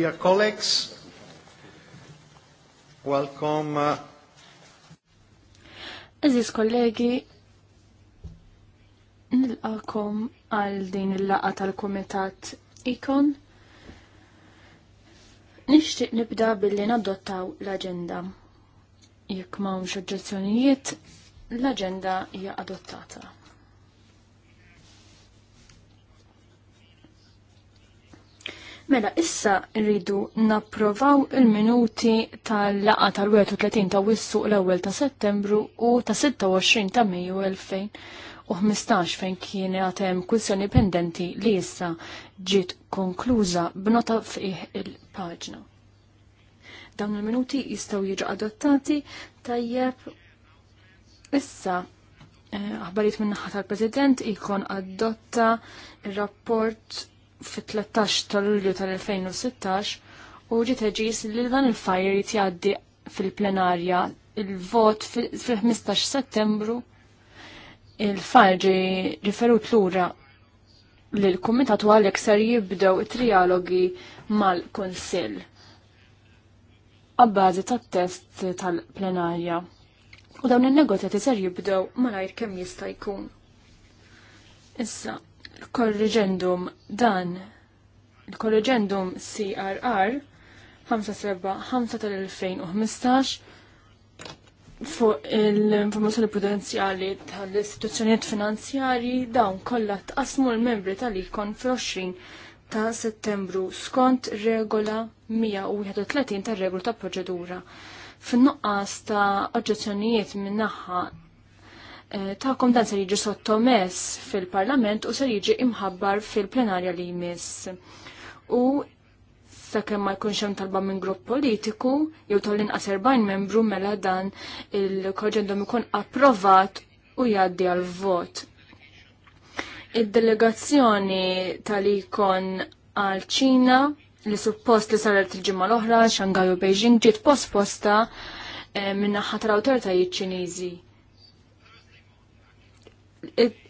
Dear colleagues, welcome. Uh, Aziz kollegi, nilqakom għal din il-laqa tal-Komitat Ikon. Nixtieq nibda billi nadottaw l-aġenda. Jekk m'hawnx oġġezzjonijiet, l-aġenda hija adottata. Mela, issa rridu napprovaw il-minuti tal-laqa tal-31 ta' wissu l-ewwel ta' settembru u ta' 26 ta' meju 2015 fejn kien għatem kwissjoni pendenti li issa ġiet konkluża b'nota fih il-paġna. Dawn il-minuti jistgħu jiġu adottati tajjeb issa aħbarit eh, minnaħa tal-President ikon adotta il-rapport fit-13 ta' Lulju tal-2016 u ġiet eġis li dan il-fajr jitjaddi fil-plenarja il-vot fil-15 settembru il-fajr ġi riferut lura li l-Kumitat għalek ser jibdew trialogi mal-Konsil għabbażi tat-test tal-plenarja. U dawn il-negozjati ser jibdew malajr kemm jista' jkun. Issa, il korreġendum dan il-korriġendum CRR 5-sebba' 575 tal-2015 fuq l-informazzjoni prudenzjali tal-istituzzjonijiet finanzjari dawn kollha tqasmu l-membri tal-ikon fl-20 ta' settembru skont regola 131 tar-regolu ta' proċedura. Fin-nuqqas ta' oġġezzjonijiet min-naħa Eh, ta'kom dan ser jiġi sottomess fil-Parlament u ser jiġi imħabbar fil-plenarja li jmiss. U sakemm ma jkunx hemm talba minn grupp politiku jew tal-inqas 40 membru mela dan il-korġendum ikun approvat u jaddi għal vot. Id-delegazzjoni tal-ikon għal ċina li suppost li saret il-ġimma l-oħra, Xangaj u Beijing, ġiet posposta eh, minna ħatra autoritajiet ċiniżi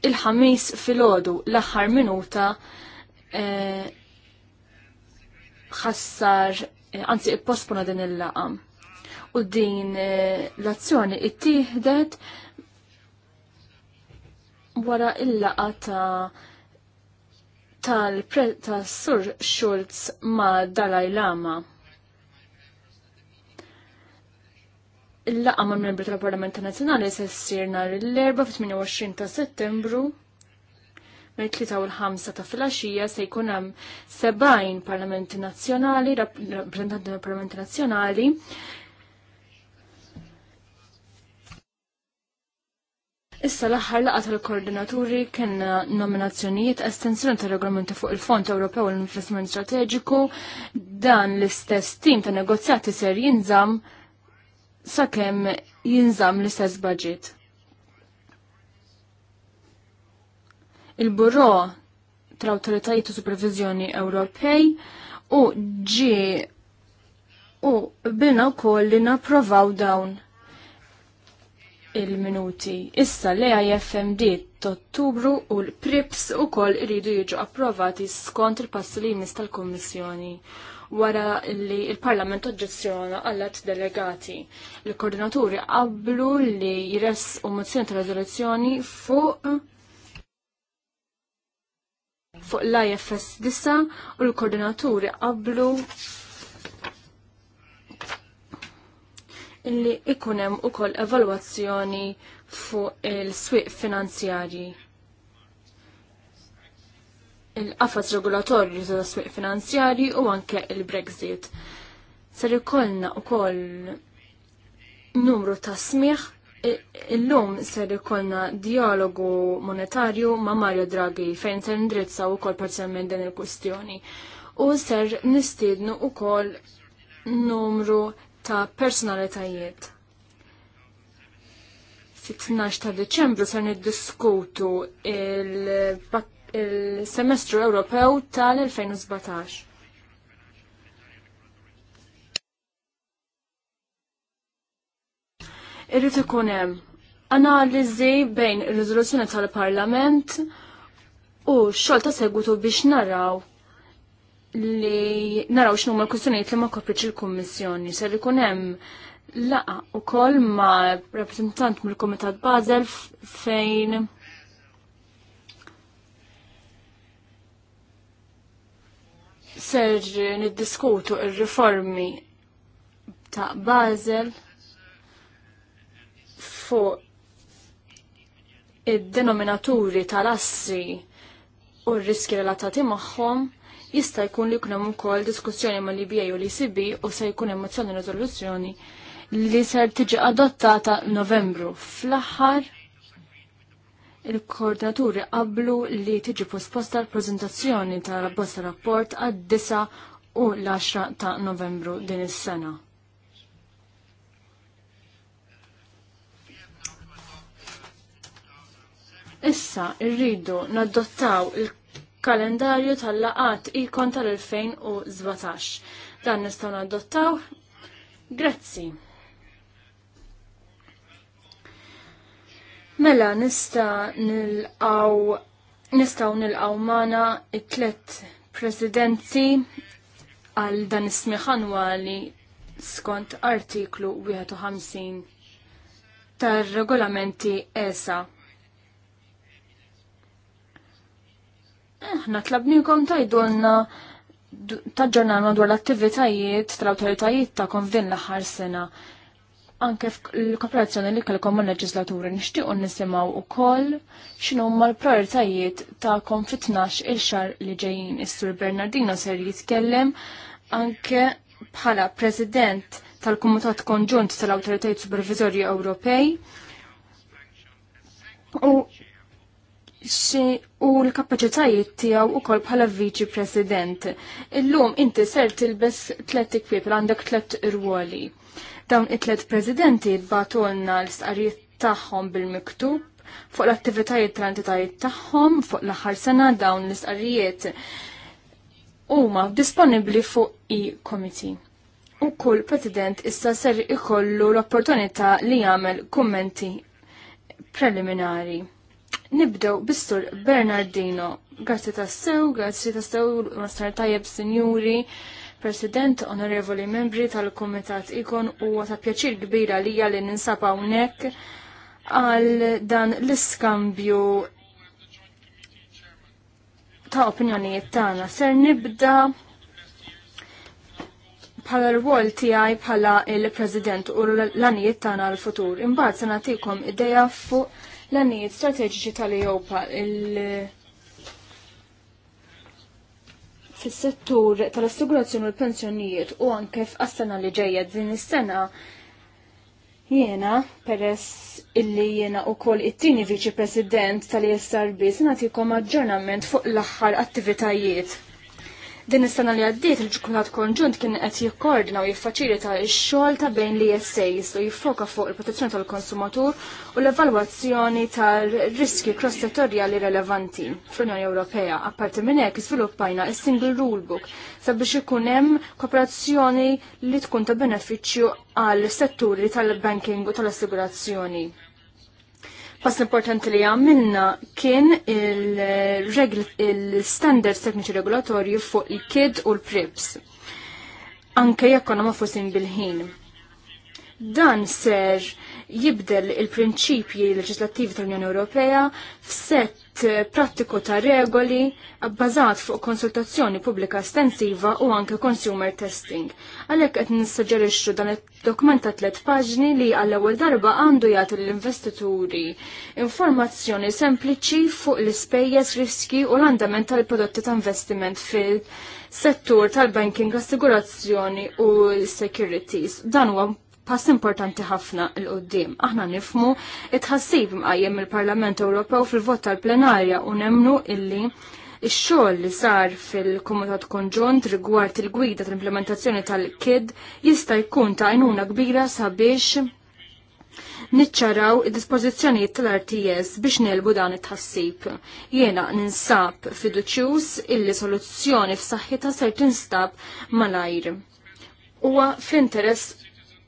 il-ħamis fil-ħodu l ħar minuta eh, ħassar, eh, anzi postpona din il-laqam. U din eh, l-azzjoni ittieħdet wara il-laqa ta' tal-sur Schulz ma' Dalai Lama. Il-laqa mal membri tal-Parlament Nazzjonali se ssir nhar l-4 fit-28 ta' Settembru mill-3 u l-5 ta' filgħaxija se jkun hemm sebgħin parlamenti nazzjonali, rappresentanti tal parlamenti nazzjonali. Issa l-aħħar laqgħa tal-koordinaturi kien nominazzjonijiet estensjoni tar-regolamenti fuq il-Fond Ewropew l-Investiment Strateġiku dan l-istess tim ta' negozjati ser jinżamm sakemm jinżamm l-istess budget. Il-Buro tra Awtoritajiet u Supervizjoni Ewropej u ġi u bina koll li napprovaw dawn il-minuti. Issa l-AIFMD t-ottubru u l-PRIPS u koll iridu jiġu approvati skont il-passi li jmiss tal-Kommissjoni wara li il-Parlament oġġezzjona għallat delegati. l koordinaturi qablu li jress u mozzjoni ta' rezoluzzjoni fuq fuq l-IFS disa u l-koordinaturi qablu Li ikunem u kol evalwazzjoni fuq il-swiq finanzjarji il-qafas regolatorju ta' tas-swieq finanzjari u anke il-Brexit. Ser ikollna wkoll numru ta' smigħ, Illum ser ikollna dialogu monetarju ma' Mario Draghi fejn ser indrizza u kol din il-kustjoni. U ser nistidnu u kol numru ta' personalitajiet. Fit-12 ta' Deċembru ser niddiskutu il-pakket il-semestru Ewropew tal-2017. Irrid ikun hemm analiżi bejn ir-riżoluzzjoni tal-Parlament u x-xogħol ta' segwitu biex naraw li naraw x'numa l-kwistjonijiet li ma kopriċ il-Kummissjoni. Ser ikun hemm laqa ukoll ma' rappreżentant mill-Kumitat Basel fejn ser niddiskutu il riformi ta' Basel fuq id-denominaturi tal-assi u r-riski relatati magħhom jista' jkun li jkun hemm ukoll diskussjoni ma' Libija iba u l-ICB u se jkun hemm mozzjoni riżoluzzjoni li ser tiġi adottata Novembru. Fl-aħħar Il-koordinaturi qablu li tiġi posposta l-prezentazzjoni tal-bosta rapport għad-9 u l-10 ta' novembru din is-sena. Issa irridu nadottaw il-kalendarju tal-laqat ikon tal-2017. Dan nistgħu nadottaw? Grazzi. Mela nista nilqaw nistaw nilqaw mana it-tlet presidenti għal dan għali skont artiklu 51 tar-regolamenti ESA. Eh, aħna tlabnikom tajdulna taġġornalna dwar l-attivitajiet tal-awtoritajiet ta' konvin l-aħħar sena anke l-kooperazzjoni li kellkom mal leġislaturi nixtiequ nisimgħu wkoll x'inhu mal l-prioritajiet tagħkom fit-12 il-xar li ġejjin. Is-Sur Bernardino ser jitkellem anke bħala President tal-Kumitat Konġunt tal-Awtoritajiet Supervizorji Ewropej u u l kapaċitajiet tiegħu ukoll bħala Viċi President. Illum inti ser tilbes tlet ikwieb għandek tlet irwoli. Dawn it-tlet presidenti batulna l-istqarijiet tagħhom bil-miktub fuq l-attivitajiet tal-entitajiet tagħhom fuq l-aħħar sena dawn l-istqarrijiet huma disponibbli fuq i komiti. U kull president issa ser ikollu l-opportunità li jagħmel kummenti preliminari. Nibdew bistur Bernardino, grazzi tassew, grazzi tassew, mastar tajjeb sinjuri, President, onorevoli membri tal-Kumitat Ikon huwa ta' pjaċir kbira li li ninsab hawnhekk għal dan l-iskambju ta' opinjonijiet tagħna. Ser nibda bħala l-wol tiegħi bħala il-President u l-anijiet tagħna għal futur Imbagħad se nagħtikom idea fuq l-anijiet strateġiċi tal-Ewpa il- fis-settur tal-assigurazzjoni u l-pensjonijiet u anke fas li ġejja din is-sena jiena peress illi jiena wkoll it-tieni viċi President tal-ISRB se nagħtikom aġġornament fuq l-aħħar attivitajiet Din is-sena li għaddiet il-ġukunat konġunt kien qed jikkoordina u jiffaċilita x-xogħol ta' bejn li essejs u jiffoka fuq il-protezzjoni tal-konsumatur u l-evalwazzjoni tal-riski cross-settorjali relevanti fl-Unjoni Ewropea. Apparti minn hekk iżviluppajna is-Single Rulebook sabiex ikun hemm kooperazzjoni li tkun ta' benefiċċju għal setturi tal-banking u tal-assigurazzjoni. Pass importanti li għamilna kien il-standards il tekniċi regolatorju fuq il-KID u l-PRIPS. Anke jekk konna mafusin bil-ħin. Dan ser jibdel il-prinċipji leġislattivi tal-Unjoni Ewropea f'sett Eh, prattiku ta' regoli abbażat fuq konsultazzjoni pubblika estensiva u anke consumer testing. Għalhekk qed nissuġġerixxu dan id-dokument ta' tliet paġni li għall-ewwel darba għandu jagħti l-investituri informazzjoni sempliċi fuq l-ispejjeż riski u l-andament tal-prodotti ta' investiment fil- settur tal-banking, assigurazzjoni u securities. Dan huwa pass importanti ħafna l qoddim Aħna nifmu it-ħassib mqajjem il-Parlament Ewropew fil-vot tal-plenarja u nemnu illi Ix-xogħol li sar fil kumitat Konġunt rigward il-gwida tal-implementazzjoni tal-KID jista' jkun ta' għajnuna kbira sabiex niċċaraw id-dispożizzjonijiet tal-RTS biex nelbu dan it-ħassib. Jiena ninsab fiduċjuż illi soluzzjoni f'saħħitha ser tinstab malajr. Huwa fl-interess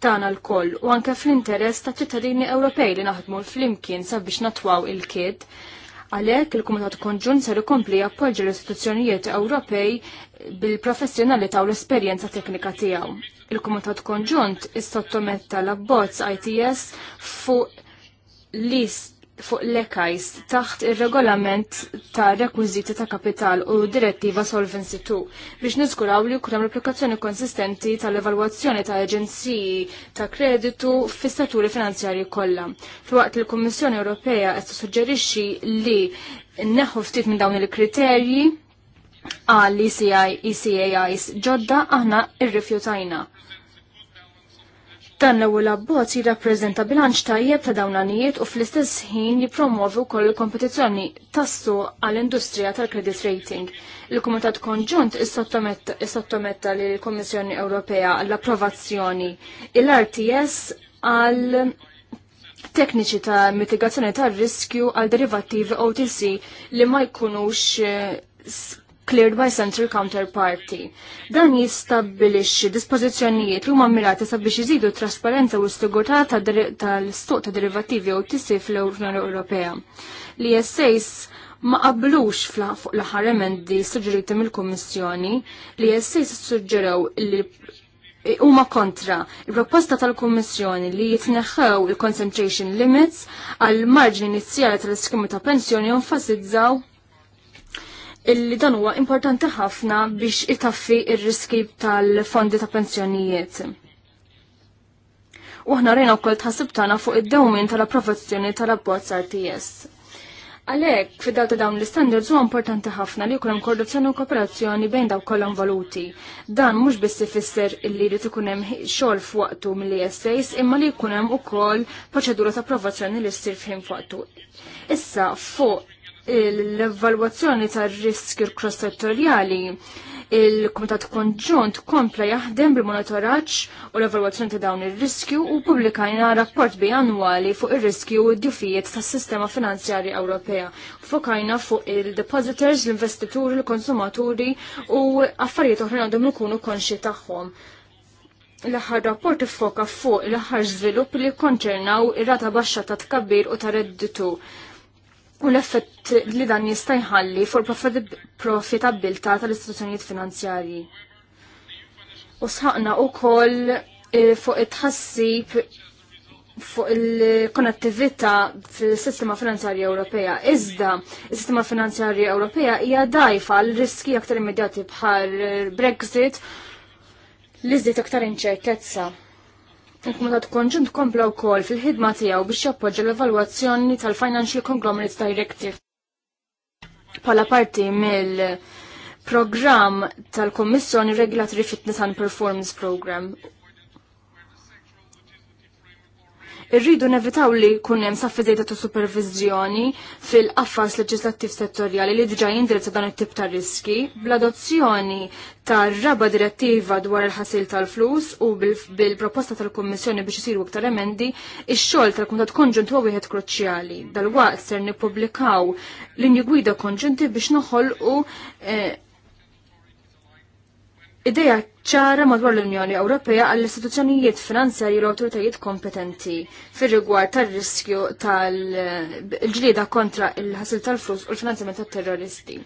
l-koll u anke fl-interess ta' ċittadini Ewropej li naħdmu flimkien sabiex natwaw il-kied. Għalhekk il-Kumitat Konġun ser ikompli jappoġġi l-istituzzjonijiet Ewropej bil-professjonalità u l-esperjenza teknika tiegħu. Il-Kumitat Konġunt is-sottometta l-abbozz ITS fuq list fuq l-ekajs taħt ir-regolament ta' rekwiżiti ta' kapital u direttiva Solvency 2 biex niskuraw li jkun hemm applikazzjoni konsistenti tal-evalwazzjoni ta' aġenziji ta' kreditu fis-setturi finanzjarji kollha. Fl-waqt il-Kummissjoni Ewropea qed tissuġġerixxi li neħu ftit minn dawn il-kriterji għal ECI, ECAIs ġodda aħna rrifjutajna. Dan l-ewwel abbozz jirrappreżenta bilanċ tajjeb ta' dawn l-għanijiet u fl-istess ħin jipromovu wkoll il-kompetizzjoni tassu għall-industrija tal-credit rating. Il-Kumitat Konġunt is-sottometta li l Ewropea l-approvazzjoni il-RTS għal tekniċi ta' mitigazzjoni tar riskju għal derivattivi OTC li ma jkunux eh, cleared by central counterparty. Dan jistabbilixxi dispożizzjonijiet li huma mirati sabiex iżidu trasparenza u s-sigurtà tal-stoq ta' derivattivi u tisi fl-Unjoni Ewropea. Li essejs ma qablux fuq l-aħħar emendi suġġeriti mill-Kummissjoni li essejs suġġeraw li huma kontra il-proposta tal-Kummissjoni li jitneħħew il-concentration limits għal marġni inizjali tal-iskemi ta' pensjoni jonfasizzaw illi dan huwa importanti ħafna biex itaffi ir-riski tal-fondi ta' pensjonijiet. U aħna rejna wkoll tħassib tagħna fuq id-dewmin tal-approvazzjoni tal-abbozz RTS. Għalhekk, f'idal ta' dawn l-standards huwa importanti ħafna li jkun hemm u kooperazzjoni bejn daw kollha valuti. Dan mhux biss ifisser illi li ikun hemm xogħol f'waqtu mill-ESAs imma li jkun hemm ukoll proċedura ta' approvazzjoni li ssir f'ħin f'waqtu. Issa fuq l-evalwazzjoni tar-riskju cross-settorjali il komitat Konġunt kompla jaħdem bil-monitoraġġ u l-evalwazzjoni ta' dawn ir-riskju u pubblikajna rapport bianwali fuq ir-riskju u d-djufijiet tas-sistema finanzjari Ewropea. Fokajna fuq il-depositors, l-investituri, l-konsumaturi u affarijiet oħra għandhom ikunu konxi tagħhom. L-aħħar rapport ifoka fuq l-aħħar żvilupp li konċernaw ir-rata baxxa ta' tkabbir u ta' redditu u l-effett li dan jista' jħalli fuq profitabilità tal-istituzzjonijiet finanzjarji. U sħaqna wkoll eh, fuq it-ħassib fuq il-konnettività fil-sistema finanzjarja Ewropea. Iżda, il-sistema finanzjarja Ewropea hija dajfa l riski aktar immedjati bħal Brexit li żdiet aktar inċertezza il tkun Konġunt kompla wkoll fil-ħidma tiegħu biex jappoġġa l-evalwazzjoni tal-Financial Conglomerates Directive. Pala parti mill-programm tal-Kommissjoni Regulatory Fitness and Performance Program Irridu nevitaw li kunem zejta ta' supervizjoni fil affas leġislattiv settorjali li diġa jindirizza dan it-tip ta' riski, bl-adozzjoni ta' raba direttiva dwar il-ħasil tal-flus u bil-proposta tal-Kommissjoni biex isiru iktar emendi, ix-xogħol tal-Kumitat Konġunt huwa wieħed kruċjali. Dal-waqt ser nippubblikaw linji gwida konġunti biex noħolqu eh, Ideja ċara madwar l-Unjoni Ewropea għall istituzzjonijiet finanzjarji u awtoritajiet kompetenti fir-rigward tar-riskju tal-ġlieda kontra il-ħasil tal-flus u l-finanzjament tat-terroristi.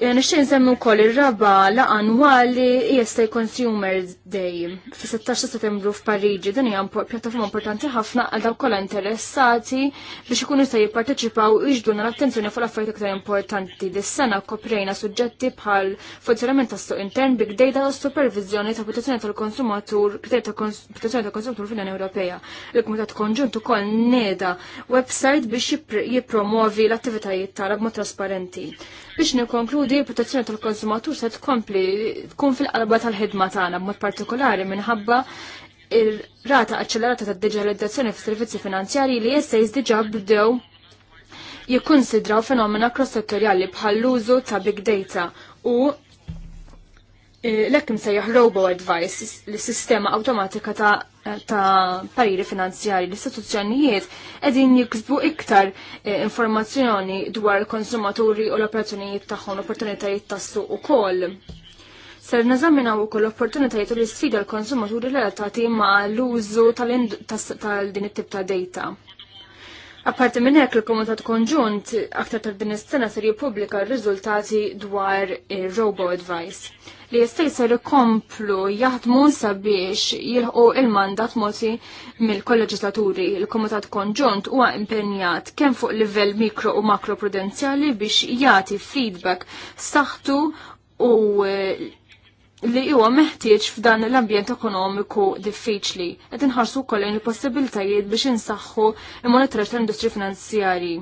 Eh, nixtieq nsemmi wkoll ir-raba laqan annwali ESA Consumer Day fi 16 Settembru f'Pariġi. Din hija pjattaforma importanti ħafna għal dawk kolla interessati biex ikunu jista' jipparteċipaw u jiġduna l-attenzjoni fuq l-affarijiet iktar importanti. Dis-sena koprejna suġġetti bħal funzjonament tas-suq intern, big data u supervizjoni ta' protezzjoni tal-konsumatur, kriterji ta' protezzjoni tal-konsumatur fl-Unjoni Ewropea. Il-Kumitat Konġunt ukoll neda website biex jippromovi l-attivitajiet tagħha b'mod trasparenti. Biex nikkonklu tinkludi protezzjoni tal-konsumatur se tkompli tkun fil-qalba tal-ħidma tagħna b'mod partikolari minħabba ir-rata aċċelerata tad-diġitalizzazzjoni fis-servizzi finanzjarji li issa jiżdiġa bdew jikkonsidraw fenomena cross-settorjali bħall-użu ta' big data u Eh, l-ekk msejjaħ robo advice, l-sistema automatika ta', ta pariri finanzjari, l-istituzzjonijiet edin jiksbu iktar eh, informazzjoni dwar konsumaturi u l-operazzjonijiet tagħhom, l-opportunitajiet tassu u koll. Ser u ukoll opportunitajiet u l-sfida l-konsumaturi relatati ma' l-użu tal-din it-tip ta' data. Apparti minn hekk il-Komitat Konġunt aktar tard din is-sena ser jippubblika r-riżultati dwar robo advice li jista' jsir ikomplu jaħdmu sabiex jilħqu il-mandat moti mill-kolleġislaturi. Il-Komitat Konġunt huwa impenjat kemm fuq livell mikro u makro prudenzjali biex jagħti feedback saħtu u li huwa meħtieġ f'dan l-ambjent ekonomiku diffiċli qed inħarsu wkoll lejn il-possibiltajiet biex insaħħu il-monitoraġġ tal-industri finanzjarji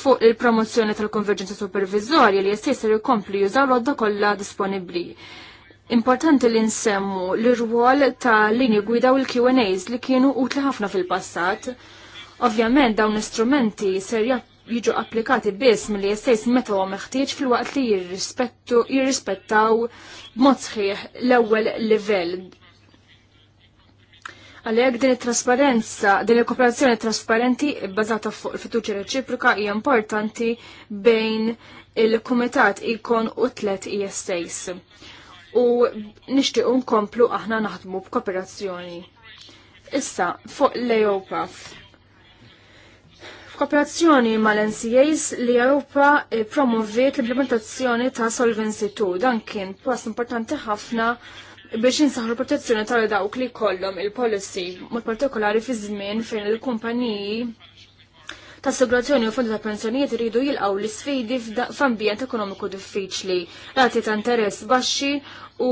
fuq il-promozzjoni tal-konverġenza supervizorja li jessisir ikompli jużaw l għodda kollha disponibbli. Importanti li nsemmu l-rwol ta' linji gwida u l-Q&As li kienu utli ħafna fil-passat. Ovvjament dawn l istrumenti ser jiġu applikati biss mill jessejs meta huwa meħtieġ fil-waqt li jirrispettu jirrispettaw b'mod sħiħ l-ewwel livell. Għalhekk din it-trasparenza, din il-kooperazzjoni trasparenti bbażata fuq il-fiduċja reċiproka hija importanti bejn il-kumitat ikon u tlet ISS. E u nixtiequ nkomplu aħna naħdmu b'kooperazzjoni. Issa fuq l-EOPAF F'kooperazzjoni mal-NCAs li Europa eh, promovit l-implementazzjoni ta' Solvency 2. Dan kien pass importanti ħafna biex l protezzjoni tal dawk li kollhom il-policy, mod partikolari fi żmien fejn il-kumpaniji ta' assigurazzjoni u fondi ta' pensjonijiet iridu jilqaw l-sfidi f'ambjent ekonomiku diffiċli, rati ta' interess baxxi u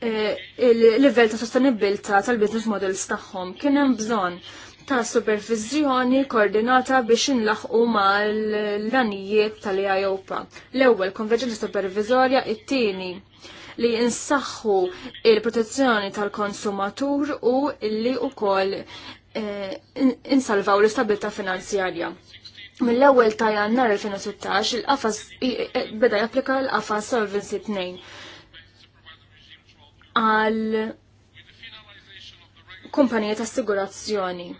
eh, il-livell ta' sostenibilta tal-business models tagħhom. Kien hemm bżonn ta' supervizjoni koordinata biex inlaħqu mal-lanijiet tal-IOPA. L-ewwel konverġenza supervizorja, it-tieni li insaħħu il-protezzjoni tal-konsumatur u li wkoll eh, insalvaw l-istabilità finanzjarja. Mill-ewwel ta' jannar 2016 il-qafas e, beda japplika l-qafas Solvency 2 għal kumpanija tas assigurazzjoni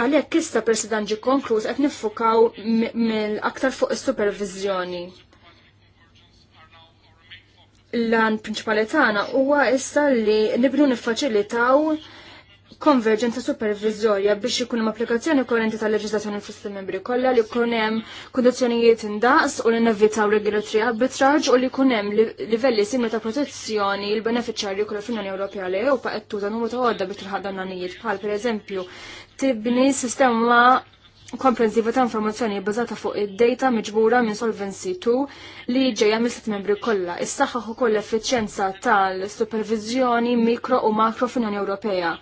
għalhekk issa presidanġi ġi konkluż qed niffukaw mill-aktar fuq is-supervizjoni. L-għan prinċipali tagħna huwa issa li nibnu niffaċilitaw konverġenza supervizorja biex ikun hemm applikazzjoni korrenti tal-leġiżlazzjoni fl-Istati Membri kollha li jkun hemm kundizzjonijiet indaqs u li nevitaw regulatory arbitraġ u li jkun hemm livelli simili ta' protezzjoni il beneficjarju kollha fl-Unjoni Ewropea li Ewpa qed tuża numru ta' għodda biex tilħaq dan l-għanijiet bħal pereżempju tibni sistema komprensiva ta' informazzjoni bbażata fuq id-data miġbura minn Solvency 2 li ġejja mill membri kollha. Issaħħaħ ukoll l-effiċjenza tal-supervizjoni mikro u makro fl-Unjoni Ewropea.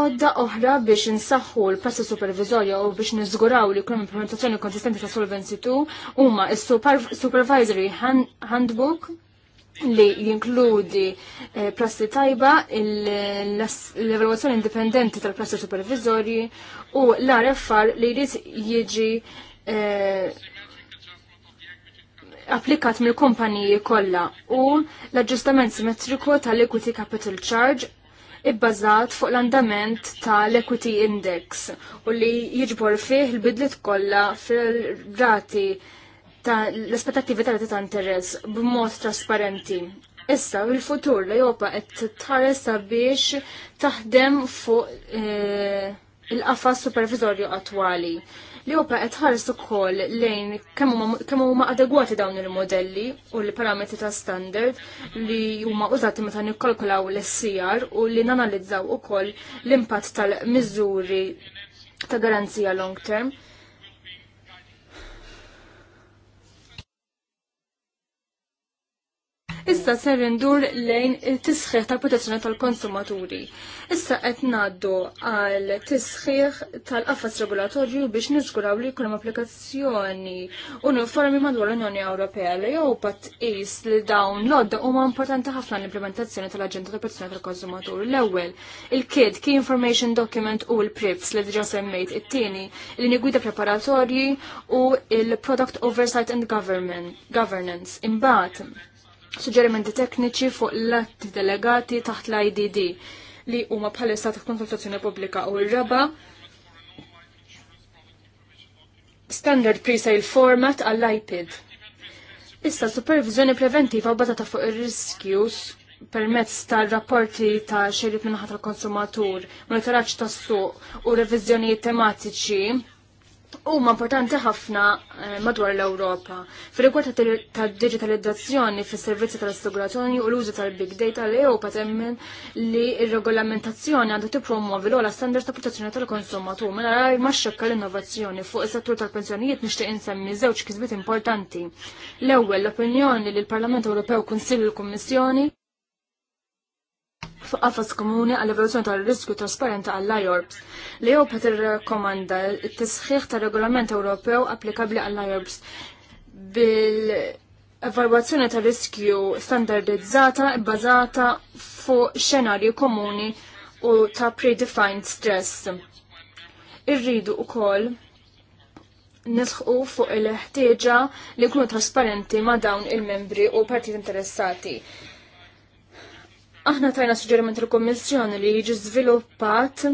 Odda oħra biex insaħħu l passi supervizorja u biex nizguraw li kunem implementazzjoni konsistenti ta' Solvency 2 huma s-Supervisory Handbook li jinkludi eh, prassi tajba, l-evaluazzjoni indipendenti tal-prassi supervizori u l areffar li jrid jiġi eh, applikat mill kumpaniji kollha u l-aġġustament simmetriku tal-equity capital charge ibbażat fuq l-andament tal-equity index u li jiġbor fih il-bidlit kollha fil-rati ta' l-aspettativi tal ta' interess b'mod trasparenti. Issa, il-futur li jopa qed tħares sabiex taħdem fuq eh, il-qafas supervizorju attwali. Li jopa qed tħares ukoll lejn kemm huma adegwati dawn il-modelli u l-parametri ta' standard li huma użati meta nikkalkulaw l-SCR u li nanalizzaw ukoll l-impatt tal-miżuri ta' garanzija long term Issa ser indur lejn tisħiħ tal-protezzjoni tal-konsumaturi. Issa qed ngħaddu għal tisħiħ tal-qafas regolatorju biex niżguraw li jkun hemm applikazzjoni uniformi madwar l-Unjoni Ewropea li jew tqis li dawn l-odda huma importanti ħafna l-implementazzjoni tal-Aġenda tal-Protezzjoni tal-Konsumaturi. L-ewwel, il-KID, Key Information Document u l-PRIPS li diġà semmejt, it-tieni, l-linji gwida preparatorji u il-Product Oversight and Governance. Imbagħad, suġġerimenti tekniċi fuq l-atti delegati taħt l-IDD li huma bħalissa istat konsultazzjoni pubblika u r-raba standard pre-sale format għall ipid Issa supervizjoni preventiva bbatata fuq ir riskjus permezz tal-rapporti ta' xerif minnaħat tal-konsumatur, monitoraċ ta' suq u reviżjonijiet tematiċi huma importanti ħafna eh, madwar l-Ewropa. Fir-rigward tad-digitalizzazzjoni fis-servizzi tal-assigurazzjoni u l-użu tal-big data l-Ewropa temmen li r-regolamentazzjoni għandha tippromuovi l għola standard ta' protezzjoni tal-konsumatur mingħajr mela ma xxekka l-innovazzjoni fuq is-settur tal-pensjonijiet nixtieq insemmi zewċ kisbiet importanti. L-ewwel l-opinjoni li l-Parlament Ewropew kunsill il-Kummissjoni f'qafas komuni għall evoluzjoni tal-riskju trasparenta għall IORBS. l jew qed rekomanda t-tisħiħ tar regolament Ewropew applikabbli għall IORPS bil evalwazzjoni ta' riskju standardizzata bbażata fuq xenarju komuni u ta' predefined stress. Irridu wkoll nisħu fuq il-ħtieġa li jkunu trasparenti ma' dawn il-membri u partit interessati. Aħna tajna suġġeriment il-Kommissjoni li jiġi żviluppat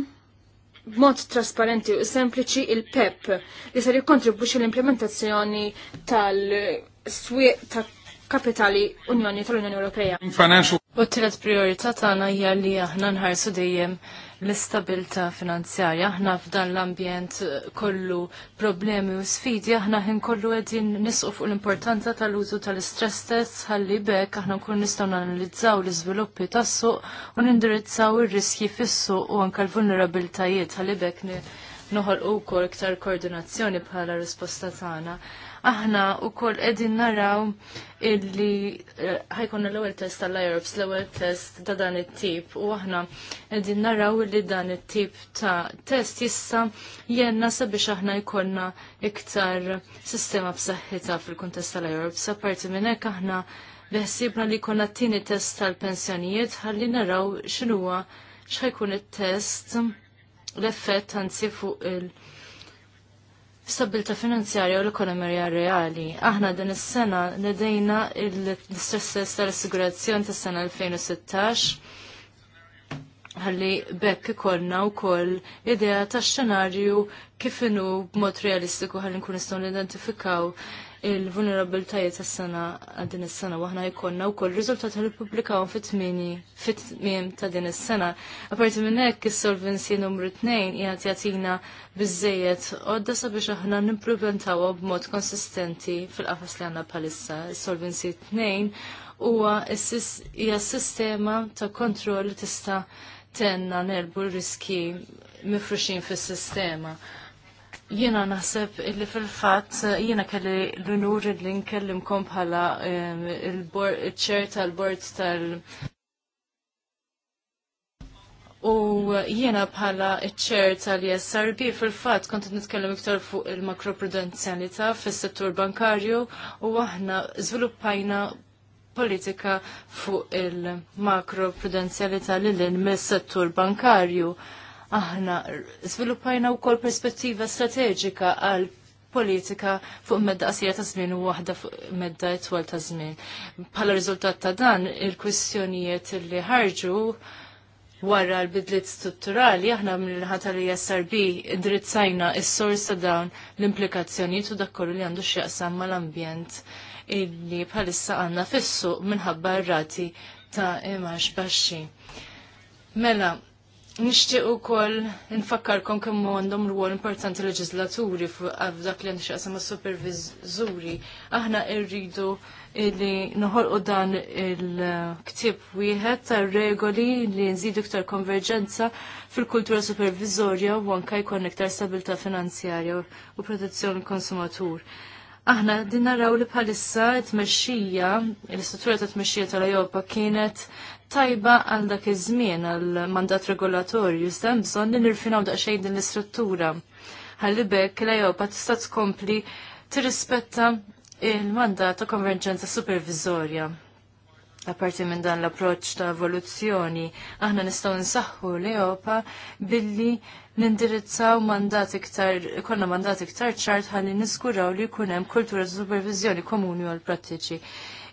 b'mod trasparenti u sempliċi il-PEP li ser jikkontribwixxi l-implementazzjoni tal-swieq ta' kapitali Unjoni tal-Unjoni Ewropea. U t-tret priorità tagħna hija li aħna nħarsu dejjem l-istabilta finanzjarja. Aħna f'dan l-ambjent kollu problemi u sfidi, aħna ħin kollu qegħdin nisqu fuq l-importanza tal-użu tal istress test ħalli bekk aħna nkun nistgħu nanalizzaw l-iżviluppi tas-suq u nindirizzaw ir-riskji fis-suq u anke l-vulnerabilitajiet ħalli bekk noħolqu wkoll iktar koordinazzjoni bħala risposta tagħna aħna wkoll qegħdin naraw illi eh, ħajkonna l-ewwel test tal-IROPS, l-ewwel test ta' dan it-tip u aħna qegħdin naraw illi dan it-tip ta' test issa jenna sabiex aħna jkollna iktar sistema b'saħħitha fil-kuntest tal-IROPS. Apparti minn hekk aħna beħsibna li jkollna t-tieni test tal-pensjonijiet ħalli naraw x'inhuwa x'ħajkun it-test l-effett anzi fuq il- stabilta finanzjarja u l-ekonomija reali. Aħna din is-sena nedejna l-istress tal-assigurazzjoni tas-sena 2016 ħalli bekk ikollna wkoll idea ta' xenarju kif inhu b'mod realistiku ħalli nkun nistgħu nidentifikaw il-vulnerabilitajiet tas-sena għad-din is-sena waħna jkollna wkoll riżultat li ppubblikawhom fit-tmiem ta' din is-sena. Aparti minn hekk is-solvency numru 2 qiegħed jagħtina biżejjed għodda sabiex aħna nimplementawha b'mod konsistenti fil-qafas li għandna bħalissa. Is-solvency 2 huwa hija sistema ta' kontroll tista' tenna nerbu riski mifruxin fis-sistema. Jiena naħseb illi fil-fatt eh, jiena kelli l-unur li nkellimkom bħala il-ċer tal-bord tal- U jiena bħala ċer tal-ISRB fil-fatt kont nitkellem iktar fuq il-makroprudenzjalità fis-settur bankarju u aħna żviluppajna politika fuq il-makroprudenzjalità lil mis settur bankarju aħna sviluppajna wkoll perspettiva strateġika għal politika fuq medda qasira ta' żmien u waħda fuq medda itwal ta' żmien. Bħala riżultat ta' dan, il-kwistjonijiet li ħarġu wara l-bidliet strutturali, aħna mill-ħata li SRB indirizzajna s sors ta' dawn l-implikazzjonijiet u dak kollu li għandu x'jaqsam mal-ambjent illi bħalissa għandna fissu minħabba r-rati ta' imax baxxi. Mela, Nishtiq u koll kon kemmu għandhom rwol importanti leġislaturi f'dak li nxaqsam supervizuri. Aħna irridu li noħolqu dan il-ktib wieħed ta' regoli li nżidu iktar konverġenza fil-kultura supervizorja u anke jkun iktar stabilta finanzjarja u protezzjoni konsumatur. Aħna din naraw li bħalissa t-mexxija, l-istruttura ta' t-mexxija tal-Ejopa kienet tajba għal dak iż-żmien għal mandat regolatorju, iżda bżonn li nirfinaw daqsxejn din l-istruttura. Ħalli bekk l-Ejopa tista' tkompli tirrispetta il-mandat ta' konverġenza supervizorja. Apparti minn dan l-approċ ta' evoluzzjoni, aħna nistgħu nsaħħu l-Ejopa billi nindirizzaw mandat iktar, konna mandat iktar ċart ħalli niskuraw li jkun hemm kultura ta' supervizjoni komuni għal prattiċi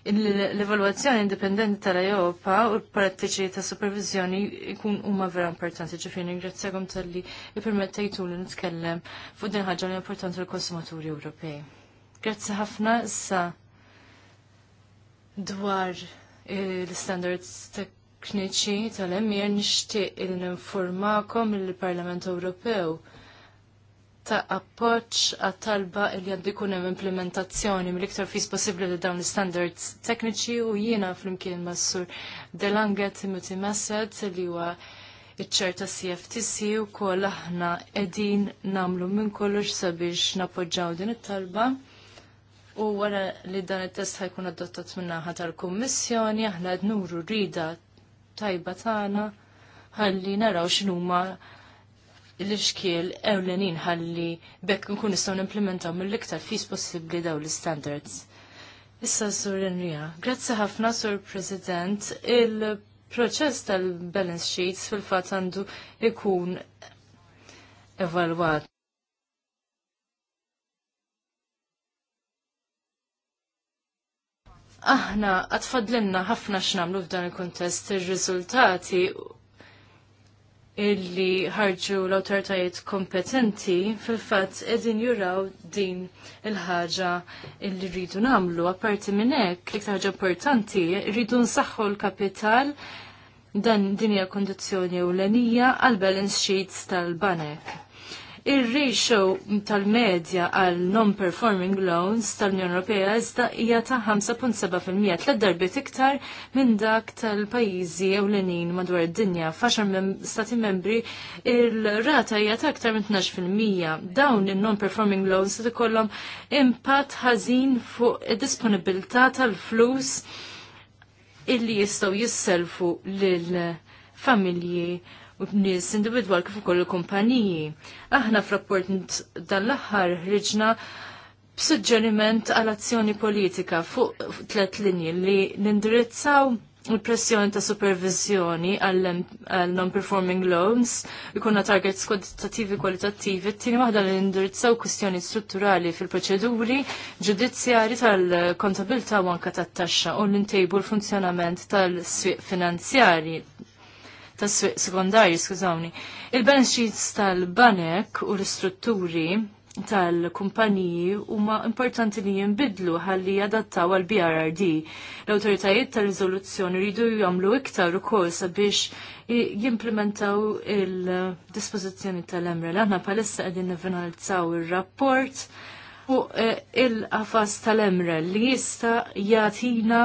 l-evaluazzjoni indipendenti tal europa u l-prattiċi ta' supervizjoni jkun huma vera importanti ġifieri ngrazzjakom tal-li ippermettejtu li nitkellem fuq din ħaġa li importanti l-konsumaturi Ewropej. Grazzi ħafna issa dwar l-standards tekniċi tal-emir nixtieq il-informakom il-Parlament Ewropew ta' appoġġ għat-talba li għandu jkun hemm implementazzjoni mill-iktar fis possibbli li dawn l-standards tekniċi u jiena flimkien mas-sur Delanget Timothy Messet li huwa iċ ċerta ta' CFTC u aħna edin namlu minn kollox sabiex napoġġaw din it-talba. U wara li dan it-test ħajkun adottat min-naħa tal-Kummissjoni, aħna qed nuru rida tajba tagħna ħalli naraw x'inhuma l-irxkiel ewlenin ħalli bekk nkun nistgħu nimplementaw mill-iktar fis possibbli daw l-standards. Issa Sur Enrija, grazzi ħafna Sur President, il-proċess tal-balance sheets fil-fatt għandu ikun evalwat. Aħna għatfadlinna ħafna x'namlu f'dan il-kontest ir-riżultati illi ħarġu l-autoritajiet kompetenti fil-fatt edin juraw din il-ħaġa illi rridu namlu. Apparti minn hekk, l-iktar ħaġa importanti, rridu nsaħħu l-kapital dan din hija kondizzjoni ewlenija għal balance sheets tal-banek. Ir-ratio tal-medja għal non-performing loans tal-Unjoni Ewropea iżda hija ta' 5.7% tliet darbiet iktar minn dak tal-pajjiżi ewlenin madwar id-dinja f'għaxar mem stati membri ir-rata hija ta' aktar minn 12%. Dawn in-non-performing loans se ikollhom impatt ħażin fuq id-disponibilità tal-flus illi jistgħu jisselfu lil familji u b'nies individwal kif ukoll il-kumpaniji. Aħna f'rapport dan l-aħħar ħriġna b'suġġeriment għal azzjoni politika fuq tliet linji li nindirizzaw il-pressjoni ta' supervizjoni għal non-performing loans ikunna targets kwantitativi kwalitattivi t-tini maħda li indirizzaw kwistjoni strutturali fil-proċeduri ġudizzjari tal-kontabilta u anka tat-taxxa u l-intejbu l-funzjonament tal-swieq finanzjari tas-swieq sekondarji, skużawni. Il-balance sheets tal-banek u l-istrutturi tal-kumpaniji huma importanti li jinbidlu ħalli jadattaw għal BRRD. L-autoritajiet tal-riżoluzzjoni rridu jagħmlu iktar ukoll sabiex jimplementaw il-dispożizzjoni tal-emrel. Aħna palissa qegħdin nifinalizzaw ir-rapport u e, il-qafas tal-emrel li jista' jagħtina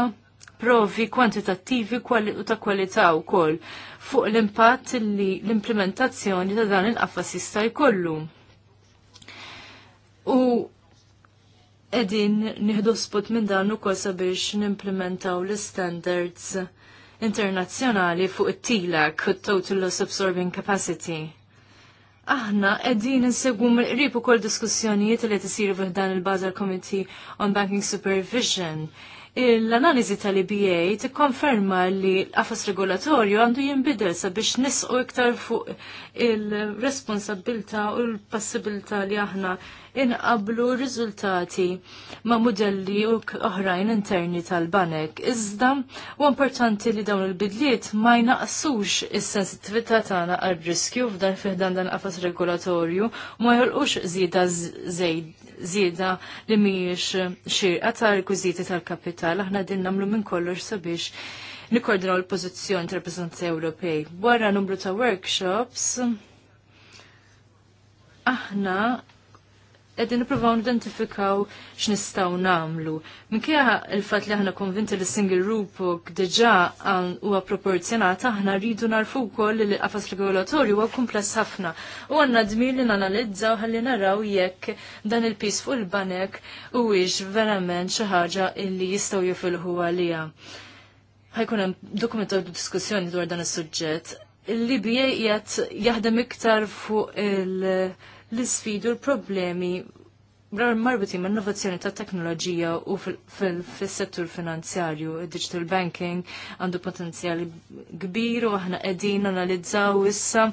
provi kwantitattivi u ta' kwalità wkoll fuq l-impatt li l-implementazzjoni ta' dan il-qafas jista' jkollu. U edin nieħdu spot minn dan ukoll sabiex nimplementaw l-standards internazzjonali fuq it-tilak u total loss absorbing capacity. Aħna qegħdin insegwu mill-qrib ukoll diskussjonijiet li qed isiru fih dan il-Basel Committee on Banking Supervision l-analiżi tal-IBA tikkonferma li l-qafas regolatorju għandu jinbidel sabiex nisqu iktar fuq il-responsabilta u l-passibilta li aħna inqablu riżultati ma' modelli oħrajn interni tal-banek. Iżda, u importanti li dawn il-bidliet ma jnaqsux is-sensitività tagħna għar-riskju f'dan fiħdan dan qafas regolatorju ma jħolqux zejd żieda li mhijiex xirqa ta' rekwiżiti tal-kapital aħna din nagħmlu minn kollox sabiex nikkoordinaw l pożizzjoni tal-Rappresentanti Ewropej. Wara numru ta' workshops aħna qegħdin nippruvaw nidentifikaw x'nistgħu nagħmlu. Minkejja il-fatt li aħna konvinti li single rulebook diġà huwa proporzjonat aħna rridu narfu wkoll li l-qafas regolatorju huwa kumpless ħafna u għandna dmir li nanalizzaw ħalli naraw jekk dan il-pis fuq il-banek huwiex verament xi ħaġa li jistgħu jifilħu għaliha. Ħajkun hemm dokumentaw diskussjoni dwar dan is-suġġett. il libija jgħat jaħdem iktar fuq il- l-sfidu l-problemi marbutin ma' innovazzjoni ta' teknoloġija u fil-settur finanzjarju. Digital banking għandu potenzjal kbir u aħna qegħdin analizzaw issa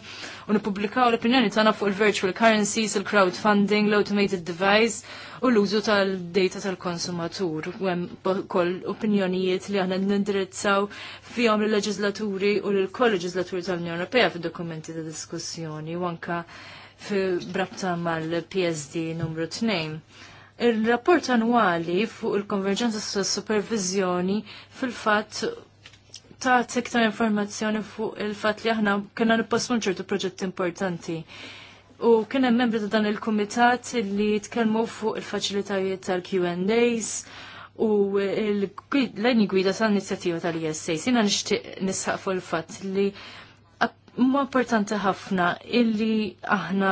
u nipublikaw l-opinjoni tagħna fuq il-virtual currencies, il-crowdfunding, l-automated device u l-użu tal-data tal-konsumatur. U hemm kol opinjonijiet li għahna nindirizzaw fihom il-leġislaturi u l-kolleġislaturi tal-Unjoni Europea fid-dokumenti ta' diskussjoni u anka fil-brabta mal-PSD numru 2. Il-rapport annwali fuq il-konverġenza s supervizjoni fil-fat ta' tiktar informazzjoni fuq il-fat li aħna kena nipposmu ċertu proġett importanti. U kien hemm membri ta' dan il-kumitat li tkellmu fuq il-faċilitajiet tal-Q&As u l-għajni gwida tal inizjativa tal-ISA. Sina nishtiq nisħaq fuq il-fat li ma importanti ħafna illi aħna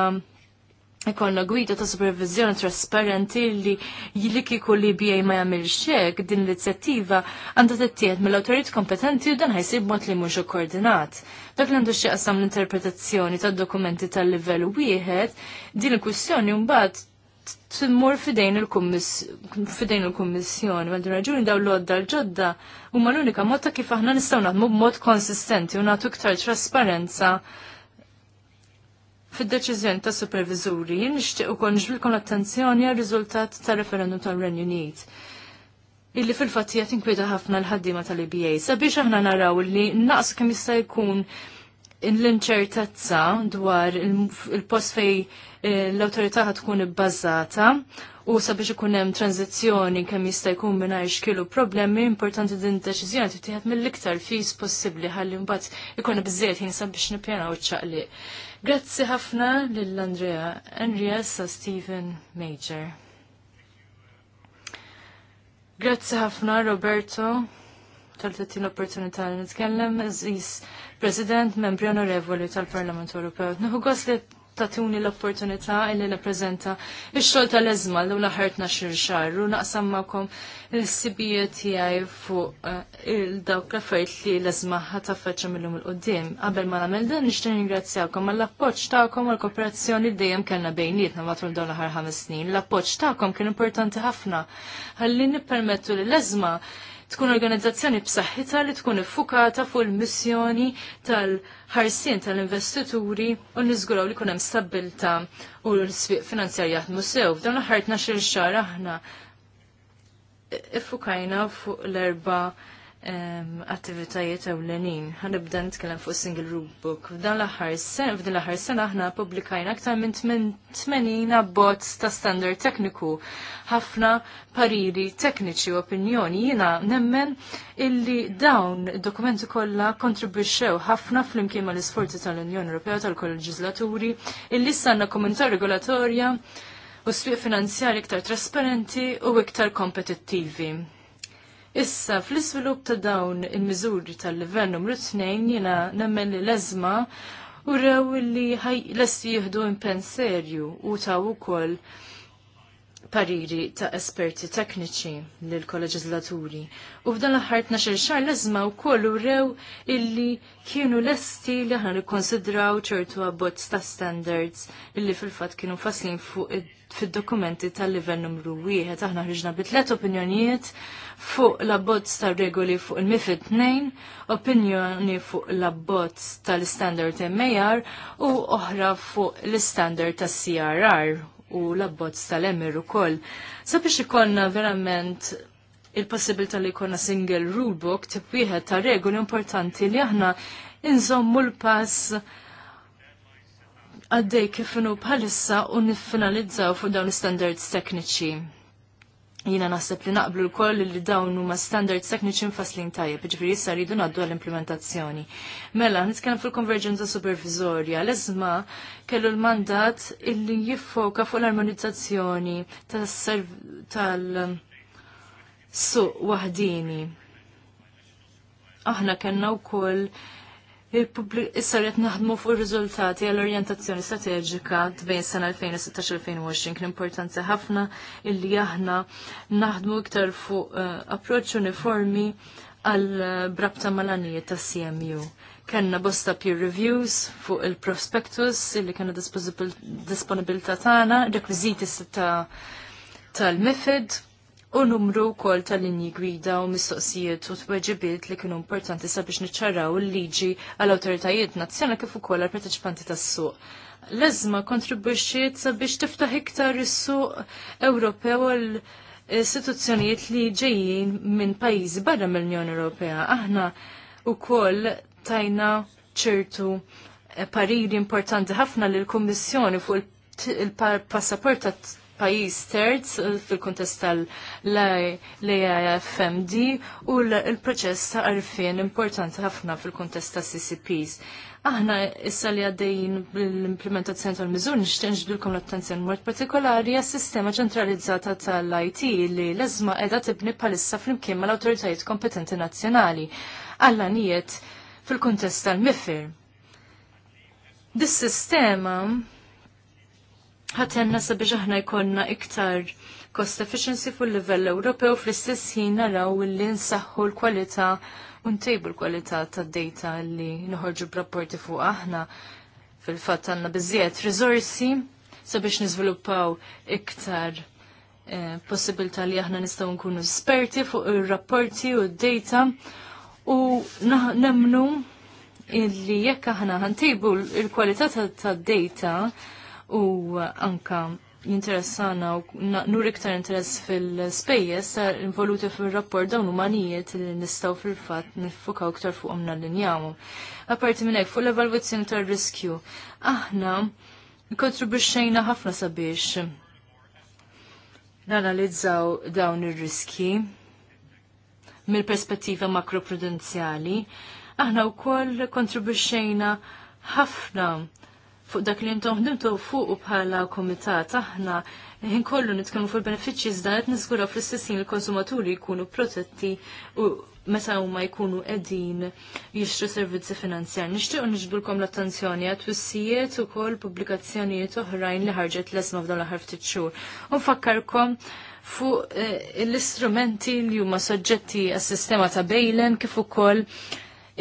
ikonna gwida ta' supervizjoni trasparenti li li kiku li bijaj ma jamil xek din l-inizjattiva għanda t-tiet mill-autorit kompetenti u dan ħajsib mod li mux koordinat. Dak li għandu xieqsam l-interpretazzjoni ta' dokumenti tal-level wieħed, din il-kwistjoni mbagħad timmur fidejn il-kummissjoni, għal raġuni daw l-odda l-ġodda huma l-unika mod ta' kif aħna nistgħu naħdmu b'mod konsistenti u nagħtu ktar trasparenza fid-deċiżjoni ta' supervizuri. Jien nixtieq ukoll nġbilkom l-attenzjoni għal riżultat ta' referendum tal ren Unit illi fil fatijat qed ħafna l-ħaddiema tal iba sabiex aħna naraw li naqs kemm jista' jkun l-inċertezza dwar il-post fej eh, l-autorità tkun ibbażata u sabiex ikun hemm tranzizzjoni kemm jista' jkun mingħajr xkielu problemi importanti din id-deċiżjoni tittieħed mill-iktar fis possibbli ħalli mbagħad ikun bżejjed ħin sabiex nippjanaw iċ-ċaqliq. Grazzi ħafna lill Andrea Enria sa Stephen Major. Grazzi ħafna Roberto tal l opportunità li nitkellem, iż President, membri onorevoli tal-Parlament Ewropew. Nħu li tatuni l-opportunità illi prezenta il-xol tal-ezma l laħartna xir xar u naqsam ma'kom il-sibijiet tijaj fuq eh, il-dawk l-affarijiet li l-ezma ħataffaċċa mill-lum il-qoddim. Qabel ma nagħmel dan nishtin ningrazzjawkom għall-appoġġ tagħkom għall-kooperazzjoni li dejjem kellna bejnietna matul dawn l ħar ħames snin. L-appoġġ tagħkom kien importanti ħafna ħalli nippermettu li l-ezma tkun organizzazzjoni b'saħħitha li tkun iffukata fuq il-missjoni tal-ħarsien tal-investituri u niżguraw li kun hemm stabilta u l-sfiq finanzjarja jaħdmu sew. F'dawn l-ħar 12 xahar aħna iffukajna fuq l-erba' attivitajiet ewlenin. Ħanibda nitkellem fuq single book. F'dan l-aħħar sena, f'din l-aħħar sena aħna publikajna aktar minn 80 abbozz ta' standard tekniku, ħafna pariri tekniċi u opinjoni. Jiena nemmen illi dawn dokumenti kollha kontribwixxew ħafna flimkien mal-isforzi tal-Unjoni Ewropea tal-Kolleġislaturi illi sanna komunità regolatorja u s-swieq finanzjari iktar trasparenti u iktar kompetittivi. Issa, fl-izvilup ta' dawn il-mizuri tal-livell numru 2 jena nemmen li leżma u rew li l-essi jihdu impen serju u ta' u koll pariri ta' esperti tekniċi lil koleġislaturi u f'dan l-aħħar xar xahar u wkoll rew illi kienu lesti li aħna nikkonsidraw ċertu abbozz ta' standards illi fil-fatt kienu faslin fuq fid-dokumenti tal-livell numru 1 aħna ħriġna bi tliet opinjonijiet fuq l-abbozz tal-regoli fuq il-MIFID 2, opinjoni fuq l-abbozz tal-standard MAR u oħra fuq l-standard tas CRR u l abbot tal-emir ukoll. Sabiex ikonna verament il possibilta li jkollna single rulebook tip wieħed ta' regoli importanti li aħna inżommu l-pass għaddej kif bħalissa u nifinalizzaw fuq dawn l standards tekniċi jina naħseb li naqblu l-koll li dawn huma standards tekniċi mfasslin tajjeb, ġifieri issa rridu ngħaddu għall-implementazzjoni. Mela, nitkellem fil-konverġenza supervizorja, l ezma kellu l-mandat illi jiffoka fuq l-armonizzazzjoni tal-suq waħdini. Aħna kellna wkoll koll Issa rrit naħdmu fuq ir-riżultati għall-orjentazzjoni strateġika bejn sena 2016-2020 kien importanza ħafna illi aħna naħdmu iktar fuq eh, approċċ uniformi għal eh, brabta mal-għanijiet ta' CMU. Kenna bosta peer reviews fuq il-prospectus illi kena disponibilta tagħna, rekwiżiti ta' tal-MIFID, u numru wkoll tal-linji gwida u mistoqsijiet u tweġibiet li kienu importanti sabiex niċċaraw l liġi għall awtoritajiet nazzjonali kif ukoll għall parteċipanti tas-suq. L-eżma kontribwixxiet sabiex tiftaħ iktar is-suq Ewropew għal istituzzjonijiet li ġejjin minn pajjiżi barra mill-Unjoni Ewropea. Aħna wkoll tajna ċertu pariri importanti ħafna l kummissjoni fuq il-passaporta pajjiż terz eh, fil-kuntest tal lafmd u l-proċess ta' għarfien importanti ħafna fil-kuntest ta' CCPs. Aħna issa li għaddejjin bl-implementazzjoni tal mizur nixtieq nġbdilkom l-attenzjoni mod partikolari għas-sistema ċentralizzata tal-IT li l-eżma qiegħda tibni bħalissa flimkien mal-awtoritajiet kompetenti nazzjonali għalla nijiet fil-kuntest tal-mifir. Dis-sistema ħatenna sabiex aħna jkollna iktar cost efficiency fuq livell Ewropew fl-istess ħin naraw li nsaħħu l-kwalità u ntejbu l-kwalità tad-data li noħorġu b'rapporti fuq aħna fil-fatt għandna biżjed riżorsi sabiex niżviluppaw iktar eh, possibilità li aħna nistgħu nkunu esperti fuq ir-rapporti u d-data u nemnu illi jekk aħna ħantibu l-kwalità tad-data ta u anka jinteressana u nur iktar interess fil-spejjes involuti fil-rapport dawn manijiet li nistaw fil-fat nifukaw iktar l-injamu. Aparti minn fuq l evalvazzjoni tar riskju aħna kontribuxxejna ħafna sabiex nanalizzaw dawn ir-riski mill-perspettiva makroprudenzjali. Aħna wkoll kontribuxxejna ħafna fuq dak li jintom ħdimtu fuq bħala komitat aħna ħin kollu nitkellmu fuq il-benefiċċji iżda qed niżgura fl-istessin il-konsumaturi jkunu protetti u meta huma jkunu qegħdin jixtru servizzi finanzjarji. Nixtiequ niġbulkom l-attenzjoni għat twissijiet ukoll pubblikazzjonijiet oħrajn li ħarġet lesma f'dan l-aħħar ftit xhur. U nfakkarkom fuq eh, l-istrumenti li huma soġġetti għas-sistema ta' bejlen kif ukoll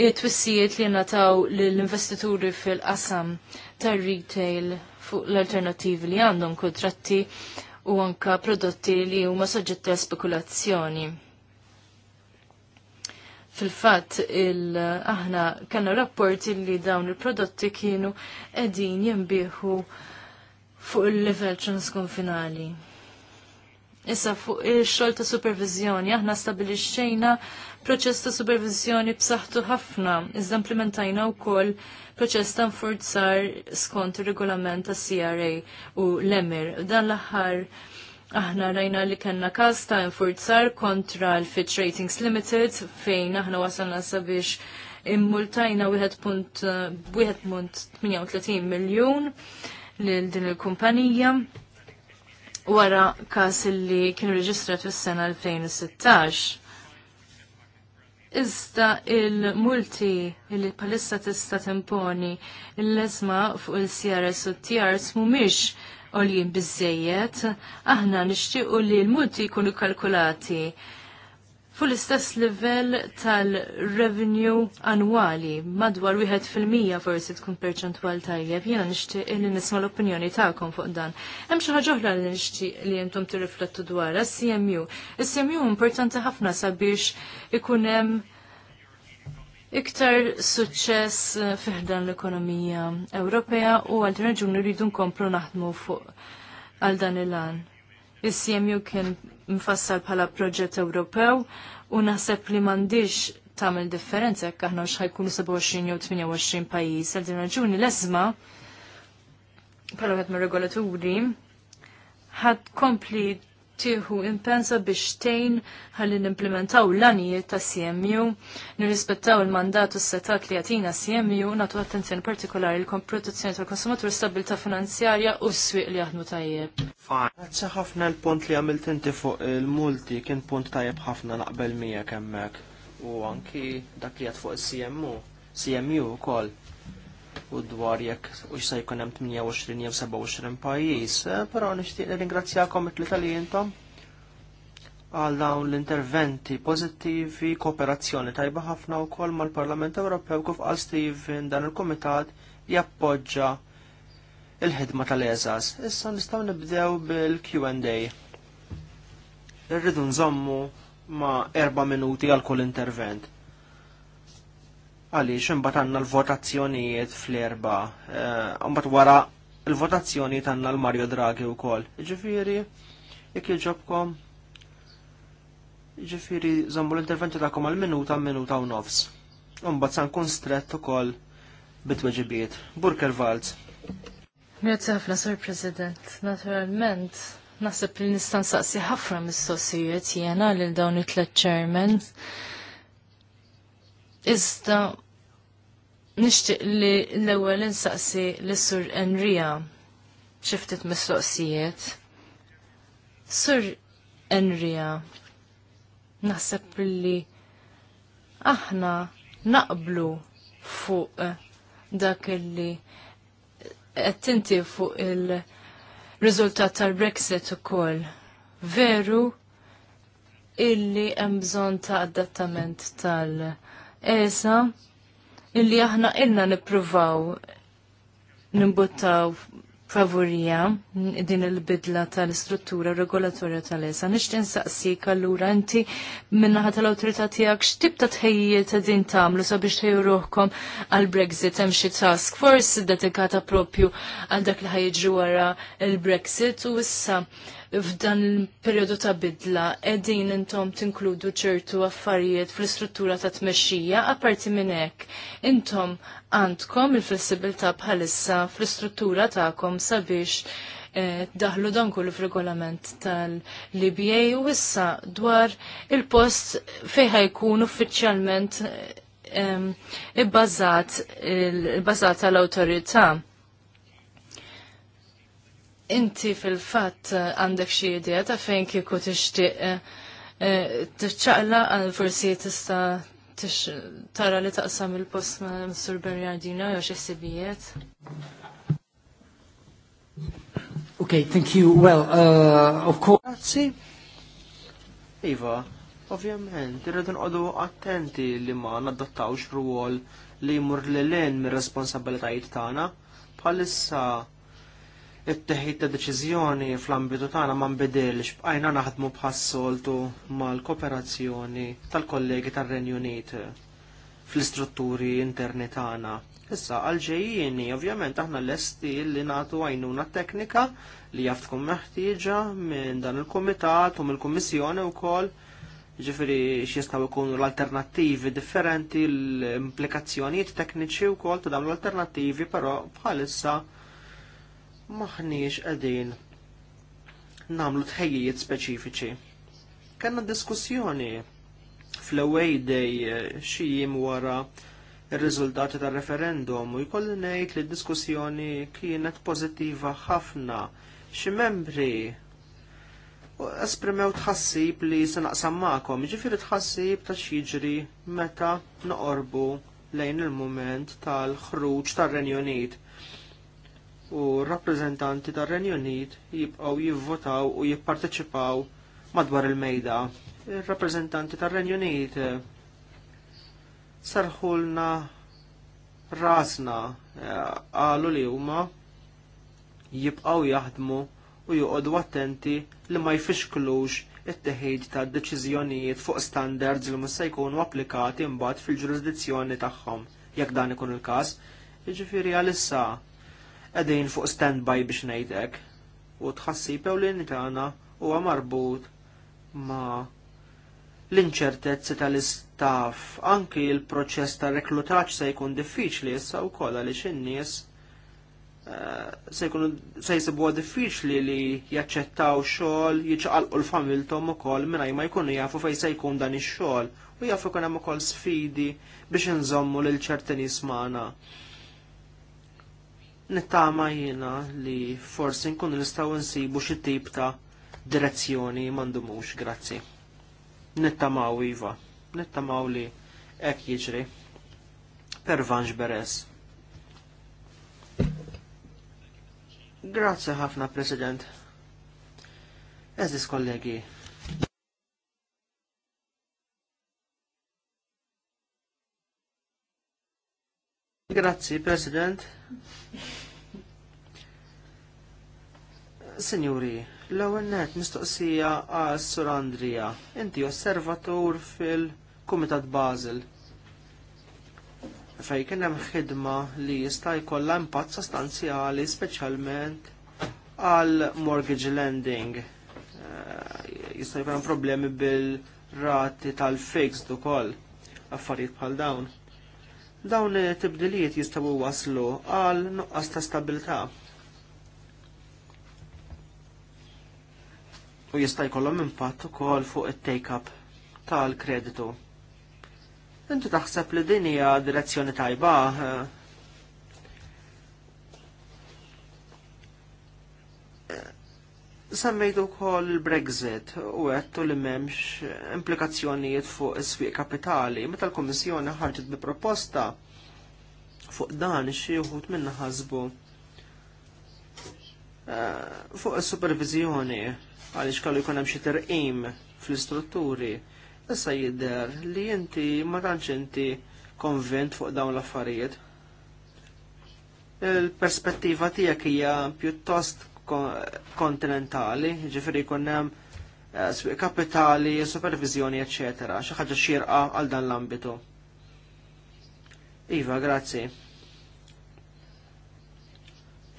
it-twissijiet li nataw l-investituri fil-qasam tar-retail fuq l-alternativi li għandhom kontratti u anka prodotti li huma soġġetti għal spekulazzjoni. Fil-fatt aħna kellna rapporti li dawn il-prodotti kienu qegħdin jinbieħu fuq il-livell transkonfinali. Issa fuq il-xol ta' supervizjoni, aħna stabilixxejna proċess ta' supervizjoni b'saħħtu ħafna, iżda implementajna wkoll proċess ta' nfurzar skont ir-regolament ta' CRA u l-emir. Dan l-aħħar Aħna rajna li kanna kas ta' nfurzar kontra l-Fitch Ratings Limited fejn aħna wasalna sabiex immultajna 1.38 miljon lil din il-kumpanija wara kas li kien reġistrat fis-sena 2016. Iżda il-multi li palissa tista timponi l lesma fuq il-CRS u t-TRS mumiex oljin bizzejiet, aħna nixtiequ li l-multi jkunu kalkulati fuq l-istess livell tal-revenue annwali madwar wieħed fil-mija forsi tkun perċentwal tajjeb jiena nixtieq li nisma' l-opinjoni tagħkom fuq dan. Hemm xi ħaġa oħra li nixtieq li intom tirriflettu dwar is-CMU. Is-CMU importanti ħafna sabiex ikun hemm Iktar suċċess eh, fiħdan l-ekonomija Ewropea u għal raġuni rridu nkomplu naħdmu fuq għal dan il-għan. Is-CMU kien mfassal bħala proġett Ewropew u naħseb li m'għandix tagħmel differenza jekk aħna x'ħajkunu 27 jew 28 pajjiż. Għal din raġuni l ezma bħala wieħed regolaturi ħad kompli tieħu impensa biex tejn ħalli nimplementaw l-anijiet ta' CMU, nirrispettaw il-mandat u s-setat li għatina CMU, natu attenzjoni partikolari l-protezzjoni tal-konsumatur stabilta finanzjarja u s-swiq li jaħdmu tajjeb. Għazza ħafna l-punt li għamil tinti fuq il-multi kien punt tajjeb ħafna naqbel mija kemmek u anki dak li fuq il-CMU, CMU koll u dwar jekk u x'sa jkun hemm 28 jew 27 pajjiż, eh, però nixtieq nirringrazzjakom it-tlieta għal dawn l-interventi pożittivi, kooperazzjoni tajba ħafna wkoll mal-Parlament Ewropew kif qal Steven dan il-Kumitat jappoġġa il-ħidma tal-eżas. Issa nistgħu nibdew bil-Q&A. Irridu nżommu ma' erba' minuti għal kull intervent għaliex imbagħad għandna l-votazzjonijiet fl-erba, eh, imbagħad wara l-votazzjoni għanna l-Mario Draghi wkoll. Ġifiri, jek jġobkom, ġifiri, zambu l-interventi tagħkom għal minuta minuta u nofs. Imbagħad san nkun strett ukoll bit-tweġibiet. Burker Valz. Grazie ħafna, Sir President. Naturalment, naħseb li nistan saqsi ħafna mistoqsijiet jena lil dawn it-tlet chairmen Iżda nixtieq li l-ewwel insaqsi lis-Sur Enrija xiftit mistoqsijiet. Sur Enrija, naħseb li aħna naqblu fuq eh, dak li għattinti eh, fuq il-rizultat tal-Brexit u koll. Veru illi hemm bżonn ta' adattament tal- esa illi aħna ilna nippruvaw nimbuttaw favorija din il-bidla tal-istruttura regolatorja tal-esa. Nishtin saqsik allura inti minnaħat tal-autorita tijak xtib ta' tħejjiet ta' din tamlu sabiex tħejju ruħkom għal-Brexit hemm xi task force dedikata propju għal dak li ħajġru wara il-Brexit u issa f'dan il-periodu ta' bidla edin intom tinkludu ċertu affarijiet fl-istruttura ta' tmexxija apparti minn hekk. Intom għandkom il-flessibilità bħalissa fl-istruttura tagħkom sabiex eh, daħlu dan kollu fil-regolament tal-LBA u issa dwar il-post fejħa jkun uffiċjalment eh, eh, ibbażat il-bażat tal-awtorità inti fil-fatt eh, għandek xi idea ta' fejn kieku tixtieq eh, eh, ċaqla għal forsi tista' tara li taqsam il-post ma' Mr. Bernardino jew xi sibijiet. Ok, thank you. Well, uh, of course. Grazie. Iva, ovvjament, irrid nqodu attenti li ma nadottawx ruol li jmur l-len mir responsabilitajiet tagħna bħalissa it-teħid ta' deċiżjoni fl-ambitu tagħna ma nbidilx bqajna naħdmu bħas-soltu mal-kooperazzjoni tal-kollegi tar-Renju Unit fl-istrutturi interni tagħna. Issa għal għal-ġejjieni ovvjament aħna lesti li nagħtu għajnuna teknika li jaf tkun meħtieġa minn dan il-kumitat u mill-kummissjoni wkoll ġifiri x'jistgħu jkunu l-alternattivi differenti, l-implikazzjonijiet tekniċi wkoll ta' dawn l-alternattivi, però bħalissa maħniex qegħdin namlu tħejjijiet speċifiċi. Kanna diskussjoni fl-away day eh, xijim wara il-riżultati ta' referendum u jkolli ngħid li d-diskussjoni kienet pożittiva ħafna xi membri esprimew tħassib li se naqsam maqom, ġifieri tħassib ta' xieġri meta noqorbu lejn il-mument tal-ħruġ tar-Renju Unit u r-rappreżentanti tar-Renju Unit jibqgħu jivvotaw u jipparteċipaw madwar il-mejda. Ir-rappreżentanti il mejda ir rappreżentanti tar renju Unit eh, sarħulna rasna għalu eh, li huma jibqaw jaħdmu u juqodu attenti li ma jfixklux it-teħid ta' deċiżjonijiet fuq standards li musa jkunu applikati mbagħad fil-ġurisdizzjoni tagħhom jekk dan ikun il-każ. Jiġifieri għalissa qegħdin fuq standby biex u hekk. U li ewlieni tagħna huwa marbut ma' l-inċertezzi tal-istaff, anki l-proċess ta' reklutaċ se jkun diffiċli issa wkoll għaliex in-nies eh, se jkunu se diffiċli li jaċċettaw xogħol, jiċċaqalqu l-familtom ukoll mingħajr ma jkunu jafu fejn se jkun dan ix-xogħol u jafu kien hemm ukoll sfidi biex inżommu lil ċerti nies Nittama jiena li forsi nkun nistgħu nsibu xi tip ta' direzzjoni mandumux, grazzi. Nittamaw iva, nittamaw li hekk jiġri. vanġ Beres. Grazzi ħafna, President. Eżis kollegi, Grazzi, President. Sinjuri, l-ewwel net mistoqsija għas Sur Andrija. Inti osservatur fil-Kumitat Basel. Fejn kien hemm ħidma li jista' jkollha impatt sostanzjali speċjalment għal mortgage lending. Eh, jista' jkun problemi bil-rati tal-fixed ukoll affarijiet bħal dawn. Dawn tibdiliet jistgħu waslu għal nuqqas ta' stabilta' u jista' jkollhom impatt ukoll fuq it-take-up tal-kreditu. Intu taħseb li din hija direzzjoni tajba Semmejtu kol il-Brexit u għettu li memx implikazzjonijiet fuq is-swieq kapitali. Meta l komissjoni ħarġet bi proposta fuq dan xi wħud minna ħasbu eh, fuq is-supervizjoni għaliex kallu jkun hemm xi terqim fl-istrutturi. Issa jidher li inti ma tantx inti konvent fuq dawn l-affarijiet. Il-perspettiva tiegħek hija pjuttost kontinentali, ġifieri jkun hemm eh, kapitali, supervizjoni, eccetera, xi ħaġa xirqa għal dan l-ambitu. Iva, grazzi.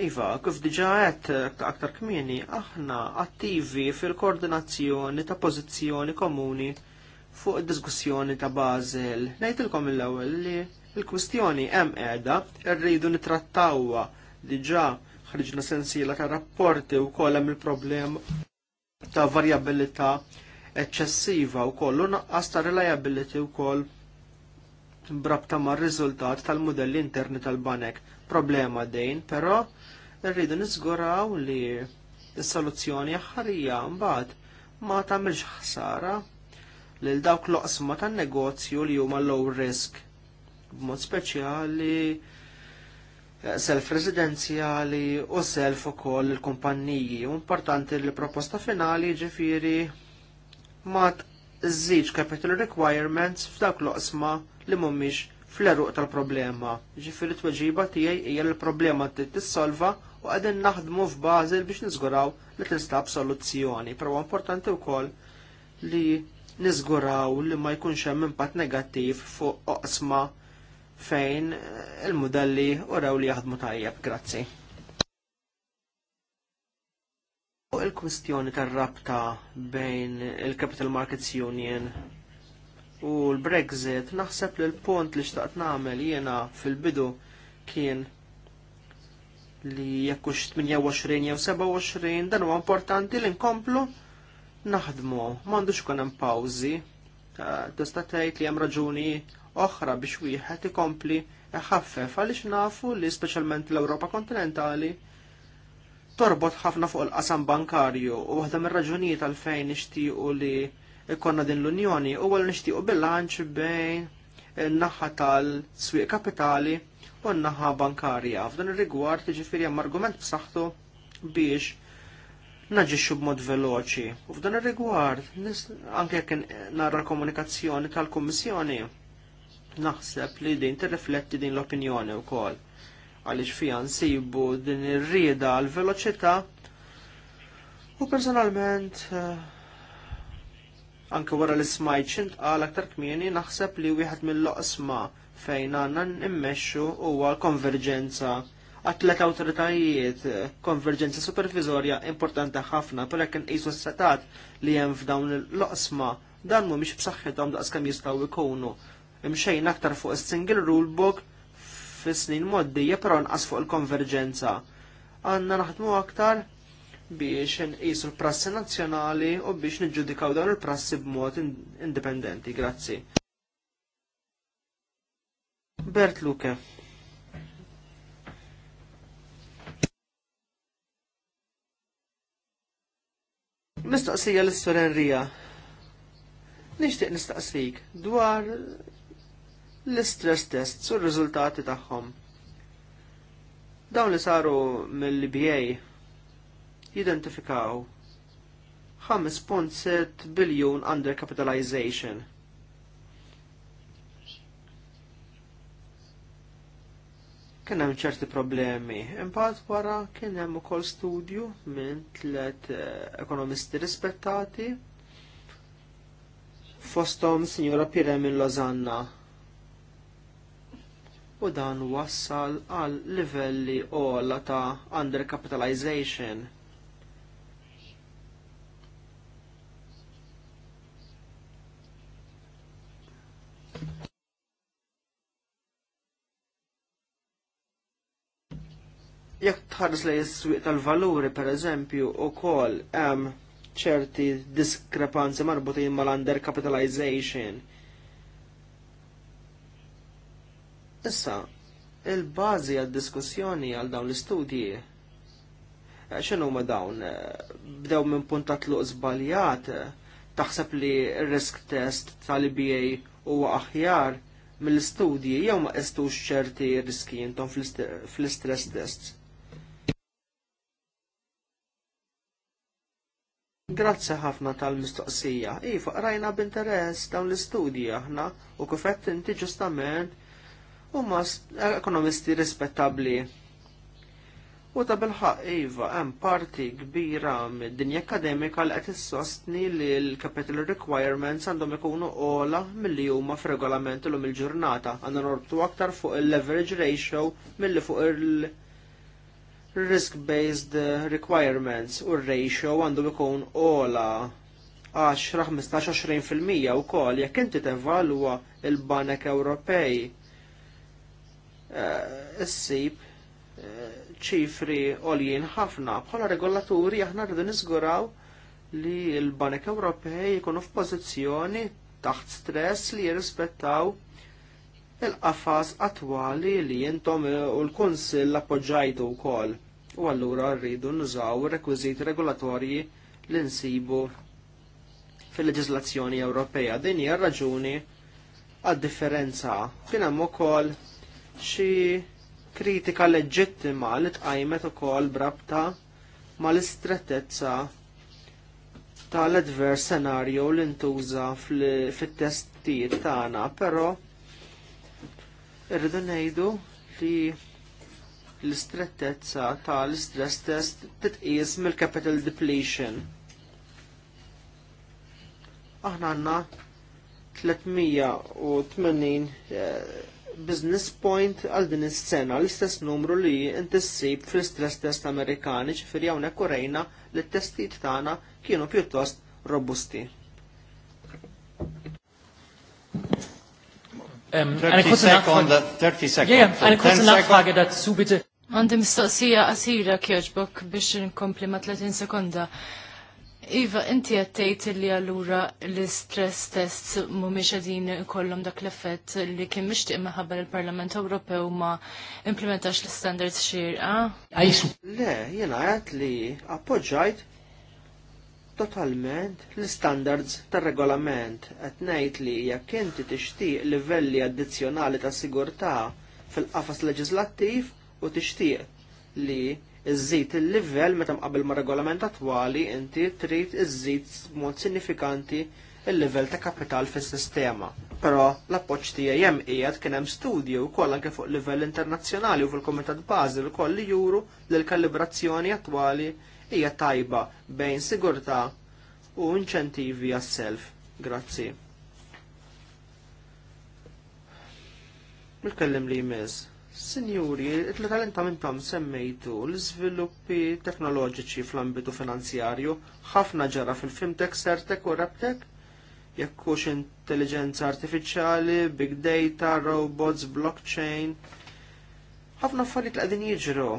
Iva, kif diġa għet eh, aktar kmini, aħna attivi fil-koordinazzjoni ta' pozizjoni komuni fuq id-diskussjoni ta' Basel. Nejtilkom l-ewel li l kwistjoni hemm qiegħda rridu nitrattawha diġa' ħriġna sensiela ta' rapporti u kolem hemm il-problem ta' varjabilità eċċessiva u kollu naqqas ta' reliability u koll brabta mar riżultat tal-modelli interni tal-banek. Problema dejn, però rridu niżguraw li s-soluzzjoni ħarija mbagħad ma tagħmilx ħsara lil dawk l-oqsma tan-negozju li huma low risk b'mod speċjali eh, self residenzjali u self ukoll il-kumpanniji. Importanti li proposta finali ġifiri ma tżidx capital requirements f'dawk l-oqsma li mhumiex fl-eruq tal-problema. Ġifiri t-tweġiba tiegħi hija l-problema tissolva u għadin naħdmu f'Bazil biex nizguraw li tinstab soluzzjoni. Però importanti wkoll li nizguraw li ma jkunx hemm impatt negattiv fuq oqsma fejn il-modelli u raw li jaħdmu tajjeb. Grazzi. U il-kwistjoni tar-rabta bejn il-Capital Markets Union u l-Brexit, naħseb li l-punt li xtaqt nagħmel jiena fil-bidu kien li jekk hux 28 jew 27 dan huwa importanti li nkomplu naħdmu m'għandux ikun hemm pawżi. Tista' tgħid li hemm raġuni oħra biex wieħed ikompli ħaffef għaliex nafu li speċjalment l-Ewropa kontinentali torbot ħafna fuq il-qasam bankarju u waħda mir-raġunijiet għalfejn nixtiequ li ikonna din l-Unjoni u għal nixtiequ bil-lanċ bejn n-naħa tal-swieq kapitali u n-naħa bankarja. F'dan ir-rigward jiġifieri hemm argument b'saħħtu biex naġixxu b'mod veloċi. U f'dan ir-rigward anke jekk nara komunikazzjoni tal-Kummissjoni naħseb li din tirrifletti din l-opinjoni wkoll għaliex fiha nsibu din ir-rieda għall veloċità u personalment eh, Anke wara li smajt għal aktar kmieni naħseb li wieħed mill-loqsma fejn għandna nimmexxu huwa konverġenza għat-tlet awtoritajiet, konverġenza supervizorja importanti ħafna, per jekk nqisu s-setat li hemm f'dawn il-loqsma dan mhumiex b'saħħithom kemm jistgħu jkunu. Imxejn aktar fuq is-single rulebook fis-snin moddija però nqas fuq il-konverġenza. Għandna naħdmu aktar biex nqisu l-prassi nazzjonali u biex niġġudikaw dawn il-prassi b'mod indipendenti. Grazzi. Bert Luke. Mistaqsija l rija. Nixtieq nistaqsik dwar l-stress tests u r-riżultati tagħhom. Dawn li saru mill-BA jidentifikaw 5.7 biljun under capitalization. Kien hemm ċerti problemi. Imbagħad wara kien hemm ukoll studju minn tliet eh, ekonomisti rispettati fosthom Sinjora Pire minn Lozanna. U dan wassal għal livelli ola ta' undercapitalization. capitalization jekk tħares lejn is-swieq tal-valuri pereżempju ukoll hemm ċerti diskrepanzi marbutin mal-under capitalization. Issa, il-bażi għad-diskussjoni għal dawn l-istudji eh, xenu ma dawn, eh, bdew minn punta tluq zbaljat, eh, taħseb li risk test tal-IBA huwa aħjar mill-istudji jew ma qestux ċerti riski jintom fl-stress tests. Grazzi ħafna tal-mistoqsija. Iva, rajna b'interess dawn l-istudji aħna u kufett inti ġustament huma ekonomisti rispettabli. U ta' bilħaq Iva, hemm parti kbira mid-dinja akademika li qed issostni li l-capital requirements għandhom ikunu ola milli huma f'regolamenti l il-ġurnata għandhom norbtu aktar fuq il-leverage ratio milli fuq il-, risk-based requirements u r-ratio għandu jkun ola 10-15-20% u kol jekk inti tevalwa il-Banek Ewropej eh, is-sib eh, ċifri oljien ħafna bħala regolaturi aħna rridu niżguraw li l-Banek Ewropej jkunu f'pożizzjoni taħt stress li jirrispettaw il-qafas attwali li jintom eh, u l-Kunsill appoġġajtu wkoll. U allura rridu nużaw rekwiżiti regolatorji li nsibu fil-leġislazzjoni Ewropea. Din hija raġuni għad-differenza. Kien hemm ukoll xi kritika leġittima li tqajmet ukoll brabta mal-istrettezza tal-advers senarju li ntuża fit-testijiet tagħna, però Irridu ngħidu li l-istrettezza ta' l-stress test titqies mill-capital depletion. Aħna għandna 380 eh, business point għal din is-sena l-istess numru li intissib fl-istress test Amerikani ċifiri jawne korejna li t-testijiet tagħna kienu pjuttost robusti. Um, 30 second, 30 second. Yeah, għana kursa Għandi mistoqsija qasira kjoġbok biex nkompli ma 30 sekonda. Iva, inti għattejt li għallura l-stress test mumiex għadin kollom dak l-effett li kien mixtieq meħabba l-Parlament Ewropew ma implementax l-standards xirqa. Għajsu. Le, jena għat li appoġġajt totalment l-standards tar-regolament qed ngħid li jekk inti tixtieq livelli addizzjonali ta' sigurtà fil-qafas leġislattiv u tixtieq li iżżid il-livell meta mqabel ma' regolament attwali inti trid iżżid b'mod sinifikanti il livell ta' kapital fis sistema Però l appoġġ tiegħi hemm qiegħed kien hemm studju wkoll anke fuq livell internazzjonali u fil-Kumitat Basel ukoll li juru l kalibrazzjoni attwali hija tajba bejn sigurtà u inċentivi għas-self. Grazzi. Mil-kellim li jmiss. Sinjuri, it-talenta minn semmejtu l izviluppi teknoloġiċi fl-ambitu finanzjarju ħafna ġara fil-fimtek, sertek u reptek, jekkux intelligenza artificiali, big data, robots, blockchain. ħafna affarijiet qegħdin jiġru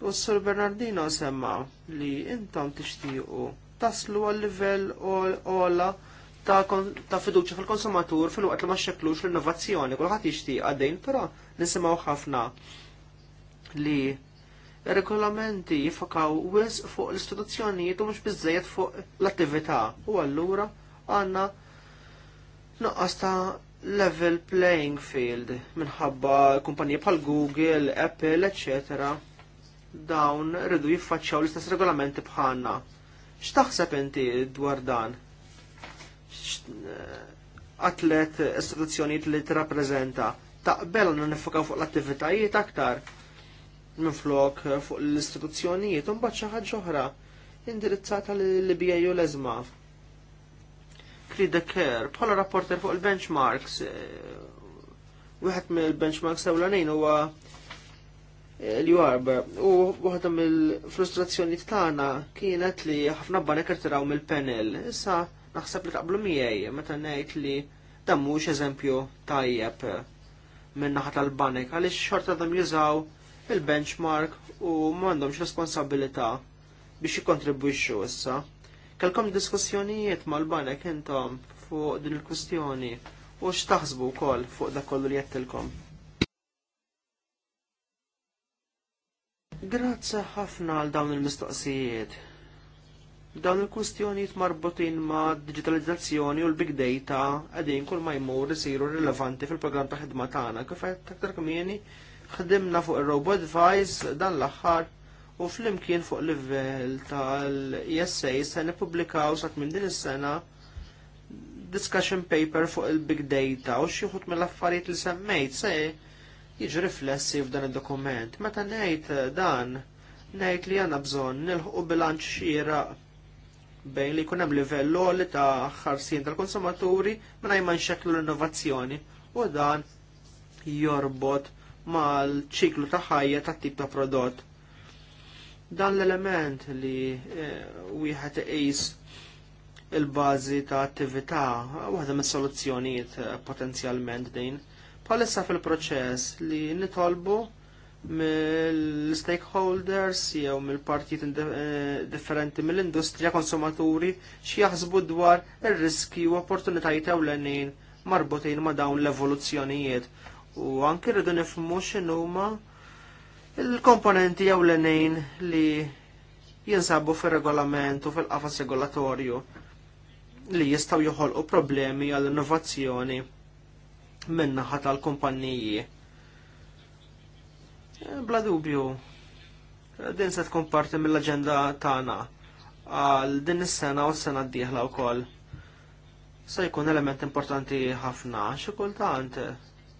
U s-Sur Bernardino semma li intom tixtiequ taslu għal livell ola ta' fiduċa fil-konsumatur fil-waqt li ma xeklux l-innovazzjoni, kulħadd jixtieq għaddejn, però nisimgħu ħafna li regolamenti jifakaw wis fuq l-istituzzjonijiet u mhux biżejjed fuq l-attività. U allura għandna noqqas ta' level playing field minħabba kumpanija bħal Google, Apple, eccetera dawn rridu jiffaċċjaw l-istess regolamenti bħalna. X'taħseb inti dwar dan? Atlet istituzzjonijiet li tirrappreżenta taqbel għandna nifokaw fuq l-attivitajiet aktar minflok fuq l-istituzzjonijiet u mbagħad xi ħaġa oħra indirizzata li bijaju l-eżma. Kridek bħala rapporter fuq il-benchmarks, eh, wieħed mill-benchmarks ewlenin huwa li eh, Harbor u waħda mill-frustrazzjoni tagħna kienet li ħafna banek irtiraw mill-panel. Issa naħseb li taqblu miegħi meta ngħid li dan mhux eżempju tajjeb minn naħa tal-banek għaliex xorta dam jużaw il-benchmark u m'għandhomx responsabilità biex jikkontribwixxu issa. Kelkom diskussjonijiet mal-banek intom fuq din il-kwistjoni u x'taħsbu wkoll fuq dak kollu li jettilkom. Grazzi ħafna għal dawn il-mistoqsijiet. Dawn il-kwistjonijiet marbutin ma' digitalizzazzjoni u l-big data għadin kull ma jmur isiru rilevanti fil-programm ta' ħidma tagħna kif qed taktar kmieni ħdimna fuq ir-robot advice dan l-aħħar u fl-imkien fuq livell tal-ESA se nippubblikaw sat minn din is-sena discussion paper fuq il-big data u xi wħud mill-affarijiet li semmejt se Jiġi riflessi f'dan id-dokument. Meta ngħid eh, dan, ngħid li għandna bżonn nilħu bilanċ xira bejn li jkun hemm livell li ta' ħarsien tal-konsumaturi mingħajr ma nxekklu l-innovazzjoni u dan jorbot mal-ċiklu ta' ħajja tat tip ta' prodott. Dan l-element li eh, wieħed iqis il-bażi ta' attività waħda mis-soluzzjonijiet eh, potenzjalment din bħalissa fil-proċess li nitolbu mill-stakeholders jew mill-partijiet eh, differenti mill-industrija konsumaturi xi jaħsbu dwar ir-riski u opportunitajiet ewlenin marbutin ma' dawn l-evoluzzjonijiet. U anki rridu nifhmu x'inhuma il-komponenti ewlenin li jinsabu fir-regolament u fil-qafas regolatorju li jistgħu joħolqu problemi għall-innovazzjoni minnaħa tal-kumpanniji. Eh, bla dubju, din se tkun parti mill-aġenda tagħna għal din is-sena u s-sena d-dieħla wkoll. Se jkun element importanti ħafna xi kultant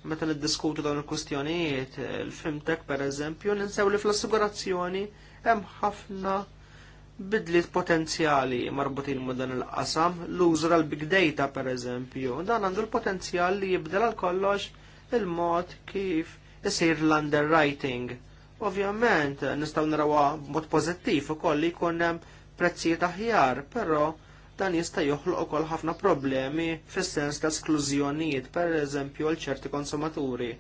meta niddiskutu dawn il-kustjonijiet, il-fimtek per eżempju, ninsew li fl-assigurazzjoni hemm ħafna bidliet potenzjali marbutin ma' dan il-qasam, l-użra l-big data per eżempju, dan għandu l-potenzjal li jibdel għal kollox il-mod kif isir l-underwriting. Ovvjament, nistaw narawa mod pozittif u koll li jkunem prezzijiet aħjar, però dan jista' joħloq ukoll ħafna problemi fis-sens ta' esklużjonijiet, per eżempju għal ċerti konsumaturi,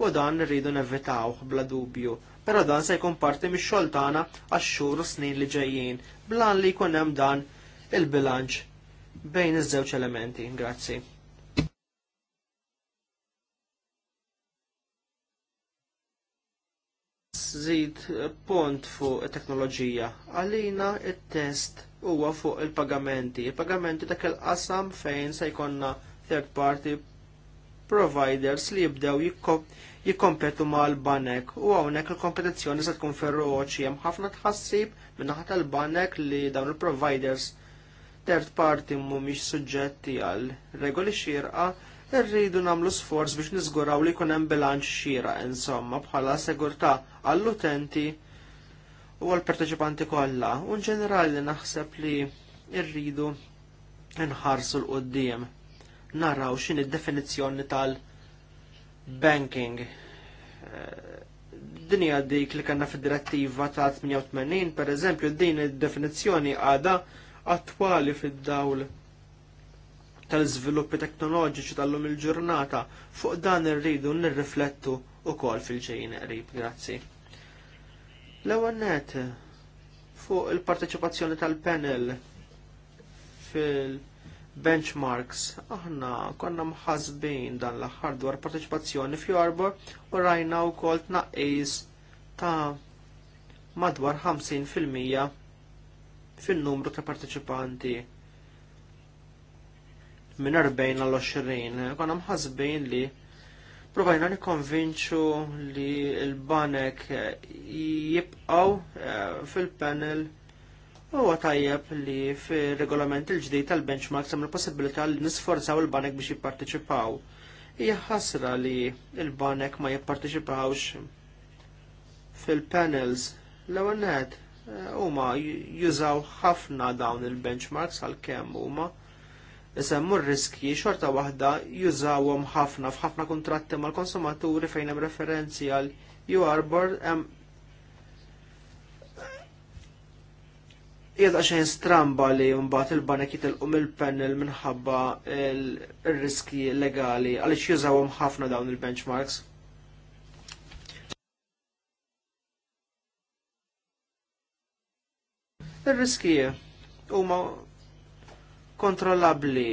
u dan rridu nevitawh bla dubju pero dan se jkun parti mix-xogħol tagħna għax-xhur u snin li ġejjin, blan li jkun hemm dan il-bilanċ bejn iż-żewġ elementi. Grazzi. Zid punt fuq it-teknoloġija. Għalina it-test huwa fuq il-pagamenti. Il-pagamenti dak il-qasam fejn se jkollna third party providers li jibdew jikkop jikkompetu mal-banek u hawnhekk il-kompetizzjoni se tkun ferroċi jem ħafna tħassib minnaħa tal-banek li dawn il-providers third party mhumiex suġġetti għal regoli xierqa irridu nagħmlu sforz biex niżguraw li jkun hemm bilanċ xira insomma bħala segurta għall-utenti u għall-parteċipanti kollha u ġenerali naħseb li rridu nħarsu l-qoddim naraw x'in id-definizzjoni tal- banking. Eh, din hija dik li kanna fid-direttiva ta' 88 per eżempju din id-definizzjoni għada attwali fid-dawl tal-żviluppi teknoloġiċi tal-lum il-ġurnata fuq dan irridu nirriflettu kol fil-ġejjin qrib. Grazzi. L-ewwel fuq il-parteċipazzjoni tal-panel fil- benchmarks. Aħna konna mħazbin dan l-aħħar dwar parteċipazzjoni Arbor u rajna wkoll tnaqqis ta' madwar 50% fin-numru ta' parteċipanti minn 40 għal 20. Konna mħazbin li provajna nikonvinċu li l-banek jibqaw eh, fil-panel Huwa tajjeb li fir-regolament il-ġdid tal-benchmarks hemm il-possibilità li nisforzaw il-banek biex jipparteċipaw. Hija ħasra li il-banek ma jipparteċipawx fil-panels l-ewwel net eh, huma jużaw ħafna dawn il-benchmarks għalkemm huma isemmu r-riski xorta waħda jużawhom ħafna f'ħafna kuntratti mal-konsumaturi fejn hemm referenzi għal u arbor Jeda xejn stramba li mbagħad il-banek jitilqu mill-panel minħabba il-riski legali għaliex jużawhom ħafna dawn il-benchmarks. Ir-riski huma kontrollabli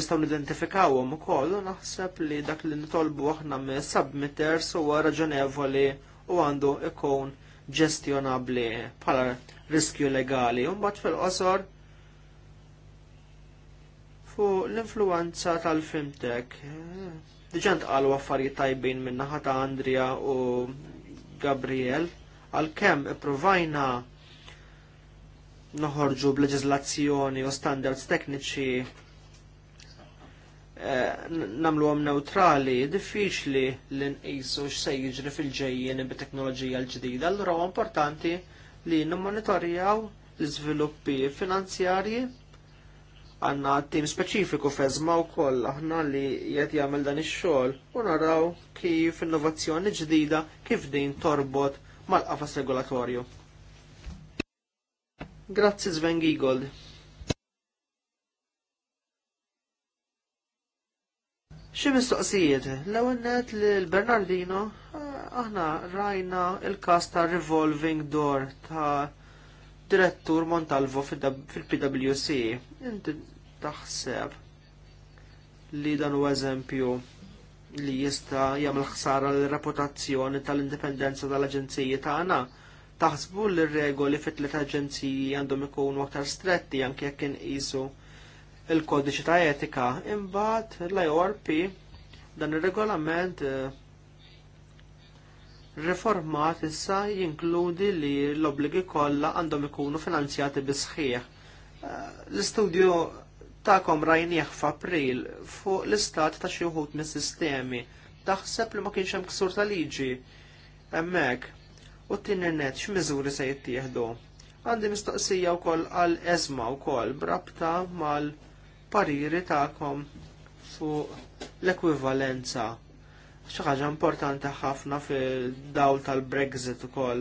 nistgħu nidentifikawhom ukoll u naħseb li dak li nitolbu aħna me submitters huwa raġonevoli u għandu ikun e ġestjonabli bħala riskju legali. Umbat fil-qosor fu l-influenza tal-fintech. Diġant għal affarijiet tajbin minn naħata Andrija u Gabriel għal kem provajna noħorġu b-leġizlazzjoni u standards tekniċi Eh, namlu għam neutrali, diffiċli li nqisu x'se jiġri fil-ġejjien bit-teknoloġija l-ġdida, allora huwa importanti li nimmonitorjaw l-iżviluppi finanzjarji għanna tim speċifiku fezma u koll aħna li jgħet jgħamil dan ix-xogħol u naraw kif innovazzjoni ġdida kif din torbot mal-qafas regolatorju. Grazzi Sven Giegold. Xi mistoqsijiet, l-ewwel l-Bernardino aħna rajna il-każ ta' revolving door ta' direttur Montalvo fil-PwC. Inti taħseb li dan u eżempju li jista' jagħmel ħsara l-reputazzjoni tal-indipendenza tal-aġenziji tagħna. Taħsbu l regoli fit-tliet aġenziji għandhom ikunu aktar stretti anke jekk inqisu il-kodiċi ta' etika imbagħad l-IORP dan ir-regolament eh, riformat issa jinkludi li l-obbligi kollha għandhom ikunu finanzjati bisħieħ. sħiħ. Eh, l-istudju ta'kom rajnieħ f'April fuq l-istat ta' xi wħud mis-sistemi taħseb li ma kienx hemm ksur ta' liġi hemmhekk u t-tieni x'miżuri se jittieħdu. Għandi mistoqsija wkoll għal eżma wkoll brabta mal- pariri tagħkom fuq l-ekwivalenza. Xi ħaġa importanti ħafna fil dawl tal-Brexit ukoll.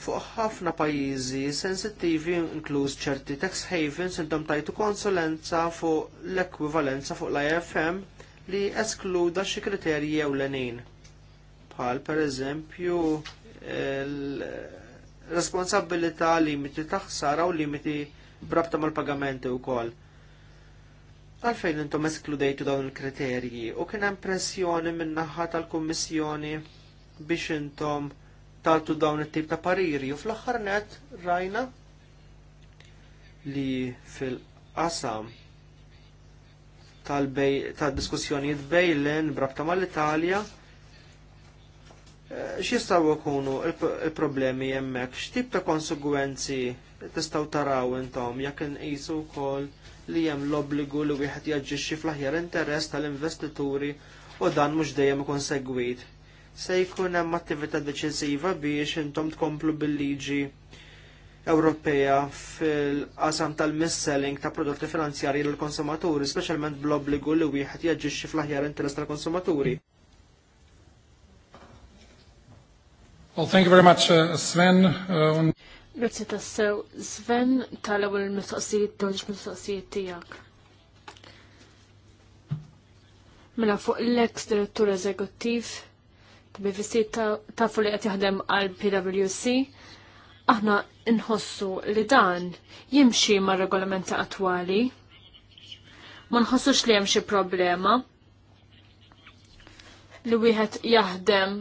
Fuq ħafna pajjiżi sensittivi inkluż ċerti tax havens intom tajtu konsulenza fuq l-ekwivalenza fuq l-IFM li eskluda xi kriterji jew lenin. Bħal pereżempju l-responsabilità limiti taħsara u limiti brabta mal-pagamenti wkoll. Għalfejn intom eskludejtu dawn il-kriterji u kien hemm pressjoni min-naħa tal-Kummissjoni biex intom tagħtu dawn it-tip ta' pariri u fl-aħħar net rajna li fil-qasam tal-diskussjonijiet bejlen brabta mal-Italja x'jistgħu jkunu il-problemi hemmhekk, x'tip ta' konsegwenzi tistgħu taraw intom jekk inqisu wkoll li hemm l-obbligu li wieħed jaġġixxi fl-aħjar interess tal-investituri u dan mhux dejjem ikun segwit. Se jkun hemm attività deċiżiva biex intom tkomplu bil-liġi Ewropea fil-qasam misselling ta' prodotti finanzjarji lill konsumaturi speċjalment bl-obbligu li wieħed jaġixxi fl-aħjar interess tal-konsumaturi. Well, thank you very much, uh, Sven. Uh, un... Sven, tala Sven, talaw il-mistoqsijiet, donġ mistoqsijiet tijak. Mela fuq l-ex direttur eżekuttiv ta' fuq tafu li qed jaħdem għal PwC, aħna nħossu li dan jimxi ma' regolamenti attwali, ma nħossux li hemm xi problema li wieħed jaħdem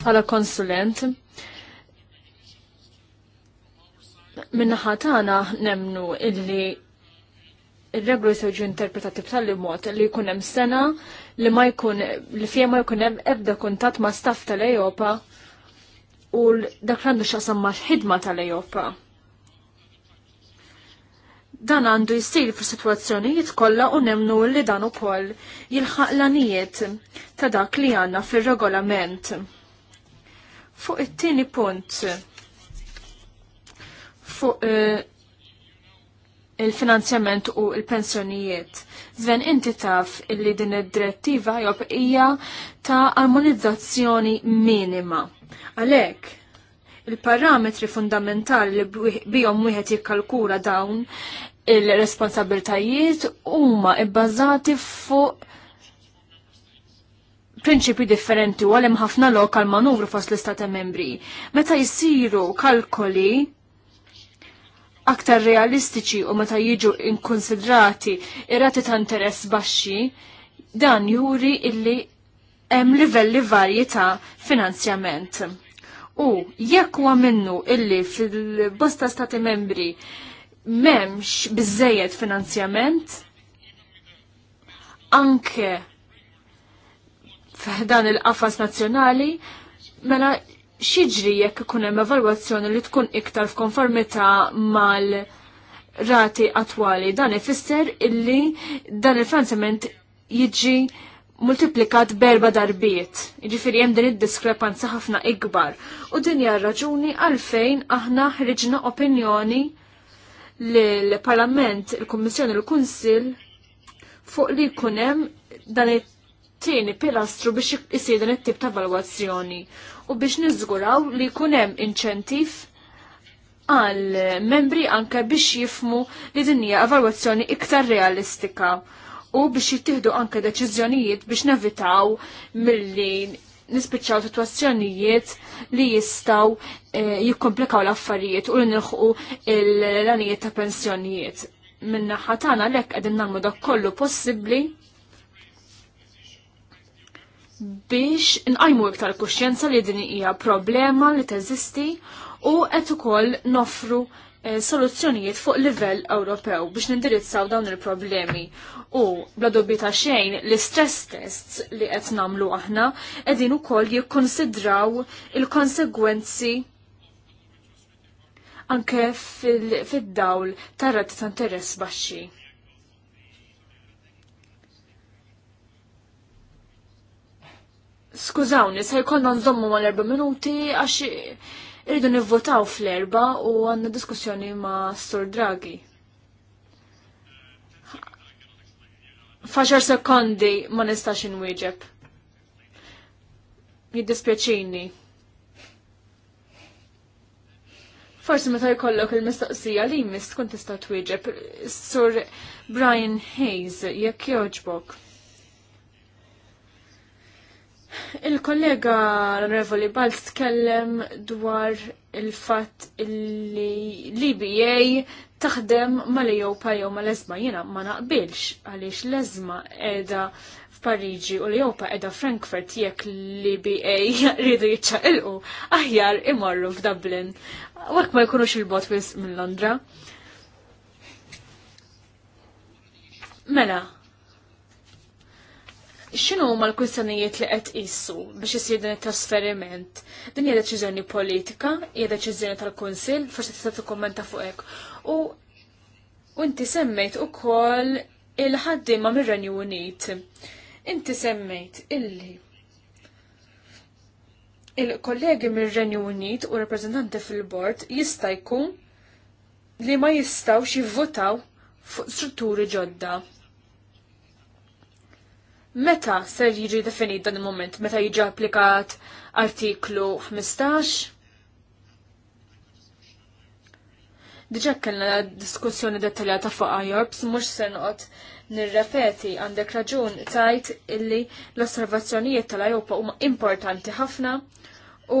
bħala konsulent. Minnaħa tagħna nemnu illi il-reglu jisewġu interpretati b'tali mod li jkun hemm sena li ma jkun li fija ma jkun hemm ebda kuntatt ma' staff tal-Ejopa u dak għandu x'qasam ma' ħidma tal-Ejopa. Dan għandu jisir fi situazzjonijiet kollha u nemnu li dan ukoll jilħaq l-anijiet ta' dak li għandna fir-regolament. Fuq it-tieni punt fuq eh, il-finanzjament u il-pensjonijiet. Zven inti taf illi din id-direttiva job hija ta' armonizzazzjoni minima. Għalhekk il-parametri fundamentali li bihom wieħed jikkalkula dawn il-responsabiltajiet huma bbażati fuq prinċipi differenti u għalem ħafna lok għal manuvru fost l-istati membri. Meta jisiru kalkoli aktar realistiċi u meta jiġu inkonsidrati irrati ta' interess baxxi, dan juri illi hemm livelli varji ta' finanzjament. U jekk huwa minnu illi fil-bosta stati membri memx biżejjed finanzjament, anke f'dan il-qafas nazzjonali, mela xiġri jekk ikun hemm evalwazzjoni li tkun iktar f'konformità mal- rati attwali dan ifisser illi dan il-finanzament jiġi multiplikat berba darbiet. Ġifiri jem din id-diskrepanza ħafna ikbar. U din hija raġuni għalfejn aħna ħriġna opinjoni l-Parlament, il-Kommissjoni, il-Kunsil fuq li kunem dan it tieni pilastru biex isir it-tip ta' valwazzjoni u biex niżguraw li jkun hemm inċentiv għal membri anke biex jifmu li din hija evalwazzjoni iktar realistika u biex jittieħdu anke deċiżjonijiet biex nevitaw milli nispiċċaw situazzjonijiet li jistaw eh, jikkomplikaw l-affarijiet u li nilħu l-lanijiet ta' pensjonijiet. Minna ħatana lek għedin namlu dak kollu possibli biex nqajmu iktar kuxjenza li din hija problema li teżisti u qed ukoll nofru eh, soluzzjonijiet fuq livell Ewropew biex nindirizzaw dawn il-problemi. U bla dubbi ta' xejn l-istress tests li qed nagħmlu aħna qegħdin ukoll jikkonsidraw il-konsegwenzi anke fid-dawl tar-rati ta' interess baxxi. Skużawni, se jkollna nżommu mal erba minuti għax irridu nivvotaw fl-erba u għanna diskussjoni ma' sur Draghi. Faċar sekondi ma nistax inwieġeb. Jiddispjaċini. Forsi meta jkollok il-mistaqsija li mist tkun tista' twieġeb. Sur Brian Hayes, jekk joġbok. Il-kollega l-Onorevoli Balz tkellem dwar il-fatt li l-IBA taħdem ma' jow pa jew mal lezma jiena ma naqbilx għaliex l-Ezma edha f'Pariġi u l-Ejopa edha Frankfurt jekk l-IBA rridu jiċċaqilqu aħjar imorru f'Dublin. Wek ma jkunux il-bot minn Londra. Mela, Xinu huma l-kwistjonijiet li qed issu biex isir din it-trasferiment? Din hija deċiżjoni politika, hija deċiżjoni tal-Kunsill, forsi tista' tikkummenta fuq hekk. U inti semmejt ukoll il-ħaddiema mir-Renju Unit. Inti semmejt illi il-kollegi mir-Renju Unit u rappreżentanti fil-bord jista' jkun li ma jistgħux jivvotaw fuq strutturi ġodda Meta ser jiġi definit dan il-moment? Meta jiġi applikat artiklu 15? Diġa kellna diskussjoni dettaljata fuq IORPS, mux se noqgħod nirrepeti għandek raġun tajt illi l-osservazzjonijiet tal-Ajopa huma importanti ħafna u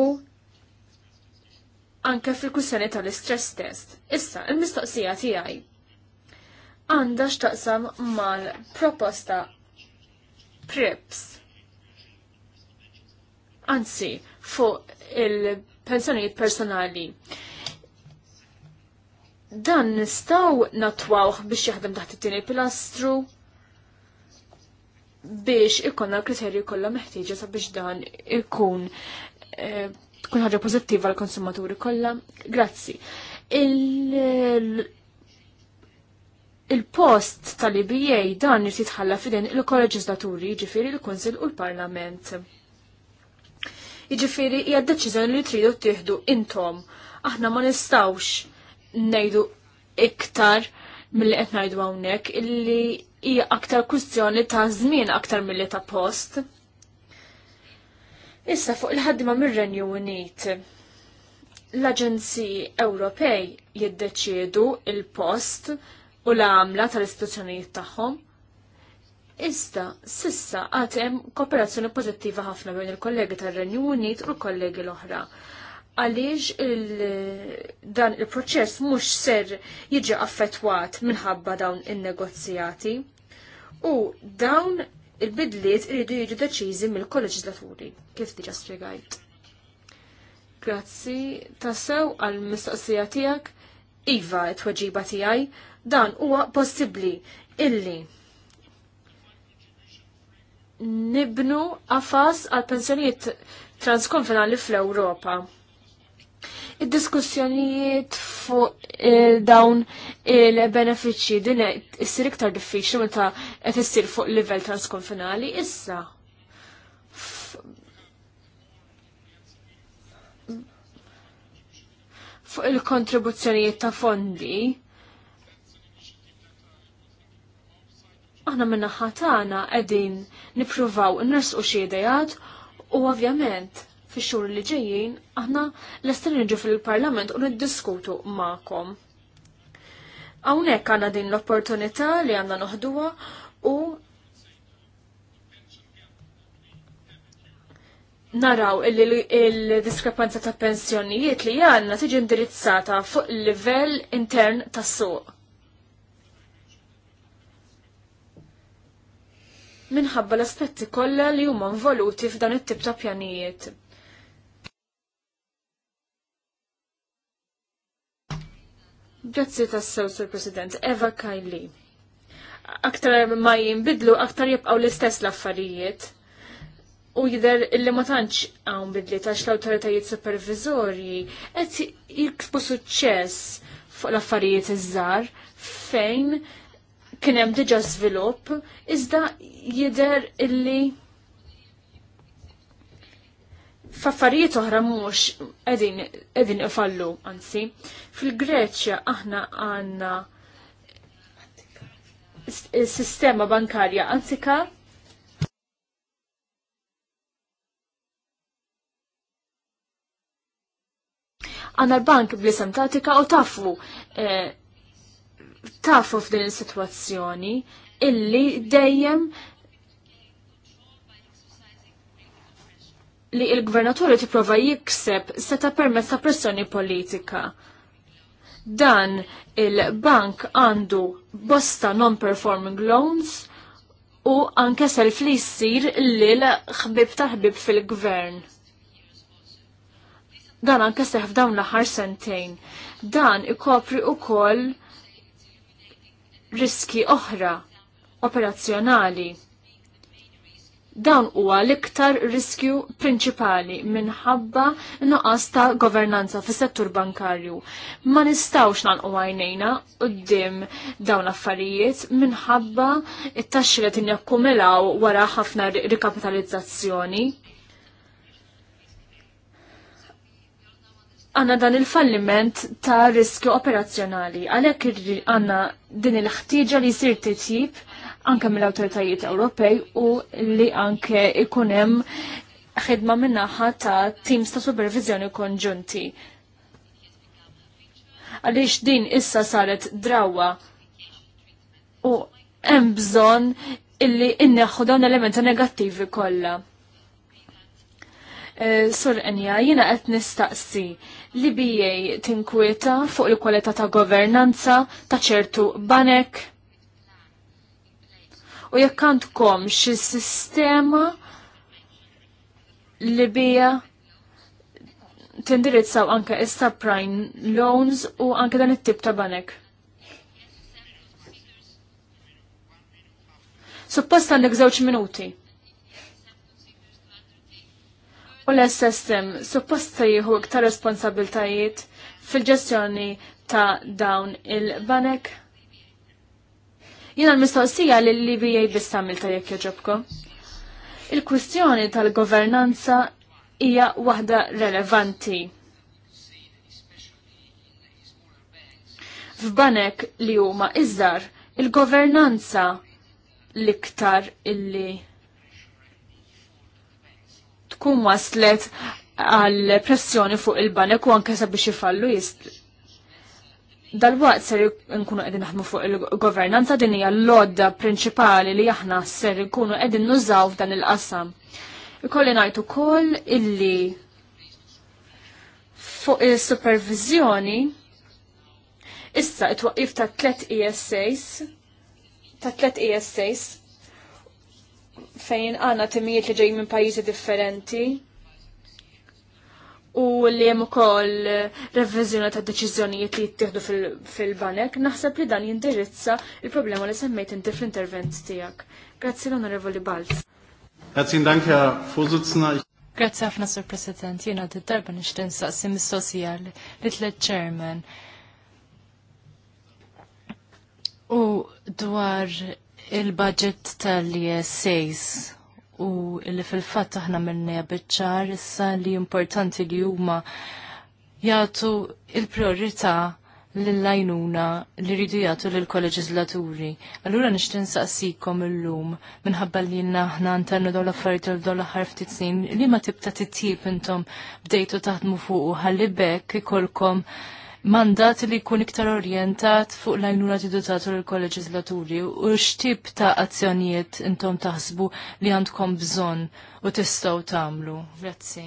anke fil-kussjoni tal-istress test. Issa, il-mistoqsija tiegħi għandha x'taqsam mal-proposta preps Anzi, fuq il-pensjonijiet personali. Dan nistaw natwawh biex jaħdem taħt it-tieni pilastru biex ikonna l-kriterju kollha meħtieġa sabiex dan ikun eh, tkun ħaġa pożittiva għall konsumaturi kollha. Grazzi il-post tal-IBA dan irid jitħalla fidin il kolleġislaturi jiġifieri l kunsil u l-Parlament. Jiġifieri hija deċiżjoni li tridu tieħdu intom. Aħna ma nistgħux ngħidu iktar milli qed ngħidu hawnhekk illi hija aktar kwistjoni ta' żmien aktar milli ta' post. Issa fuq il-ħaddima mir-Renju Unit l-Aġenziji Ewropej jiddeċiedu il-post u l-għamla tal-istituzzjonijiet tagħhom. Ista, sissa għad hemm kooperazzjoni pożittiva ħafna bejn il-kollegi tar-Renju Unit u l-kollegi l-oħra. Għaliex dan il-proċess mhux ser jiġi affettwat minħabba dawn in-negozjati u dawn il-bidliet iridu jiġu deċiżi mill-kolleġislaturi, kif diġa spiegajt. Grazzi, tassew għal-mistoqsija tiegħek, Iva, t-tweġiba tiegħi dan huwa possibbli illi nibnu għafas għal pensjonijiet transkonfinali fl-Ewropa. Id-diskussjonijiet fuq eh, dawn il-benefiċċji din issir iktar diffiċli meta qed issir fuq livell transkonfinali issa. Fuq il-kontribuzzjonijiet ta' fondi aħna minna ħatana qegħdin nippruvaw nersqu xie idejat u ovvjament fix-xhur li ġejjin aħna lester niġu fil-Parlament u niddiskutu magħkom. Hawnhekk għandna din l-opportunità li għandna noħduha u naraw il-diskrepanza ta' pensjonijiet li għanna tiġi indirizzata fuq il-livell intern tas-suq minħabba l-aspetti kollha li huma involuti f'dan it-tip ta' pjanijiet. Grazzi tas-sew, Sur President, Eva Kajli. Aktar ma jinbidlu, aktar jibqgħu l-istess l-affarijiet. U jider illi ma tantx hawn bidli tax l-awtoritajiet superviżorji qed jiksbu suċċess fuq l-affarijiet iż-żar fejn kien hemm diġà żvilupp, iżda jidher illi f'affarijiet oħra mhux qegħdin ifallu, anzi. Fil-Greċja aħna għandna sistema bankarja antika għanna l-bank blisem tatika u tafu eh, tafu f'din is-sitwazzjoni illi dejjem li il-gvernaturi tipprova jikseb seta permezz ta' pressjoni politika. Dan il-bank għandu bosta non-performing loans u anke self li jissir lil ħbib ta' ħbib fil-gvern dan anke seħf dawn l-aħħar sentejn. Dan ikopri koll riski oħra operazzjonali. Dawn huwa l-iktar riskju prinċipali minħabba nuqqas ta' governanza fis-settur bankarju. Ma nistgħux nagħlqu għajnejna quddiem dawn l-affarijiet minħabba t taxxi li tinjakkumilaw wara ħafna rikapitalizzazzjoni. għanna dan il-falliment ta' riskju operazzjonali. Għalek għanna din il-ħtieġa li jisir titjib anke mill-autoritajiet Ewropej u li anke ikunem ħidma minnaħa ta' teams ta' supervizjoni konġunti. Għaliex din issa saret drawa u hemm bżonn illi inneħħu dawn elementi negattivi kollha. Eh, Sur Enja, jiena qed nistaqsi li bijej tinkwieta fuq il-kwalità ta' governanza ta' ċertu banek u jekk kom xi sistema li bija tindirizzaw anke issa prime loans u anke dan it-tip ta' banek. Suppost għandek żewġ minuti. U l-SSM supposta jieħu iktar responsabiltajiet fil-ġestjoni ta' dawn il-banek. Jina l-mistoqsija li l-LBA bistamil ta' jekk joġobko. Il-kwistjoni tal-governanza hija waħda relevanti. F'banek li huma iżdar il-governanza l-iktar illi tkun waslet għal pressjoni fuq il-banek u anke sabiex ifallu jist. Dal-waqt ser nkunu qegħdin naħdmu fuq il-governanza din hija l-lodda prinċipali li aħna ser nkunu qegħdin nużaw f'dan il-qasam. Ikolli ngħid ukoll illi fuq il-supervizjoni issa it waqif ta' tlet ESAs ta' tlet ESAs fejn għanna timijiet li ġej minn pajjiżi differenti u li hemm ukoll revizjoni ta' deċiżjonijiet li jittieħdu fil-banek, naħseb li dan jindirizza il-problema li semmejt inti fl-intervent tiegħek. Grazzi l-Onorevoli Balz. Grazzi ndanke Herr Grazzi ħafna Sur President, jiena d-darba nixtieq nsaqsi mis sosjal li tliet chairman. U dwar il-budget tal-ESAs u li fil-fatt aħna minnija bitċar issa li importanti li huma jagħtu il-priorità lill-lajnuna li rridu jagħtu l kolleġislaturi Allura saqsikom l illum minħabba li aħna nternu dawn l-affarijiet il l-aħħar ftit snin li ma tibta titjib intom bdejtu taħdmu fuq ħalli bekk ikolkom mandat li jkun iktar orjentat fuq l-għajnuna tidutatur il-kolleġislaturi u x'tip ta' azzjonijiet intom taħsbu li għandkom bżonn u tistgħu tagħmlu. Grazzi.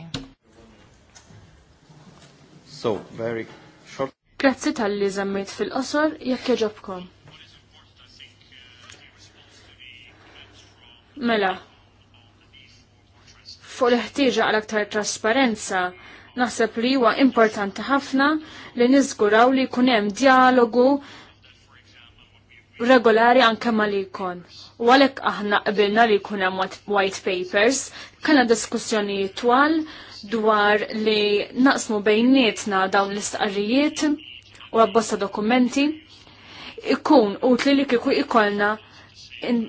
So, very short. Grazzi tal-li żammejt fil-qosor jekk jġobkom. Mela, fuq l-ħtieġa għal aktar trasparenza Naħseb li huwa importanti ħafna li niżguraw li jkun hemm dialogu regolari anke malikon. U għalhekk aħna qbilna li jkun hemm white papers, kellna diskussjoni twal dwar li naqsmu bejnietna dawn l-istqarrijiet u għabbosta dokumenti ikun utli li kiku ikolna in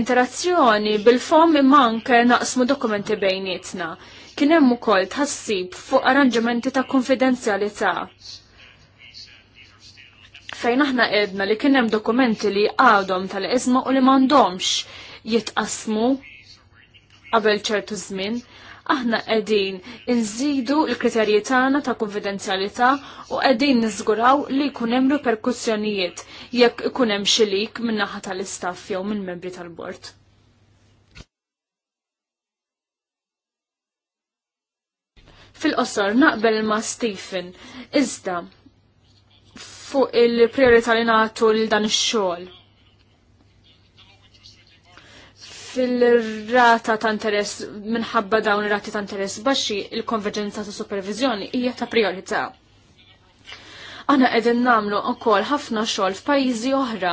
interazzjoni bil-fom imma anke naqsmu dokumenti bejnietna. Kien hemm ukoll tħassib fuq arranġamenti ta' konfidenzjalità. Fejn aħna qedna li kien hemm dokumenti li għadhom tal-iżma u li m'għandhomx jitqasmu qabel ċertu żmien, aħna qegħdin inżidu l-kriterji tagħna ta' konfidenzjalità u qegħdin niżguraw li jkun hemm reperkussjonijiet jekk ikun hemm xi lik min-naħa tal-istaff jew mill-membri tal-bord. Fil-qosor naqbel ma' Stephen, iżda fuq il-priorità li nagħtu lil dan ix-xogħol. fil-rata ta' interess minħabba dawn ir-rati ta' interess baxxi il-konverġenza ta' supervizjoni hija ta' priorità. Aħna qegħdin nagħmlu wkoll ħafna xogħol f'pajjiżi oħra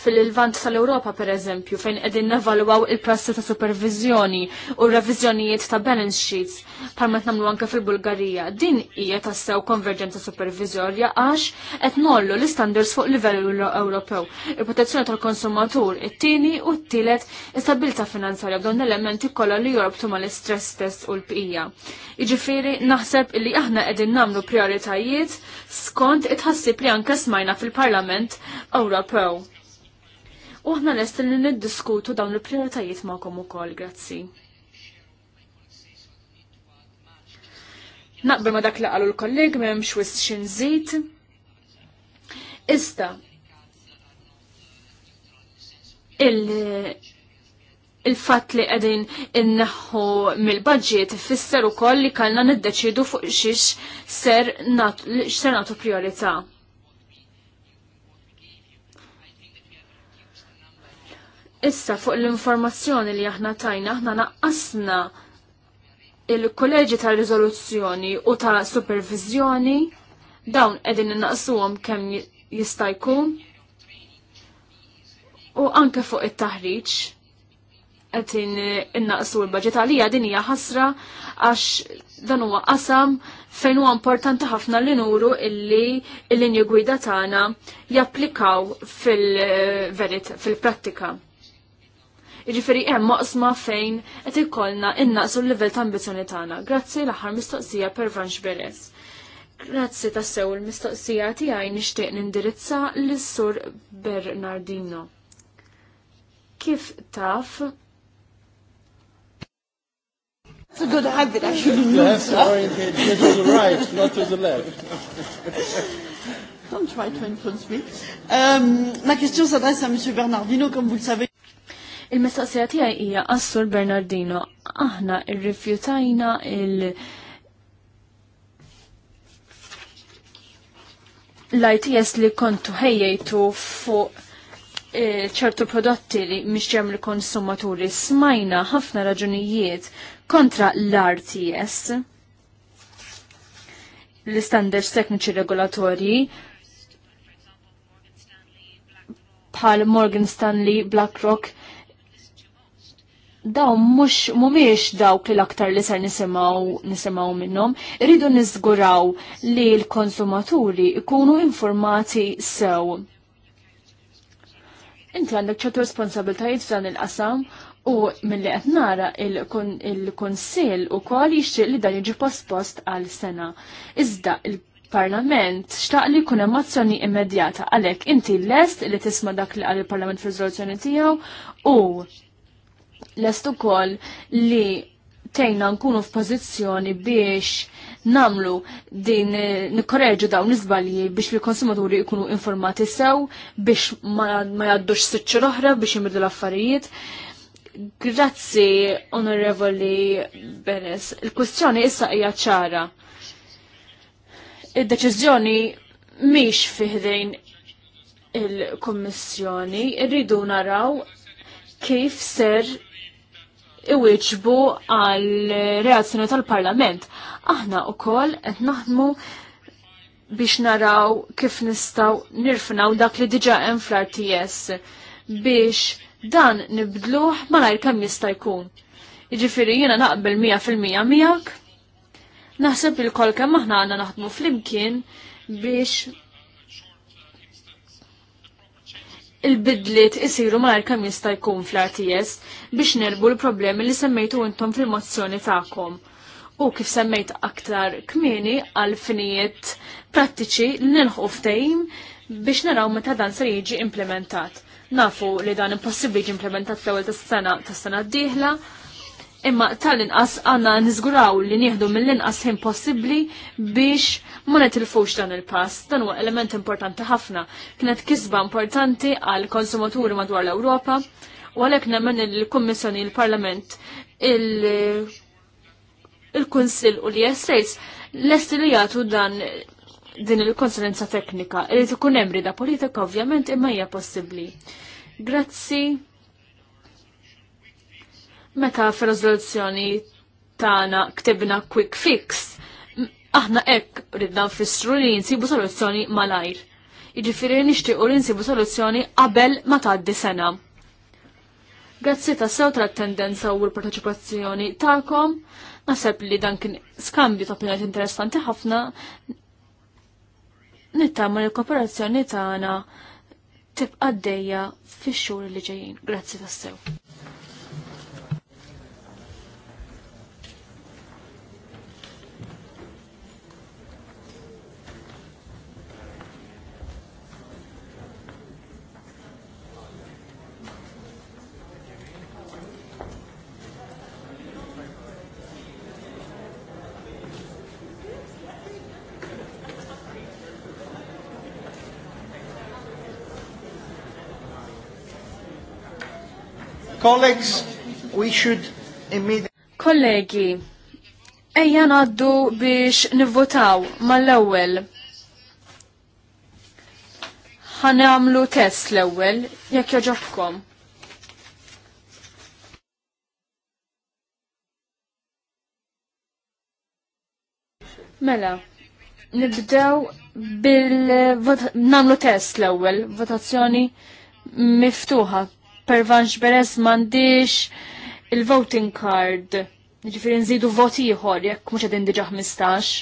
fil-vant tal-Europa per eżempju, fejn edin nevalwaw il-prassi ta' supervizjoni u revizjonijiet ta' balance sheets, parmet namlu anke fil-Bulgarija. Din hija tassew konverġenza supervizorja għax qed nollu l-standards fuq livellu Ewropew, il-protezzjoni tal-konsumatur, it-tieni u t-tielet istabilta finanzarja b'dawn elementi kollha li tuma mal-istress test u l-bqija. Jiġifieri naħseb illi aħna qegħdin namlu prioritajiet skont it-ħassib li anke smajna fil-Parlament Ewropew u aħna li niddiskutu dawn il-prioritajiet magħkom ukoll, grazzi. Naqbel ma dak li qalu l-kolleg m'hemmx wis xi nżid. Iżda il- il-fat li għedin inneħħu mill-budget fisser u li kellna niddeċidu fuq xiex ser natu priorità. Issa fuq l-informazzjoni li aħna tajna aħna naqqasna il-kolleġi ta' riżoluzzjoni u ta' supervizjoni dawn qegħdin innaqsuhom kemm jista' jkun u anke fuq it-taħriġ qed innaqsu l-baġit għalija din hija ħasra għax dan huwa qasam fejn huwa importanti ħafna li nuru illi l linju gwida tagħna japplikaw fil-verit fil-prattika. Jiġifieri hemm moqsma fejn qed ikollna innaqsu l-livell ta' ambizzjoni tagħna. Grazzi l-aħħar mistoqsija per Franx Beres. Grazzi tassew il-mistoqsija tiegħi nixtieq nindirizza lis-sur Bernardino. Kif taf? It's a good habit actually. Yes, orientate to the right, not to the left. Don't try to influence me. Um, ma question s'adresse à Monsieur Bernardino, comme vous le savez. Il-mistaqsija tiegħi hija Assur Bernardino, aħna rrifjutajna il- l-ITS li kontu ħejjejtu fuq eh, ċertu prodotti li misċem li konsumaturi smajna ħafna raġunijiet kontra l-RTS, l-standards tekniċi regolatorji, bħal Morgan Stanley, BlackRock, daw mux mumiex dawk li l-aktar li ser nisimaw, nisimaw minnom, rridu nizguraw li l-konsumaturi ikunu informati sew. Inti għandek ċertu responsabiltajiet f'dan il-qasam u mill-li qed nara il-Kunsill ukoll jixtieq li dan jiġi post-post għal sena. Iżda il-Parlament xtaq li jkun hemm azzjoni immedjata għalhekk inti lest li tisma' dak li qal il-Parlament fir-riżoluzzjoni tiegħu u Lest ukoll li tejna nkunu f'pożizzjoni biex namlu din nikkoreġu dawn iżbalji biex li konsumaturi jkunu informati sew biex ma, jgħaddux jaddux siċċur oħra biex imirdu l-affarijiet. Grazzi, Onorevoli Beres. Il-kwestjoni issa hija ċara. Id-deċiżjoni miex fiħdejn il-Kommissjoni, irridu naraw kif ser iwieġbu għal reazzjoni tal-Parlament. Aħna wkoll qed naħdmu biex naraw kif nistaw nirfnaw dak li diġa hemm fl-RTS biex dan nibdluħ malajr kemm jista' jkun. Jiġifieri jiena naqbel 100% miegħek. Naħseb il-kol kemm aħna għandna naħdmu flimkien biex il-bidliet isiru mal kam jista' jkun fl-RTS biex nerbu l-problemi li semmejtu intom fil-mozzjoni tagħkom. U kif semmejt aktar kmieni għal finijiet prattiċi li nilħu ftehim biex naraw meta dan se jiġi implementat. Nafu li dan impossibbli jiġi implementat fl-ewwel tas-sena tas-sena d-dieħla, imma tal-inqas għanna nizguraw li nieħdu mill-inqas ħin possibbli biex ma netilfux dan il-pass. Dan huwa element importanti ħafna. Kienet kisba importanti għal konsumaturi madwar l-Ewropa u għalhekk nemmen il-Kummissjoni il-Parlament il-Kunsill u l-ISAs lesti li jagħtu dan din il-konsulenza teknika. Irid ikun hemm rida politika ovvjament imma hija possibbli. Grazzi. Meta fir-riżoluzzjoni tagħna ktibna quick fix, aħna hekk ridna nfissru li jinsibu soluzzjoni malajr. Jiġifieri nixtiequ li nsibu soluzzjoni qabel ma tgħaddi sena. Grazzi ta' sew tal tendenza u l-parteċipazzjoni ta'kom, Naseb li dan kien skambju ta' opinjoni interessanti ħafna. Nittama li l-kooperazzjoni tagħna tibqa' d fix-xhur li ġejjin. Grazzi tas-sew. Colleagues, we should immediately... Kollegi, ejja naddu biex nivvotaw mal-ewwel. Ħanamlu test l-ewwel jekk joġobkom. Mela, nibdew bil-namlu test l-ewwel, votazzjoni miftuħa pervanx beres mandiċ il-voting card. Ġifiri nżidu voti jħor, jekk mux għedin diġa 15.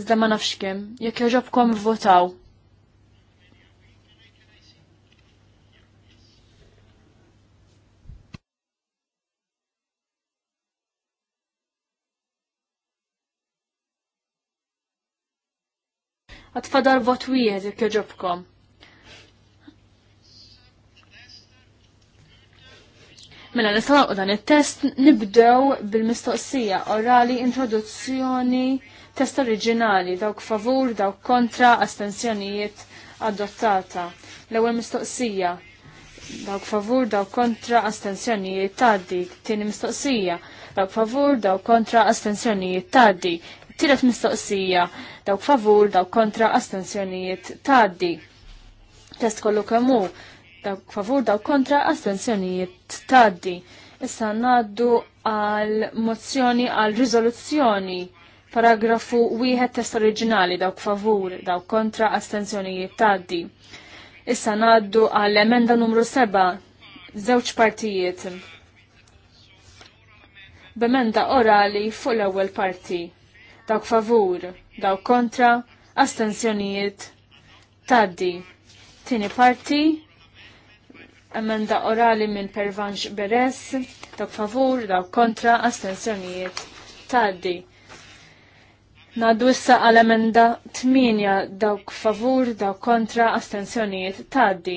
Iżda ma nafx kem, jekk joġobkom votaw. Għatfadar vot wieħed jekk joġobkom. Mela nisalqu dan it-test nibdew bil-mistoqsija orali introduzzjoni test oriġinali dawk favur, dawk kontra, astensjonijiet adottata. L-ewwel mistoqsija dawk favur, dawk kontra, astensjonijiet taddi. Tieni mistoqsija dawk favur, dawk kontra, astensjonijiet taddi. Tiret mistoqsija dawk favur, dawk kontra, astensjonijiet taddi. Test kollu kemmu dawk favur dawk kontra astenzjonijiet taddi. Issa naddu għal mozzjoni għal riżoluzzjoni paragrafu wieħed test oriġinali dawk favur dawk kontra astenzjonijiet taddi. Issa naddu għal emenda numru 7 żewġ partijiet. B'emenda orali fuq l-ewwel parti. Dawk favur, dawk kontra, astenzjonijiet taddi. Tini parti Emenda orali minn Pervanx Beres, dak favur, dak kontra, astensjonijiet. Taddi. Naddu issa għal emenda 8 dawk favur, dawk kontra, astensjonijiet. Taddi.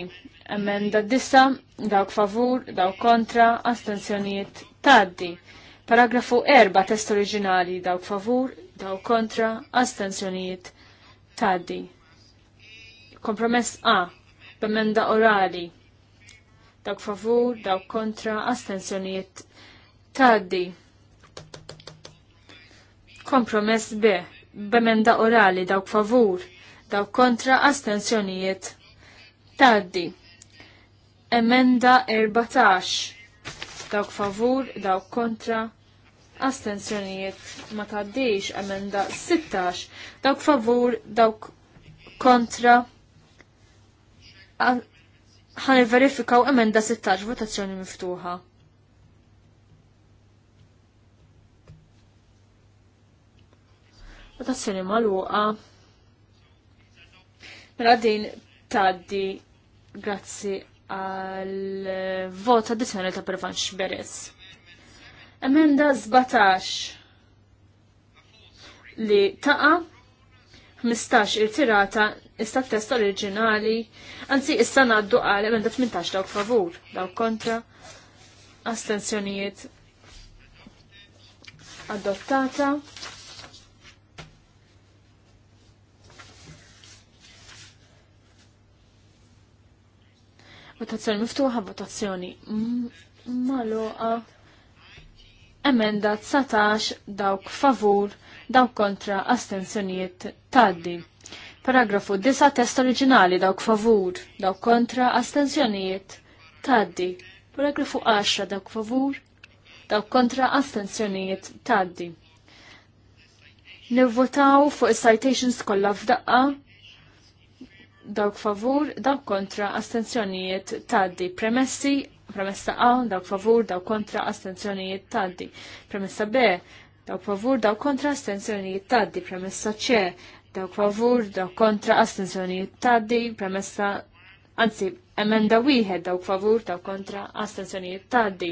Emenda 9 dawk favur, dawk kontra, astensjonijiet. Taddi. Paragrafu 4 test oriġinali dawk favur, dawk kontra, astensjonijiet. Taddi. Kompromess A. B'emenda orali dawk favur, dawk kontra, astensjonijiet taddi. Kompromess B, bemenda orali, dawk favur, dawk kontra, astensjonijiet taddi. Emenda 14, dawk favur, dawk kontra, astensjonijiet ma taddix, emenda 16, dawk favur, dawk kontra, ħan verifikaw emenda 16 votazzjoni miftuħa. Votazzjoni maluqa. Mela din taddi grazzi għal vot addizzjonali ta' Pervanx Beres. Emenda 17 li taqa' 15 irtirata Issa test oriġinali, anzi issa naddu għal emenda 18 dawk favur, dawk kontra, astensjonijiet adottata. Votazzjoni miftuħa, votazzjoni maluqa. Emenda 19 dawk favur, dawk kontra, astensjonijiet taddi. Paragrafu 9 test oriġinali dawk favur, dawk kontra, astenzjonijiet, taddi. Paragrafu 10 dawk favur, dawk kontra, astenzjonijiet, taddi. Nivvotaw fuq is-citations kollha f'daqqa, dawk favur, dawk kontra, astenzjonijiet, taddi. Premessi, premessa A, dawk favur, dawk kontra, astenzjonijiet, taddi. Premessa B, dawk favur, dawk kontra, astenzjonijiet, taddi. Premessa C, dawk favur, dawk kontra, astensjonijiet taddi, premessa, anzi, emenda wieħed dawk favur, dawk kontra, astensjonijiet taddi,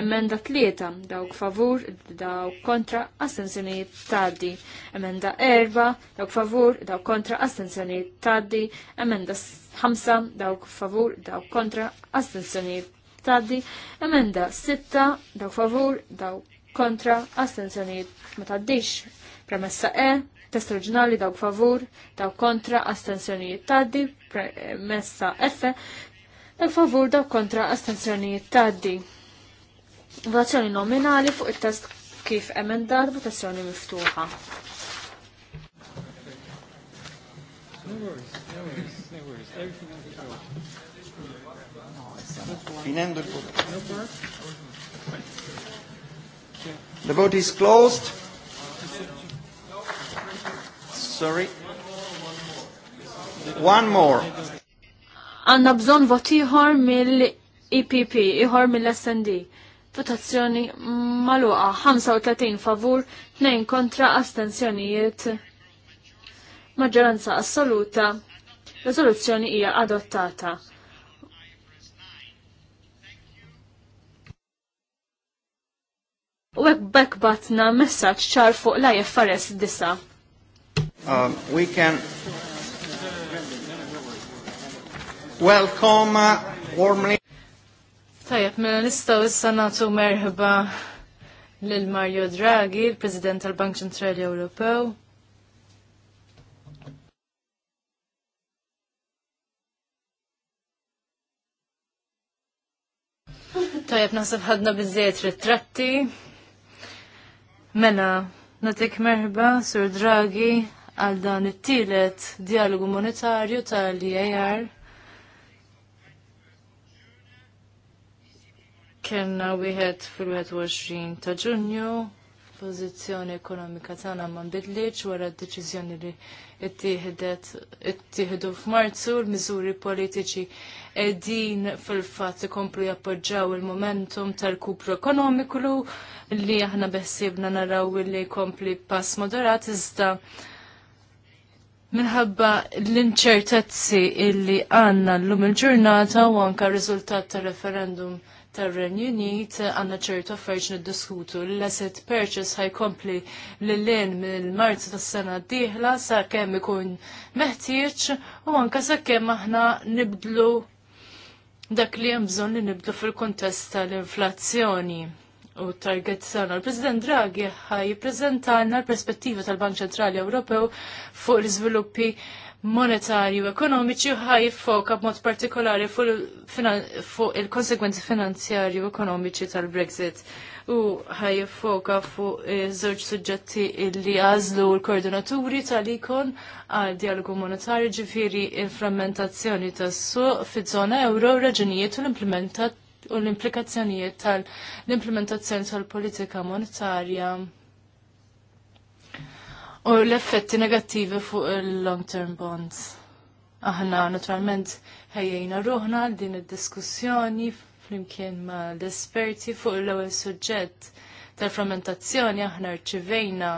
emenda tlieta dawk favur, dawk kontra, astensjonijiet taddi, emenda erba dawk favur, dawk kontra, astensjonijiet taddi, emenda ħamsa dawk favur, dawk kontra, astensjonijiet taddi, emenda sitta dawk favur, dawk kontra, astensjonijiet ma taddix, premessa E, Test oriġinali dawk favur, dawk kontra, astensjonijiet taddi, messa F, dawk favur, dawk kontra, astensjonijiet taddi. Votazzjoni nominali fuq il-test kif emendat votazzjoni miftuħa. Finendo il voto. The vote is closed. Sorry. One more. Għanna bżon votiħor mill-EPP, iħor mill-SND. Votazzjoni maluqa 35 favur, 2 kontra astenzjonijiet. Maġġoranza assoluta. Rezoluzzjoni hija adottata. U hekk bekk batna messaġġ ċar fuq la jeffares disa. Uh, we can welcome uh, warmly. Tajjeb, mela nistgħu issa nagħtu merħba lil Mario Draghi, il-President tal-Bank Ċentrali Ewropew. Tajab, naħseb ħadna bizziet ritratti, Mela, natik merħba, Sur Draghi, għal dan it-tielet dialogu monetarju tal-IAR. Kenna wieħed fil-21 ta' Ġunju, pożizzjoni ekonomika tagħna ma nbidlitx wara d-deċiżjoni li ittieħdu f'Marzu l-miżuri politiċi din fil-fat ikomplu jappoġġaw il-momentum tal-kupru ekonomiku li aħna beħsibna naraw li kompli pass moderat iżda minħabba l-inċertezzi illi għanna l-lum il-ġurnata u anka riżultat ta' referendum tar-Renju Unit għanna ċertu affarijiet niddiskutu. L-asset purchase kompli l-lin mill-Marzu tas-sena d-dieħla sa kemm ikun meħtieġ u anke sa kemm aħna nibdlu dak li hemm bżonn li nibdu fil-kuntest tal-inflazzjoni u target sana. Il-President Draghi ħaj jippreżentana l-perspettiva tal-Bank Ċentrali Ewropew fuq l-iżviluppi monetarju ekonomiċi u ħaj foka b'mod partikolari fuq il-konsegwenzi u ekonomiċi tal-Brexit u ħajfoka fuq eh, żewġ suġġetti illi għażlu l-koordinaturi tal-ikon għal dialogu monetarju ġifiri il-frammentazzjoni tas-suq fiż-żona euro raġunijiet u l-implikazzjonijiet tal-implementazzjoni tal-politika monetarja u l-effetti negattivi fuq il-long term bonds. Aħna naturalment ħejjejna ruħna din id-diskussjoni flimkien ma l-esperti fuq l-ewwel suġġett tal frammentazzjoni aħna rċivejna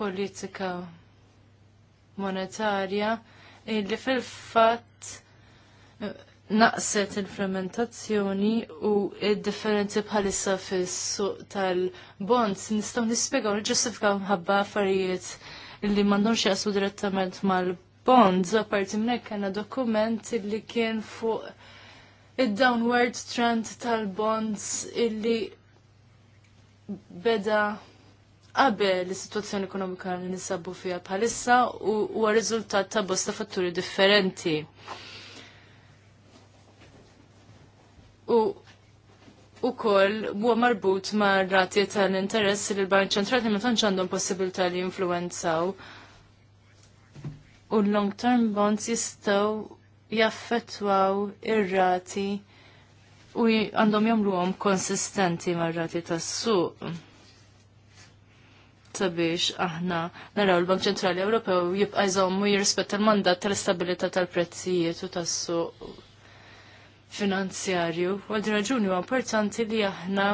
politika monetarja illi fil-fatt eh, naqset il frammentazzjoni u id-differenzi bħalissa fis-suq tal-bonds nistgħu nispjegaw niġġustifikaw mħabba affarijiet li m'għandhomx jaqsu direttament mal bonds, apparti parti minnek kena dokument illi kien fuq id-downward trend tal-bonds illi beda qabel is-sitwazzjoni ekonomika li nisabu fiha bħalissa u huwa riżultat ta' bosta fatturi differenti. U u koll huwa marbut ma' rati tal-interess li l-Bank Ċentrali ma tantx għandhom possibilità li influenzaw u long term bonds jistaw jaffetwaw ir-rati u għandhom jagħmluhom konsistenti mar-rati tas-suq. Sabiex aħna naraw l-Bank Ċentrali Ewropew jibqa' jżommu jirrispetta l-mandat tal-istabilità tal-prezzijiet u tas-suq finanzjarju. Għal din raġuni huwa importanti li aħna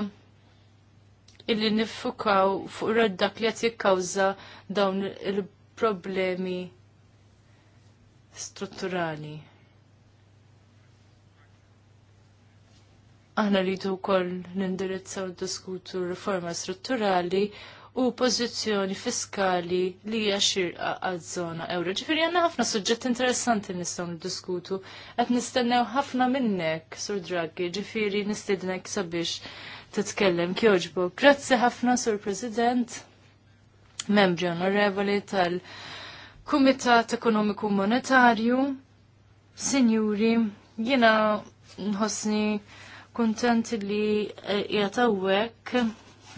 illi niffukaw fuq dak li qed jikkawża dawn il-problemi strutturali. Aħna rridu wkoll nindirizzaw diskutu riforma strutturali u pożizzjoni fiskali li hija xirqa għaż-żona ewro. Ġifieri għandna ħafna suġġett interessanti nistgħu niddiskutu qed nistennew ħafna minnek sur Draghi, ġifieri nistiednek sabiex titkellem kjoġbok. Grazzi ħafna sur President membri onorevoli tal- Kumitat Ekonomiku Monetarju, Sinjuri, jiena nħossni kontent li eh, jatawek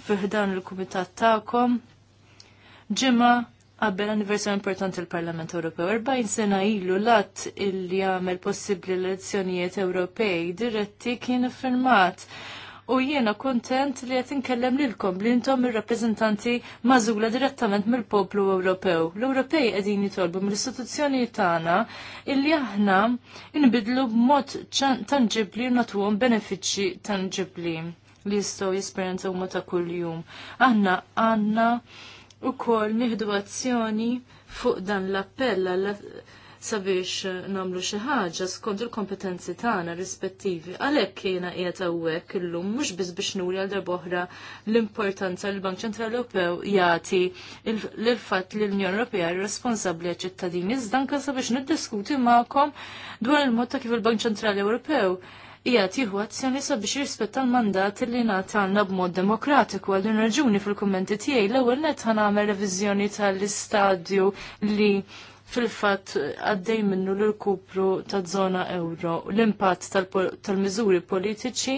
fiħdan il-kumitat ta'kom ġimma qabel anniversarju importanti l-Parlament Ewropew. 40 sena ilu lat illi għamel possibli l-elezzjonijiet Ewropej diretti kien firmat u jiena kontent li qed inkellem lilkom li intom il rappreżentanti mażula direttament mill-poplu Ewropew. L-Ewropej qegħdin jitolbu mill-istituzzjoni tagħna illi aħna inbidlu b'mod tanġibli u nagħtuhom benefiċċji tanġibli li jistgħu jesperjenzaw ma ta' kuljum. Aħna għandna wkoll nieħdu azzjoni fuq dan l-appell sabiex eh, namlu xi ħaġa skont il-kompetenzi tagħna rispettivi. Għalhekk jiena qiegħed hawnhekk illum mhux biss biex nuri għal oħra l-importanza li l-Bank Ċentrali Ewropew jagħti lil fatt li l-Unjoni Ewropea responsabbli għaċ-ċittadini iżda anke sabiex niddiskuti magħkom dwar il-mod ta' kif il-Bank Ċentrali Ewropew hija tieħu azzjoni sabiex jirrispetta l-mandat li għandna b'mod demokratiku għal din raġuni fil-kummenti tiegħi l-ewwel nett ħanagħmel reviżjoni tal-istadju li fil-fatt għaddej minnu l-kupru ta' zona euro. L-impatt tal-miżuri politiċi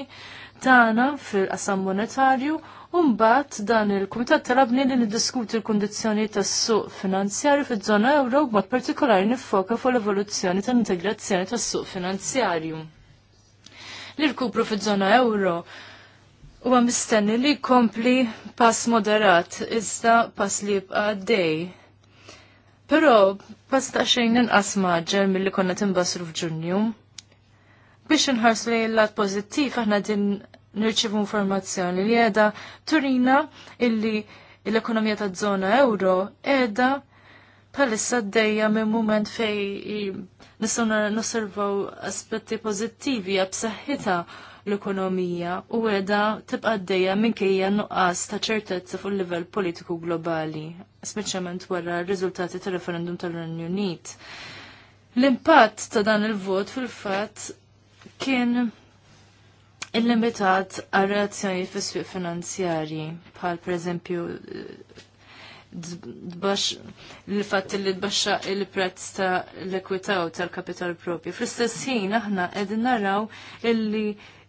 tagħna fil-qasam monetarju u mbagħad dan il-Kumitat tal-abni li niddiskuti l-kundizzjoni tas-suq finanzjarju fiż-żona euro b'mod partikolari niffoka fuq l-evoluzzjoni tal-integrazzjoni tas-suq finanzjarju. l kupru fiż-żona euro Huwa mistenni li jkompli pass moderat, iżda pass li jibqa' dej. Però pasta xejn inqas mill milli konna timbasru f'Ġunju. Biex inħarsu li l lat pożittiv aħna din nirċivu informazzjoni li edha turina illi l-ekonomija ta' zona euro edha palissa d-dejja minn moment fej nistgħu nosservaw aspetti pożittivi għab l-ekonomija u għeda tibqa d-dejja minkejja nuqqas ta' ċertezza fuq livell politiku globali, speċjalment wara r-riżultati tal-referendum tal-Renju Unit. L-impatt ta' dan il-vot fil-fatt kien il-limitat għal reazzjoni fis-swieq finanzjarji, bħal pereżempju il eh, fat li tbaxxa il-prezz ta' l-ekwita u tal-kapital propju. Fl-istess ħin aħna qegħdin naraw illi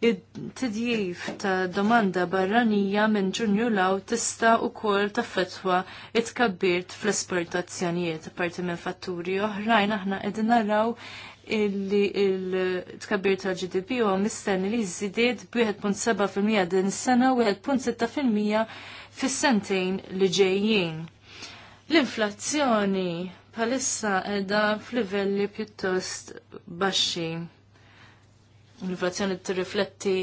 id-tidjif ta' domanda barranija minn ġunju law tista' ta' fetwa it-kabbirt fl-esportazzjonijiet parti minn fatturi oħrajn aħna qegħdin naraw illi il-tkabbir tal-GDP u mistenni li jżidiet 17 din is-sena u 1.6% fis-sentejn li ġejjin. L-inflazzjoni palissa edha f'livelli pjuttost baxxi l-inflazzjoni tirrifletti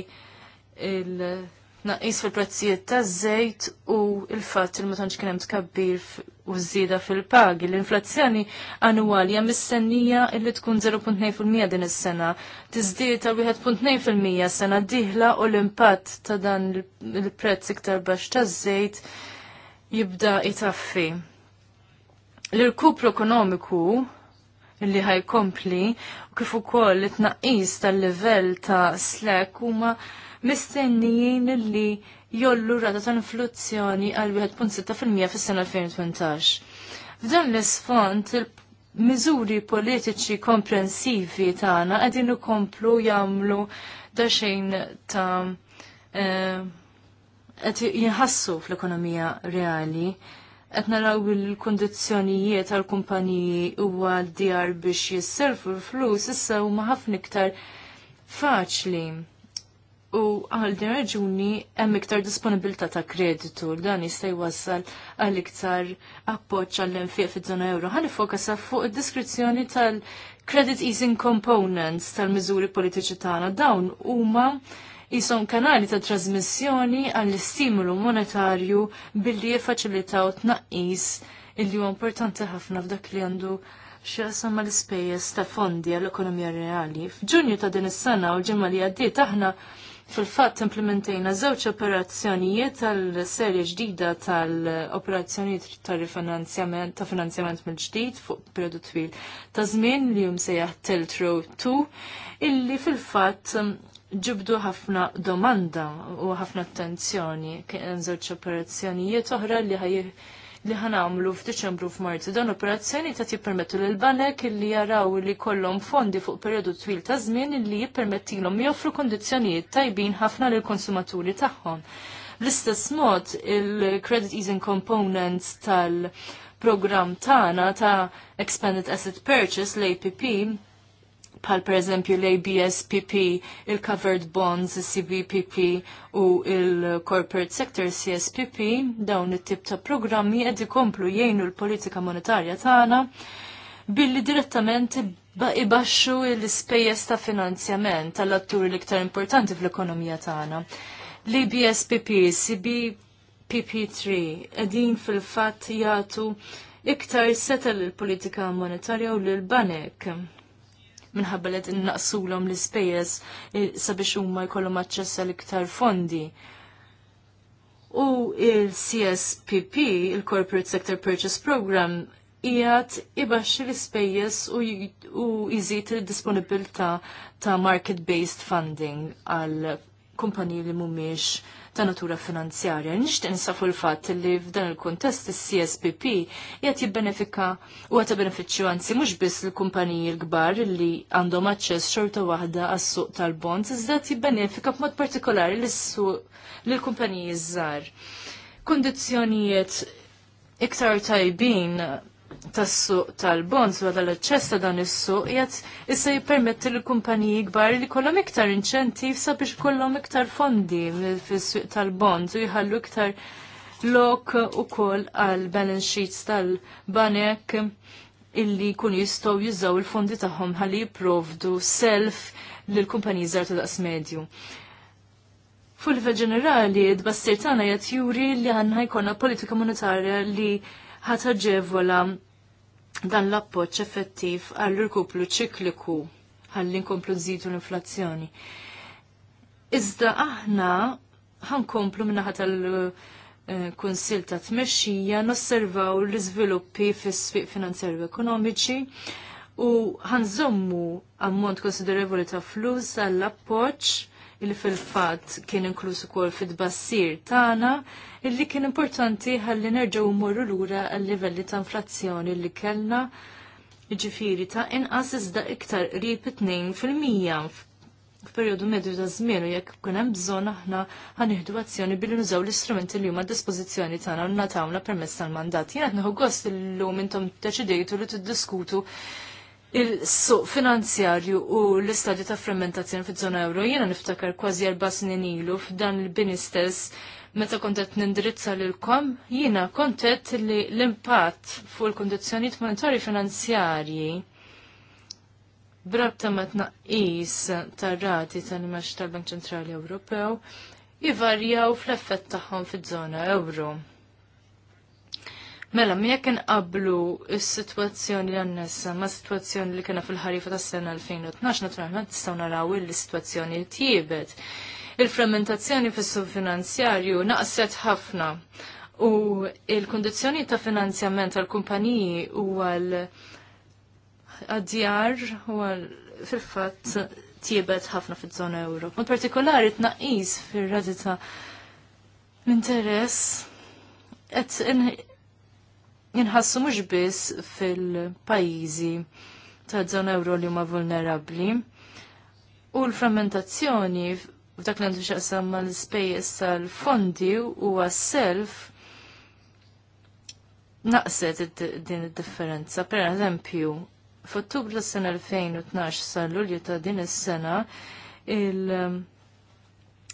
il-naqis fil-prezzijiet ta' żejt u il-fatt il matanċ kien hemm tkabbir u żieda fil-pagi. L-inflazzjoni annwali hemm mistennija li tkun 0.9 din is-sena, tiżdied ta' 1.9% sena diħla u l-impatt ta' dan il-prezz iktar baxx ta' żejt jibda jitaffi. L-irkupru ekonomiku li ħajkompli u kif ukoll it-tnaqqis tal-livell ta' slek huma mistennijin li jollu rata ta' inflazzjoni għal 1.6% fis-sena 2018. F'dan l-isfond il-miżuri politiċi komprensivi tagħna qegħdin ikomplu jagħmlu daxejn ta' eh, qed jinħassu fl-ekonomija reali qed naraw il kondizjonijiet għal kumpaniji huwa għal djar biex jisserfu l-flus issa huma ħafna iktar faċli. U għal din raġuni hemm iktar disponibilità ta' kreditu l dan jista' jwassal għal iktar appoġġ għall infiq fiż-żona euro. Ħalli fokasa fuq id-diskrizzjoni tal-credit easing components tal-miżuri politiċi tagħna dawn huma jisom kanali ta' trasmissjoni għall stimulu monetarju billi jiffaċilitaw tnaqqis illi huwa importanti ħafna f'dak li għandu x'jaqsam mal-ispejjeż ta' fondi għall-ekonomija reali. F'Ġunju ta' din is-sena u ġimgħa li għaddiet aħna Fil-fatt implementejna żewġ operazzjonijiet tal-serje ġdida tal-operazzjonijiet tal-finanzjament ta' finanzjament mill-ġdid fuq periodu twil ta' żmien li jum sejjaħ Tilt Row 2 illi fil-fatt ġibdu ħafna domanda u ħafna attenzjoni kien żewġ operazzjonijiet oħra li ħaj li ħanamlu f'Diċembru f'Marzu. Dan operazzjoni ta' jippermettu lil banek li jaraw li kollhom fondi fuq perjodu twil ta' żmien li jippermettilhom joffru kondizzjonijiet tajbin ħafna lill konsumaturi tagħhom. L-istess mod il-credit easing components tal-programm tagħna ta' Expanded Asset Purchase l-APP pal per eżempju l-ABSPP, il-Covered Bonds, cbpp u il-Corporate Sector CSPP, dawn it-tip ta' programmi qed ikomplu jgħinu l-politika monetarja tagħna billi direttament ibaxxu l-ispejjeż ta' finanzjament tal-atturi l-iktar importanti fl-ekonomija tagħna. L-ABSPP, CBPP3 qegħdin fil-fatt jagħtu iktar setel l-politika monetarja u l-banek minħabba li naqsulhom l-ispejjeż eh, sabiex huma jkollhom aċċess għal iktar fondi. U il-CSPP, il-Corporate Sector Purchase Program, jgħat ibaxxi l-ispejjeż u jżid id-disponibilità ta' market-based funding għal kumpaniji li mhumiex ta' natura finanzjarja. Nixtieq nsafu l-fatt li f'dan il-kuntest is-CSPP qed jibbenefika u qed benefiċċju anzi mhux biss l-kumpaniji l-kbar li għandhom aċċess xorta waħda għas-suq tal-bonds iżda qed jibbenefika b'mod partikolari lis-suq lill-kumpaniji żgħar. Kondizzjonijiet iktar tajbin tas-suq tal-bonds u l aċċess ta' dan is-suq qiegħed issa jippermetti lill kumpaniji kbar li kollhom iktar inċentiv sabiex kollhom iktar fondi fis-suq tal-bonds u jħallu iktar lok ukoll għal balance sheets tal-banek illi kun jistgħu jużaw il-fondi tagħhom ħalli jipprovdu self lill kumpaniji żgħar ta' daqs medju. ful ġenerali, d bastirtana tagħna juri li għandna jkollna politika monetarja li ħataġevola dan l-appoċ effettiv għall-rkuplu ċikliku għall inkomplu nżidu l-inflazzjoni. Iżda aħna ħankomplu minnaħat tal-Kunsil ta' Tmexxija nosservaw l-iżviluppi fis-sfiq finanzjarju ekonomiċi u ħanżommu ammont konsiderevoli ta' flus għall appoġġ li fil-fatt kien inkluż ukoll fid-bassir tagħna illi kien importanti ħalli nerġgħu mmorru lura għal-livelli ta' inflazzjoni li kellna ġifiri ta' inqas iżda iktar qrib mija f'perjodu medju ta' żmien u jekk kien hemm bżonn aħna ħanieħdu azzjoni billi nużaw l-istrumenti li huma d-dispożizzjoni tagħna u nagħtawna permess tal-mandat. Jien qed gost illum intom deċidejtu li tiddiskutu il-suq finanzjarju u l-istadju ta' frammentazzjoni fiż-żona euro jiena niftakar kważi erba' snin ilu f'dan il-bini stess meta kontet nindirizza lilkom jiena kontet li l-impatt fuq il-kondizzjonijiet monetari finanzjarji brabta ma tnaqqis tar-rati ta' imax tal-Bank Ċentrali Ewropew jivarjaw fl-effett tagħhom fiż-żona euro. Mela, jekk inqablu s-sitwazzjoni l annessa ma' sitwazzjoni li kena fil-ħarifa tas-sena 2012, naturalment tistgħu naraw l-situazzjoni sitwazzjoni tjiebet. Il-frammentazzjoni fis-sub finanzjarju naqset ħafna u il kondizjoni ta' finanzjament għal kumpaniji u għal għadjar u għal fil-fatt ħafna fil-żona euro. Un partikolari tnaqqis fil radita l interess jinħassu mhux biss fil-pajjiżi ta' żona euro li huma vulnerabbli. U l-frammentazzjoni f'dak li għandu xaqsam mal-ispejjeż tal-fondi u għas-self naqset din id-differenza. Per eżempju, f'Ottubru tas-sena 2012 sal-Lulju ta' din is-sena il-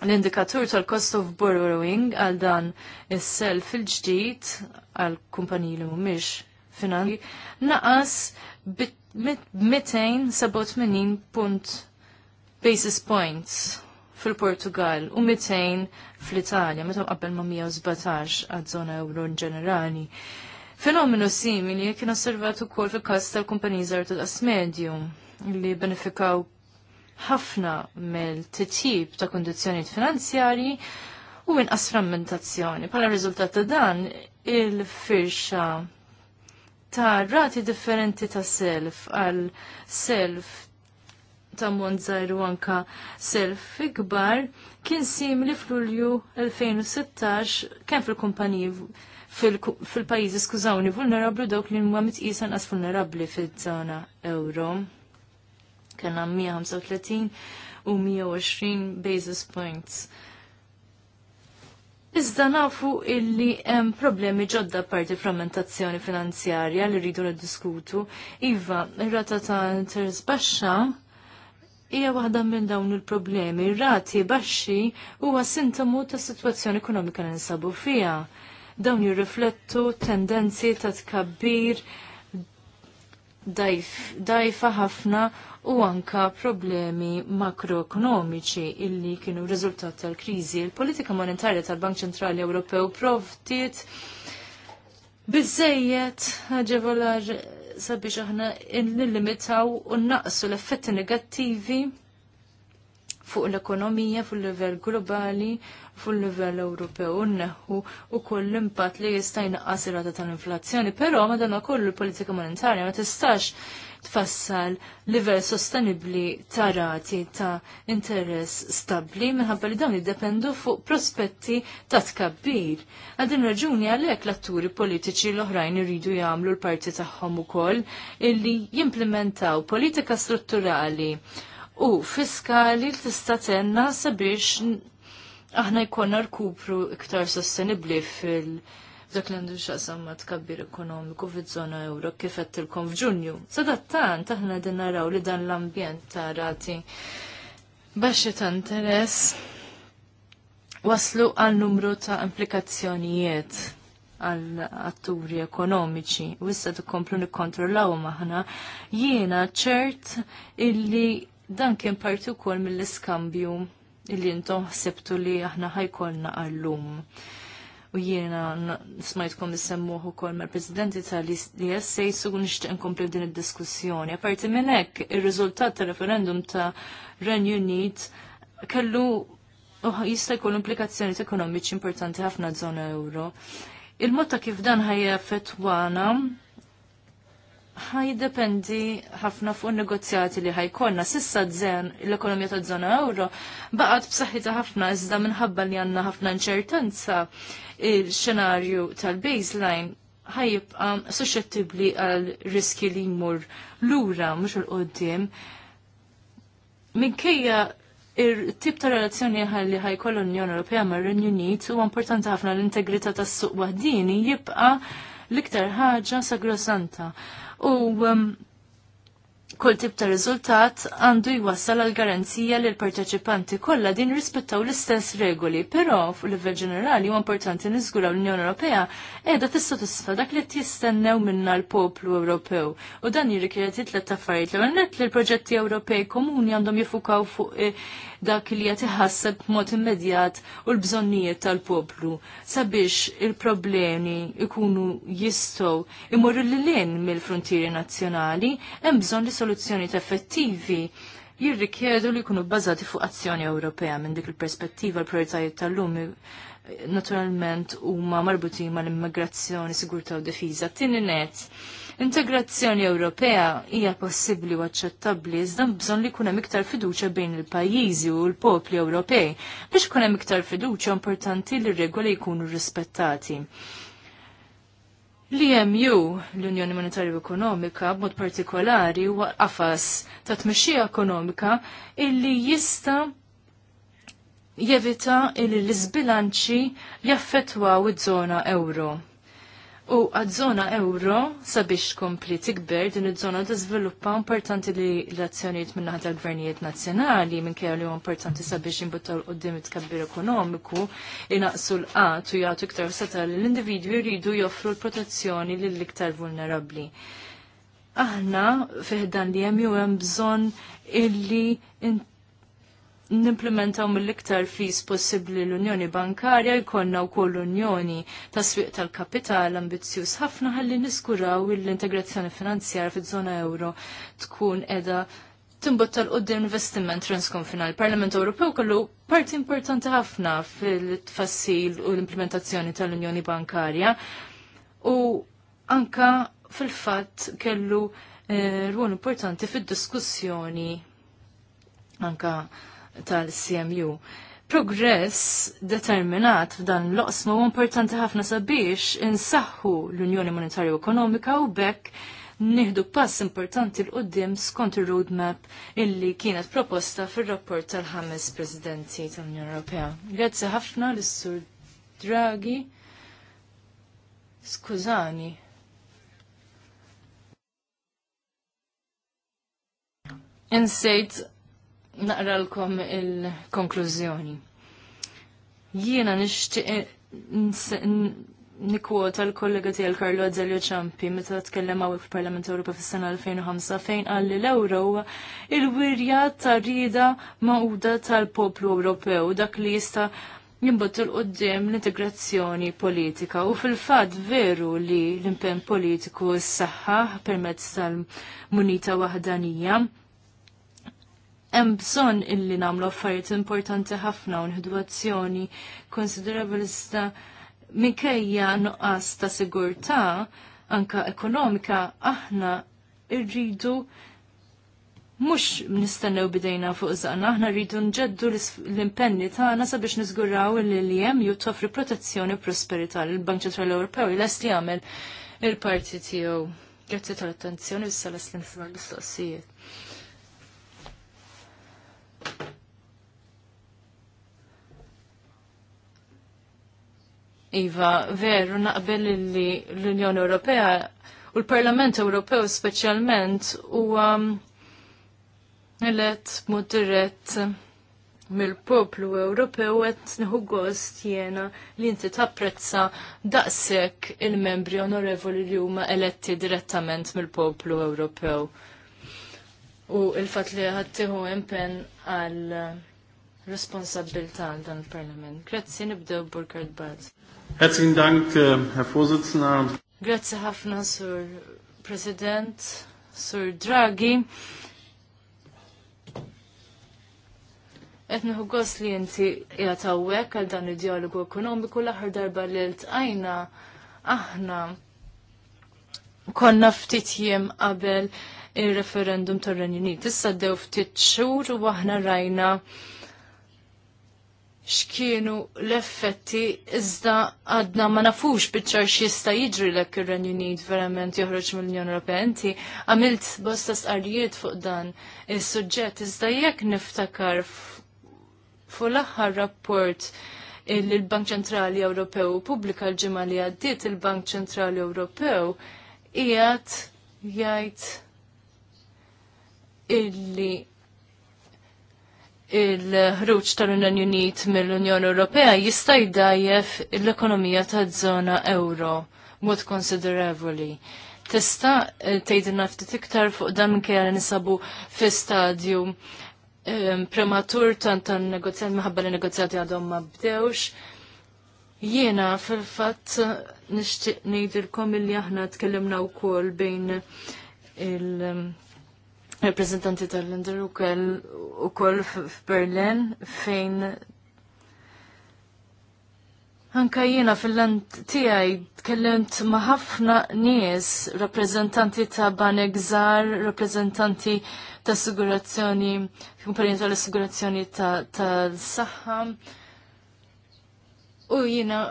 l-indikatur tal-cost of borrowing għal dan is-self fil ġdid għal kumpaniji li mhumiex finanzi naqas bit 287 punt basis points fil-Portugal u 200 fl-Italja, meta qabel ma' 117 għad-żona euro ġenerali. Fenomenu simili kien osservat ukoll fil-każ tal-kumpaniji żgħar tal li benefikaw ħafna mill-titjib ta' kondizjoniet finanzjarji u inqas frammentazzjoni. Pala riżultat ta' dan, il-firxa ta' rati differenti ta' self għal self ta' monzajru u anka self ikbar kien simili fl-Ulju 2016 kien fil-kumpaniji fil-pajizi skużawni vulnerabli dawk li huma jisan as vulnerabli fiż-żona euro kena 135 u 120 basis points. Iżda nafu illi hemm problemi ġodda parti frammentazzjoni finanzjarja li rridu niddiskutu. Iva, ir-rata ta' interess baxxa hija waħda minn dawn il-problemi. Rati baxxi huwa sintomu ta' sitwazzjoni ekonomika li nsabu fiha. Dawn jirriflettu tendenzi ta' tkabbir dajfa ħafna u anka problemi makroekonomiċi illi kienu riżultat tal-kriżi. Il-politika monetarja tal-Bank Ċentrali Ewropew provtiet bizzejiet ġevolar sabiex aħna nillimitaw u naqsu l-effetti negattivi fuq l-ekonomija fuq livell globali fuq livell Ewropew neħu u koll l-impatt li jista' jnaqqas tal-inflazzjoni, però madonna kollu l-politika monetarja ma tistax tfassal livell sostenibli ta' rati ta' interess stabli minħabba li dawn jiddependu fuq prospetti ta' tkabbir. Għadin raġuni għalhekk l-atturi politiċi l-oħrajn iridu jagħmlu l-parti tagħhom ukoll illi jimplementaw politika strutturali u fiskali li tista' tenna sabiex aħna jkollna rkupru iktar sostenibbli fil- dak li għandu xaqsam tkabbir ekonomiku fiż-żona euro kif kom f'Ġunju. Sadattan taħna din naraw li dan l-ambjent ta' rati b'axi ta' interess waslu għal numru ta' implikazzjonijiet għal atturi ekonomiċi u issa tikomplu nikkontrollaw maħna jiena ċert illi dan kien parti wkoll mill-iskambju illi intom ħsibtu li aħna ħajkolna għallum u jiena smajtkom nisemmuħu ukoll mal-Presidenti tal-ISA su nixtieq nkompli din id-diskussjoni. Aparti minn hekk, ir-riżultat tar-referendum ta' Renju Unit kellu jista' jkollu implikazzjoni ekonomiċi importanti ħafna żona euro. Il-mod ta' kif dan ħajja fetwana ħajdependi ħafna fuq negozjati li ħajkonna. Sissa dżen l-ekonomija ta' zona euro baqgħet b'saħħitha ħafna iżda minħabba li għandna ħafna inċertanza il-xenarju tal-baseline ħajibqa suscettibbli għal riski li jmur lura mhux il qoddim minkejja il-tip ta' relazzjoni li ħajkoll l-Unjoni Ewropea mar renju Unit huwa importanti ħafna l-integrità tas-suq wahdini jibqa' l-iktar ħaġa sagrosanta. U um, kull tip ta' rizultat għandu jwassal għal garanzija li l-parteċipanti kollha din rispettaw l-istess regoli, però fuq livell ġenerali huwa importanti niżguraw l-Unjoni Ewropea qiegħda tissatisfa dak li tistennew minna l-poplu Ewropew. U dan jirrikjedi tliet affarijiet li għannet li l-proġetti Ewropej komuni għandhom jifukaw fuq eh, dak li qed iħasseb b'mod immedjat u l-bżonnijiet tal-poplu sabiex il-problemi ikunu jistgħu imorru lilin mill-frontieri nazzjonali hemm bżonn li soluzzjoni effettivi jirrikjedu li jkunu bbażati fuq azzjoni Ewropea minn dik il-perspettiva l-prioritajiet tal-lum naturalment huma marbutin mal-immigrazzjoni, sigurtà u defiża Tieni net, Integrazzjoni Ewropea hija possibbli u aċċettabbli iżda bżonn li jkun hemm iktar fiduċja bejn il-pajjiżi u l-popli Ewropej. Biex ikun hemm iktar fiduċja importanti li r-regoli jkunu rispettati. L-EMU, l-Unjoni Monetarju Ekonomika, b'mod partikolari huwa qafas ta' tmexxija ekonomika illi jista' jevita illi l isbilanċi jaffettwaw iż-żona euro. U għad-żona euro sabiex kompli tikber din iż-żona tiżviluppa importanti li l-azzjonijiet minn naħa tal-gvernijiet nazzjonali minkejja li huwa importanti sabiex jinbuttaw it tkabbir ekonomiku naqsu l-qatt u jagħtu iktar seta' l-individwi jridu joffru l-protezzjoni lill-iktar vulnerabbli. Aħna fiħdan li hemm jew hemm bżonn illi nimplementaw mill-iktar fis possibbli l-Unjoni Bankarja jkollna wkoll Unjoni ta' swieq tal-kapital ambizzjuż ħafna ħalli niskuraw l-integrazzjoni finanzjar fiż-żona euro tkun qiegħda timbotta l qoddim investiment transkonfinal. Il-Parlament Ewropew kollu parti importanti ħafna fil-tfassil u l-implementazzjoni tal-Unjoni Bankarja u anka fil-fatt kellu eh, importanti fil-diskussjoni anka tal-CMU. Progress determinat f'dan l-oqsma importanti ħafna sabiex insaħħu l-Unjoni Monetarju Ekonomika u bekk nieħdu pass importanti l-qoddim skont ir-roadmap illi kienet proposta fir-rapport tal-ħames Presidenti tal-Unjoni Ewropea. Grazzi ħafna l sur Draghi. Skużani. Insejt naqralkom il-konklużjoni. Jiena nixtieq nikwota l-kollega tiegħi Carlo Zelio Ciampi meta tkellem hawnhekk fil-Parlament Ewropa fis-sena 2005 fejn qal li l-ewro il-wirja ta' rieda mawda tal-poplu Ewropew dak li jista' jimbottu l-qoddim l-integrazzjoni politika u fil-fat veru li l-impen politiku s-saħħa permezz tal-munita wahdanija hemm bżonn illi nagħmlu affarijiet importanti ħafna u nħidu azzjoni konsiderevoli minkejja nuqqas ta' sigurtà anka ekonomika aħna rridu mhux nistennew bidejna fuq żaqna, aħna rridu nġeddu l-impenni tagħna sabiex niżguraw li hemm im toffri protezzjoni u prosperità lill-Bank Ċentrali Ewropew lest jagħmel il-parti tiegħu. Grazzi tal-attenzjoni, issa l-islim mistoqsijiet. Iva, veru, naqbel li l-Unjoni Ewropea u l-Parlament Ewropew speċjalment huwa mm, elett mod dirett mill-poplu Ewropew qed nieħu gost jiena li inti tapprezza daqshekk il-membri onorevoli li huma eletti direttament mill-poplu Ewropew u il-fat li ħattieħu impen għal eh, responsabilta għal dan il-Parlament. Grazzi nibdew Burkard Bad. Herzlichen Dank, eh, Herr Vorsitzender. Grazzi ħafna, Sur President, Sur Draghi. Etniħu għos li jinti jatawwek għal dan il-dialogu ekonomiku l-aħħar darba li l-tqajna aħna konna ftit jiem qabel il-referendum tar-Renju Unit. Issa dew ftit xhur u aħna rajna x'kienu l-effetti iżda għadna ma nafux biċċar x'jista' jiġri lek ir-Renju Unit verament joħroġ mill-Unjoni Ewropea. Inti għamilt bosta stqarrijiet fuq dan is-suġġett iżda jekk niftakar fuq l-aħħar rapport il-Bank Ċentrali Ewropew pubblika l-ġimgħa li għaddiet il-Bank Ċentrali Ewropew qiegħed jgħid illi il-ħruġ tal-Unjoni Unit mill-Unjoni Ewropea jista' jdajjef l-ekonomija taż-żona euro mod konsiderevoli. Tista' tgħidilna ftit iktar fuq dan minkejja nisabu fi stadju ehm, prematur tant tan negozjat minħabba li negozjati għadhom ma bdewx. Jiena fil-fatt nixtieq ngħidilkom illi aħna tkellimna wkoll bejn il- rappresentanti tal-Lender u koll f'Berlin fejn Anka jiena fil-land tiegħi tkellimt ma' ħafna nies, rappreżentanti ta' banek żgħar, rappreżentanti ta' assigurazzjoni, kumpanija tal-assigurazzjoni ta' saħħa. U jiena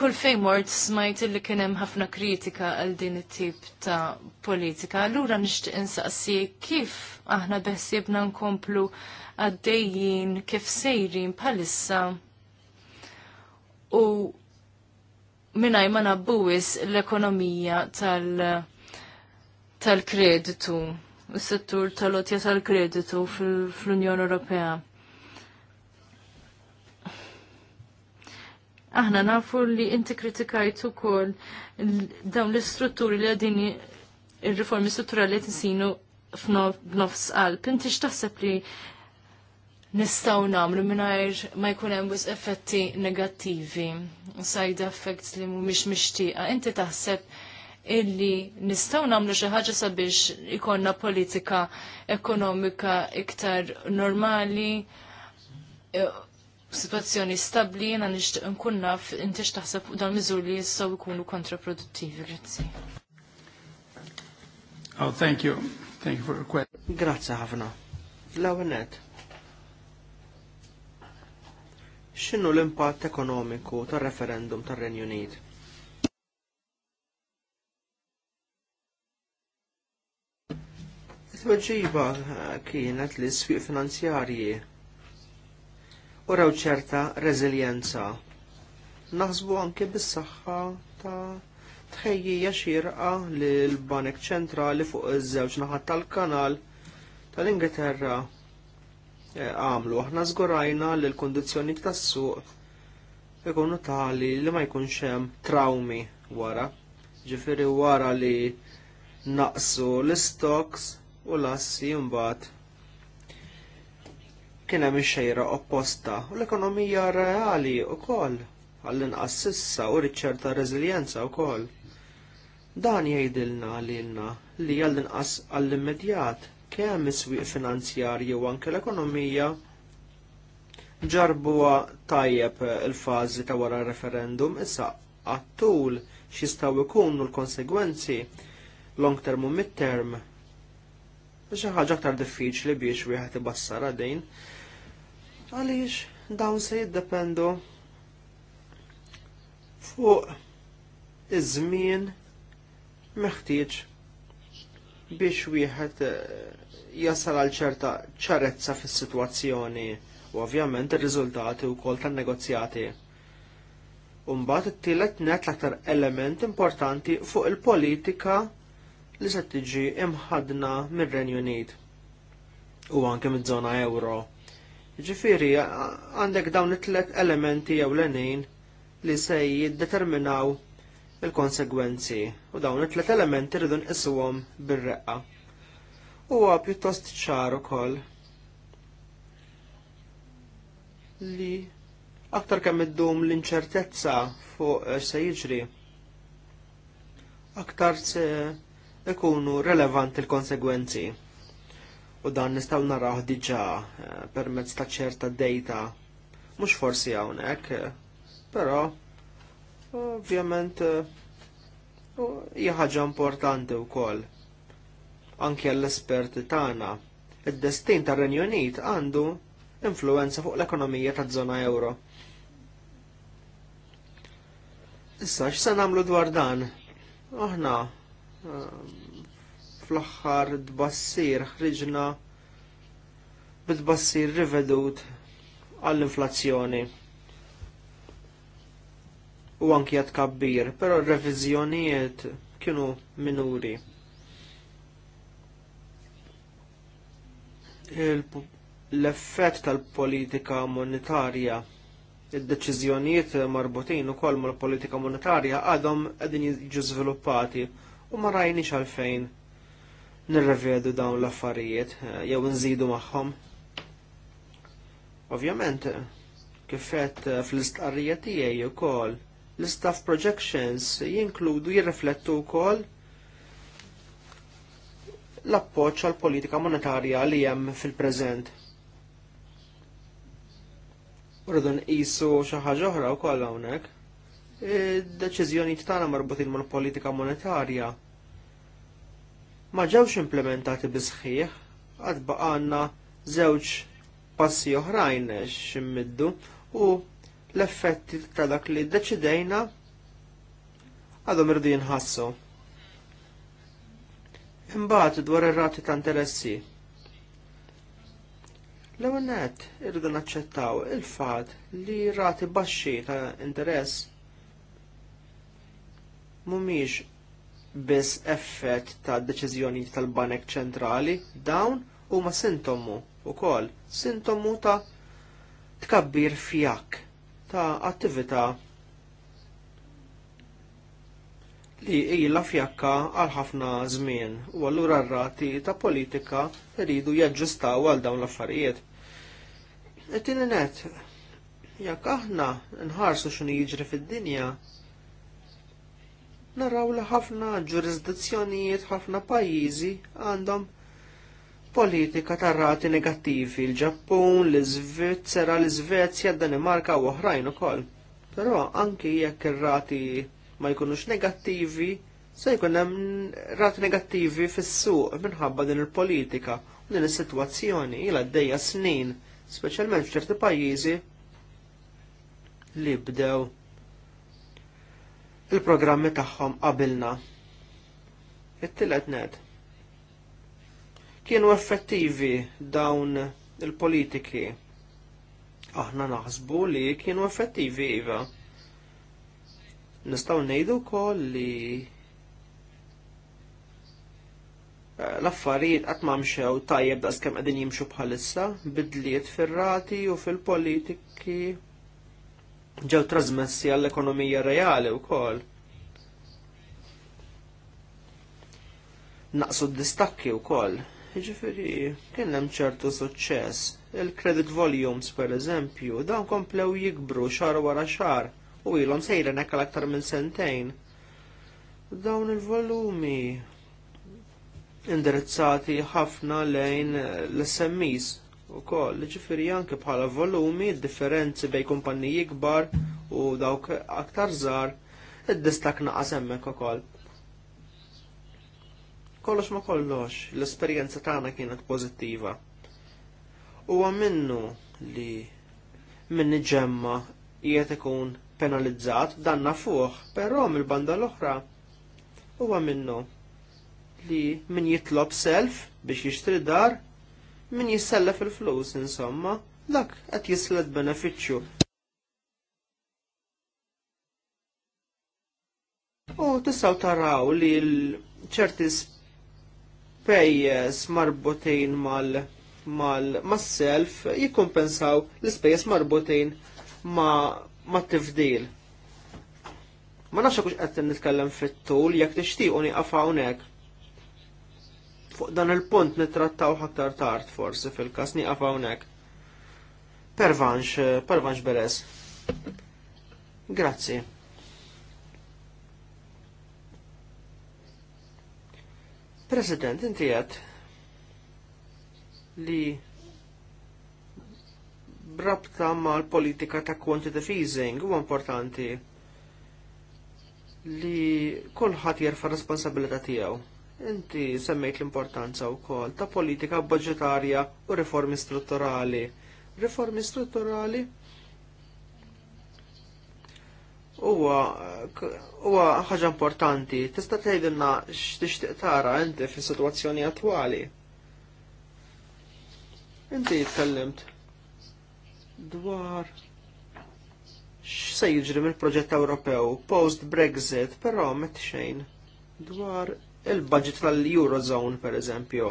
kull fejn mort smajt illi kien hemm ħafna kritika għal din it-tip ta' politika. Allura nixtieq insaqsi kif aħna beħsiebna nkomplu għaddejjin kif sejrin bħalissa u minnaj ma nabbuwis l-ekonomija tal- tal-kreditu, s-settur tal-otja tal-kreditu fl-Unjoni Ewropea. Aħna nafu li inti kritikajt ukoll dawn l-istrutturi li għadin ir-riformi strutturali li tisinu f'nofs qalb. Inti x'taħseb li nistaw namlu minnajr ma jkun hemm wis effetti negattivi, side effects li mhumiex mixtieqa. Inti taħseb illi nistaw namlu xi ħaġa sabiex ikonna politika ekonomika iktar normali eh, situazzjoni stabli jena nishtiq nkun naf inti x'taħseb dan miżur li jistgħu jkunu kontraproduttivi. Grazzi. Oh, thank you. Thank you for your question. Grazzi ħafna. Lawenet. għawenet X'inhu l-impatt ekonomiku tar-referendum tar-Renju Unit? Tweġiba kienet li s-sfiq finanzjarji u raw ċerta reżiljenza. Naħsbu anke bis-saħħa ta' tħejjija xirqa li l-Banek ċentrali fuq iż-żewġ naħat tal-kanal tal-Ingilterra e, għamlu. Aħna żgurajna li l kundizzjoni tas-suq ikunu tali li ma jkunx hemm traumi wara. Ġifieri wara li naqsu l-istoks u lassi mbagħad kien hemm ixejra xejra opposta u l-ekonomija reali wkoll għall-inqas sissa u riċċerta reżiljenza wkoll. Dan jgħidilna lilna li għall-inqas għall-immedjat kemm is-swieq finanzjarji u anke l-ekonomija ġarbuha tajjeb il-fażi ta' wara referendum issa għattul xistaw jkunu l-konsegwenzi long term u mid term xi ħaġa aktar diffiċli biex wieħed ibassar għadejn. Għaliex dawn se jiddependu fuq iż-żmien meħtieġ biex wieħed eh, jasal għal ċerta ċarezza fis-sitwazzjoni u ovvjament ir-riżultati wkoll tan-negozjati. Umbagħad it-tielet net l-aktar element importanti fuq il-politika li se tiġi imħadna mir-Renju Unit u anke miż-żona euro. Ġifiri, għandek dawn it-tlet elementi jew l-enin li se jiddeterminaw il-konsegwenzi u dawn it-tlet elementi rridu nqisuhom bir-reqqa. Huwa pjuttost ċar ukoll li aktar kemm iddum l-inċertezza fuq se jiġri, aktar se ikunu relevant l-konsegwenzi u dan nistaw naraw diġa eh, permezz ta' ċerta data mhux forsi hawnhekk, eh, però ovvjament eh, hija ħaġa importanti wkoll anke għall-esperti tagħna. Id-destin tar-Renju Unit għandu influenza fuq l-ekonomija taż-żona euro. Issa x'se nagħmlu dwar dan? Aħna ehm, fl-aħħar tbassir ħriġna bit bassir rivedut għall-inflazzjoni u anki għad kabbir, pero r-reviżjonijiet kienu minuri. L-effett tal-politika monetarja, id-deċiżjonijiet marbutin u kolmu mal-politika monetarja għadhom għedin jiġu sviluppati u ma rajni xalfejn nirrevedu dawn l-affarijiet eh, jew nżidu magħhom. Ovvjament, eh, kif għedt eh, fl-istqarrija tiegħi wkoll l-staff projections jinkludu jirriflettu wkoll l-appoġġ għal politika monetarja li hemm fil-preżent. Rridu nqisu xi ħaġa oħra wkoll hawnhekk. id deċiżjonijiet tagħna marbutin mal-politika monetarja ma ġewx implementati bisħiħ, għad baqanna żewġ passi oħrajn ximmiddu u l-effetti ta' dak li deċidejna għadhom irdi jinħassu. Imbagħad dwar ir-rati ta' interessi. L-ewwel nett irdu naċċettaw il-fatt li rati baxxi ta' interess mhumiex biss effett ta' deċiżjoni tal-Banek ċentrali, dawn huma sintomu wkoll sintomu ta' tkabbir fjak ta' attività li ilha fjakka għal ħafna żmien u allura r-rati ta' politika jridu jaġġustaw għal dawn l-affarijiet. it net, jekk aħna nħarsu x'inhu jiġri fid-dinja, naraw li ħafna ġurisdizzjonijiet ħafna pajjiżi għandhom politika ta' rati negattivi l-Ġappun, l-Svizzera, l-Svezja, Danimarka u oħrajn ukoll. Però anki jekk ir-rati ma jkunux negattivi, se jkun hemm rati negattivi fis-suq minħabba din il-politika u din is-sitwazzjoni ilha għaddejja snin, speċjalment f'ċerti pajjiżi li bdew il-programmi tagħhom qabilna. It-tielet net. Kienu effettivi dawn il-politiki. Aħna naħsbu li kienu effettivi iva. Nistgħu ngħidu wkoll li eh, l-affarijiet qatt ma mxew tajjeb daqs kemm qegħdin jimxu bħalissa, bidliet fir-rati u fil-politiki ġew trasmessi għall-ekonomija reali wkoll. Naqsu d-distakki wkoll. Jiġifieri kien hemm ċertu suċċess. Il-credit volumes pereżempju dawn komplew jikbru xar wara xar u ilhom sejren hekk aktar minn sentejn. Dawn il-volumi indirizzati ħafna lejn l-SMEs u koll, ġifiri anke bħala volumi, differenzi bej kumpanniji kbar u dawk aktar żgħar, id-distak naqas hemmhekk ukoll. Kollox ma kollox, l-esperjenza tagħna kienet pożittiva. Huwa minnu li minni ġemma qiegħed ikun penalizzat danna fuħ, però mill-banda l-oħra huwa minnu li min jitlob self biex jixtri dar min jissella fil-flus insomma, dak qed jisled beneficju. U tistaw taraw li ċerti spejjeż marbutin mal mal mas-self jikkompensaw l-ispejjeż marbutin ma' ma' tifdil. Ma nafx kux qed nitkellem fit-tul jekk tixtiequ nieqaf hawnhekk fuq dan il-punt nittrattaw ħaktar tard forsi fil-kas niqaf hawnhekk. Pervanx, eh, pervanx beres. Grazzi. President, inti qed li brabta mal politika ta' quantitative easing huwa importanti li kulħadd jerfa responsabilità tiegħu. Inti semmejt l-importanza wkoll ta' politika budgetarja u riformi strutturali. Riformi strutturali huwa uwa ħaġa importanti. Tista' tgħidilna x'tixtieq tara inti fis-sitwazzjoni attwali. Inti jitkellimt dwar x'se jiġri mill-proġett Ewropew post Brexit, però met xejn dwar il-budget tal-Eurozone per eżempju.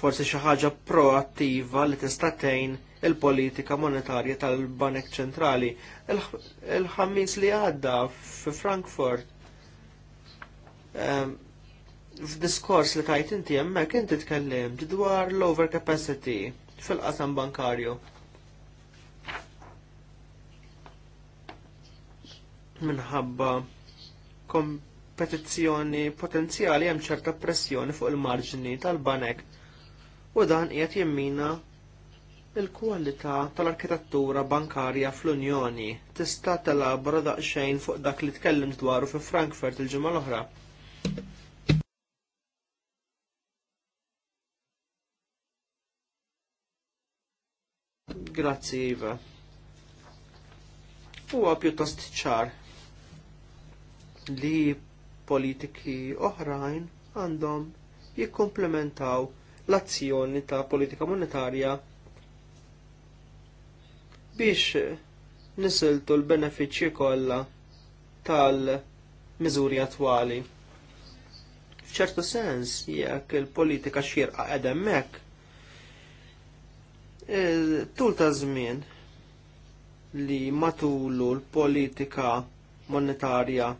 Forsi xi ħaġa proattiva li tista' tgħin il-politika monetarja tal-Banek Ċentrali. Il-ħammis li għadda fi Frankfurt ehm, f'diskors li tajt inti hemmhekk inti tkellimt dwar l-overcapacity fil-qasam bankarju. minħabba kompetizzjoni potenzjali hemm ċerta pressjoni fuq il-marġini tal-banek u dan qiegħed jimmina il-kwalità tal-arkitettura bankarja fl-Unjoni tista' telabra daqsxejn fuq dak li tkellimt dwaru fi Frankfurt il-ġimgħa l-oħra. Grazzi Iva. Huwa pjuttost ċar li politiki oħrajn għandhom jikkomplementaw l-azzjoni ta' politika monetarja biex nisiltu l-benefiċċji kollha tal-miżuri attwali. F'ċertu sens jekk il-politika xirqa qed hemmhekk, tul ta' żmien li matulu l-politika monetarja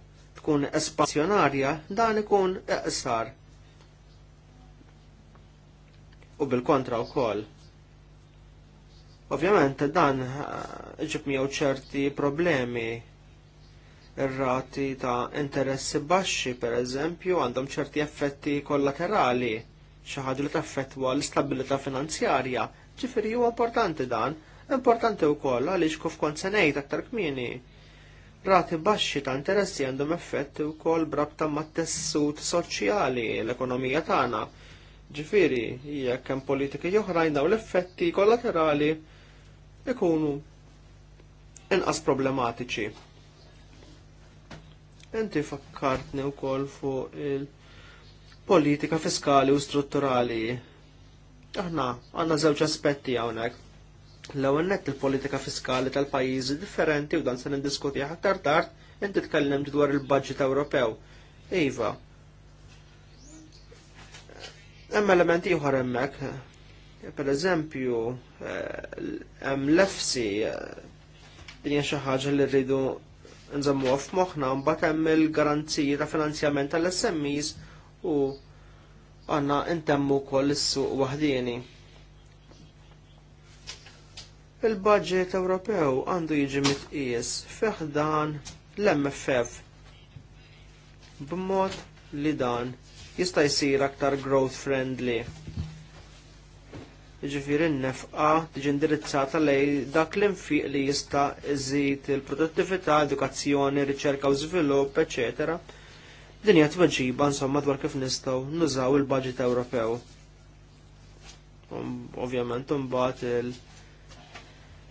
tkun espansjonarja dan ikun eqsar. U bil-kontra wkoll. Ovvjament dan eh, ġib miegħu ċerti problemi ir-rati ta' interessi baxxi pereżempju għandhom ċerti effetti kollaterali xi ħaġa li taffettwa l-istabilità finanzjarja. Ġifieri huwa importanti dan, importanti wkoll għaliex kif kont se ngħid aktar kmieni Rati baxxi ta' interessi għandhom effetti wkoll brabta ma' tessut soċjali l-ekonomija tagħna. Ġifieri, jekk hemm politiki oħrajn dawn l-effetti kollaterali ikunu inqas problematiċi. Inti fakkartni wkoll fuq il-politika fiskali u strutturali. Aħna għandna żewġ aspetti hawnhekk L-ewwel nett il-politika fiskali tal-pajjiżi differenti u dan se niddiskutih aktar tard, inti tkellem dwar il-budget Ewropew. Iva. Hemm elementi ieħor hemmhekk. Per eżempju, eh, hemm l-efsi eh, din hija xi ħaġa li rridu nżammuha f'moħħna mbagħad hemm il-garanziji ta' finanzjament tal-SMEs u għandna intemmu wkoll is-suq waħdieni il-budget Ewropew għandu jiġi mitqies feħdan l-MFF b'mod li dan jista' jsir aktar growth friendly. Jiġifieri n-nefqa tiġi indirizzata lej dak l-infiq li jista' iżid il-produttività, edukazzjoni, riċerka u żvilupp, eċetera. Din hija tweġiba insomma dwar kif nistgħu nużaw il-budget Ewropew. Um, ovvjament imbagħad il-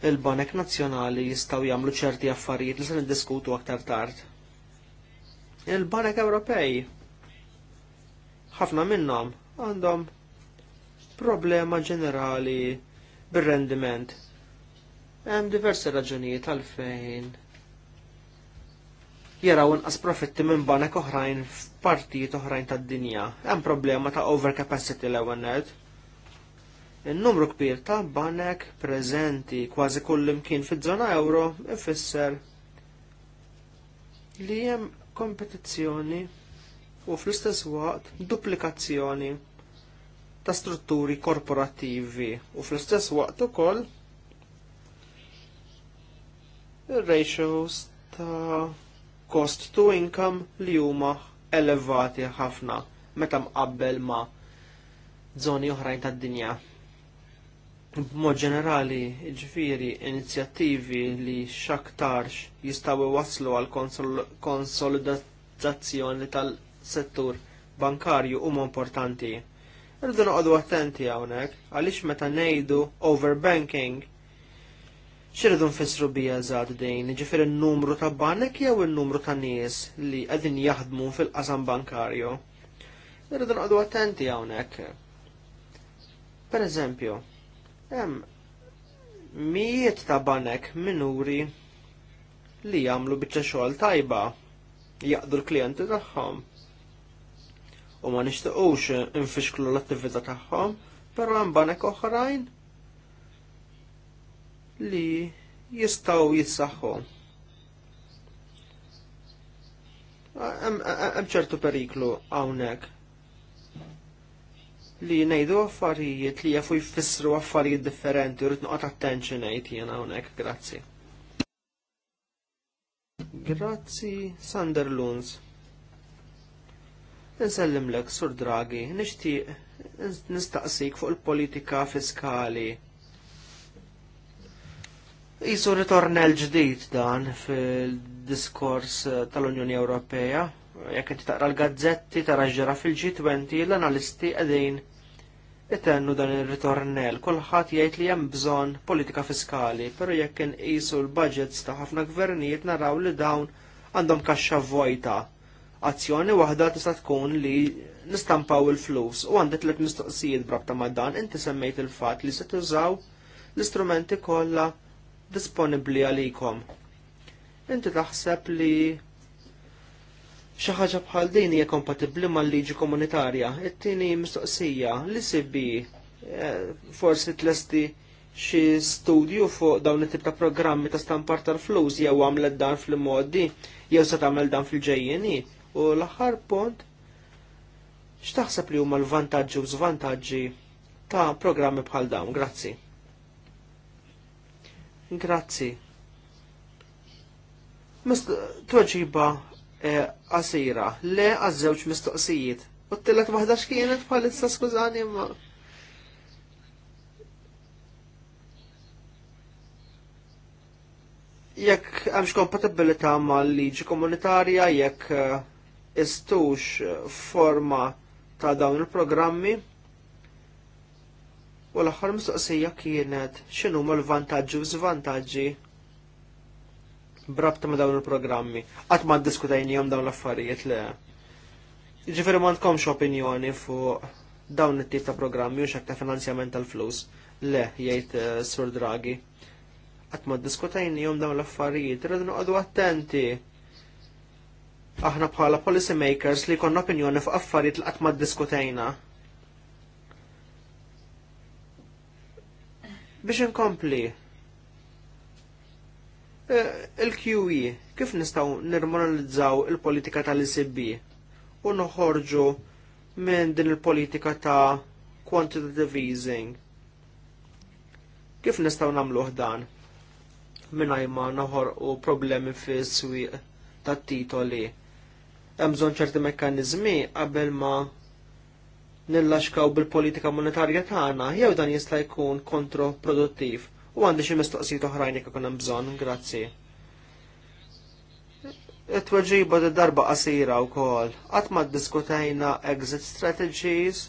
il-banek nazzjonali jistgħu jagħmlu ċerti affarijiet li se niddiskutu aktar tard. Il-banek Ewropej ħafna minnhom għandhom problema ġenerali bir-rendiment. Hemm diversi raġunijiet għalfejn jaraw inqas profitti minn banek oħrajn f'partijiet oħrajn tad-dinja. Hemm problema ta' overcapacity l-ewwel Il-numru kbir ta' banek preżenti kważi kullimkien fiż-żona euro ifisser li hemm kompetizzjoni u fl-istess waqt duplikazzjoni ta' strutturi korporattivi u fl-istess waqt ukoll ir-ratios ta' cost to income li huma elevati ħafna meta mqabbel ma' żoni oħrajn tad-dinja. B'mod ġenerali, ġifiri, inizjattivi li xaktarx jistaw waslu għal konsolidazzjoni tal-settur bankarju huma importanti. Irridu noqogħdu attenti hawnhekk għaliex meta ngħidu overbanking xirridu nfissru bija żgħat din, ġifier in-numru ta' banek jew in-numru ta' nies li qegħdin jaħdmu fil-qasam bankarju. Irridu noqogħdu attenti hawnhekk. Per eżempju, Hemm mijiet ta' banek minuri li jagħmlu biċċa xogħol tajba jaqdu l-klijenti tagħhom. U ma nixtiequx infixklu l-attività tagħhom, però hemm banek oħrajn li jistgħu jissaħħu. Hemm ċertu periklu hawnhekk li ngħidu affarijiet li jafu jfissru affarijiet differenti, rrit noqgħod attention ngħid jena hawnhekk, grazzi. Grazzi Sander Luns. Insellimlek, Sur Dragi, nixtieq nistaqsik fuq il-politika fiskali Jisu ritornel ġdid dan fil-diskors tal-Unjoni Ewropea. Jekk inti taqra l-gazzetti tara ġara fil-G20 l-analisti qegħdin itennu dan il-ritornell. Kulħadd jgħid li hemm bżonn politika fiskali, però jekk inqisu l-budgets ta' ħafna gvernijiet naraw li dawn għandhom kaxxa vojta. Azzjoni waħda tista' tkun li nistampaw il-flus u għandek tliet mistoqsijiet brabta ma' dan inti semmejt il-fatt li se tużaw l-istrumenti kollha disponibbli għalikom. Inti taħseb li ħaġa bħal din hija kompatibbli mal-liġi komunitarja. It-tieni mistoqsija li sibi eh, forsi tlesti xi studju fuq dawn it-tip ta' programmi ta' stampar tal-flus jew għamlet dan fil-modi jew se tagħmel dan fil-ġejjeni. U l-aħħar punt x'taħseb li huma l-vantaġġi u żvantaġġi ta' programmi bħal dawn. Grazzi. Grazzi. Mist, tuħġiba qasira. Le għaż-żewġ mistoqsijiet. U t-tillet waħda x'kienet bħalissa skużani ma. Jekk hemmx kompatibilità mal-liġi komunitarja, jekk eh, istux eh, forma ta' dawn il-programmi, u l-axar mistoqsija kienet xinu ma l-vantagġi u zvantaġġi brabta ma dawn il-programmi. Qatt ma jom dawn l-affarijiet le. Ġifieri ma tkomx opinjoni fuq dawn it-tip ta' programmi u xekta finanzjament tal-flus. Le, jgħid eh, Sur Draghi. Qatt ma jom dawn l-affarijiet, rridu noqogħdu attenti. Aħna bħala policy makers li konna opinjoni fuq affarijiet li qatt ma diskutajna. Biex inkompli, Eh, il-QE, kif nistaw nirmonalizzaw il-politika tal-ECB u noħorġu minn din il-politika ta' quantitative easing? Kif nistaw namluħ dan? minn ajma noħor u problemi fi s-swiq ta' titoli. Emżon ċerti mekkanizmi qabel ma nillaxkaw bil-politika monetarja tagħna jew dan jista' jkun kontroproduttiv u għandi xi mistoqsijiet oħrajn jekk ikun hemm bżonn, grazzi. It-tweġiba d darba qasira wkoll qatt ma diskutajna exit strategies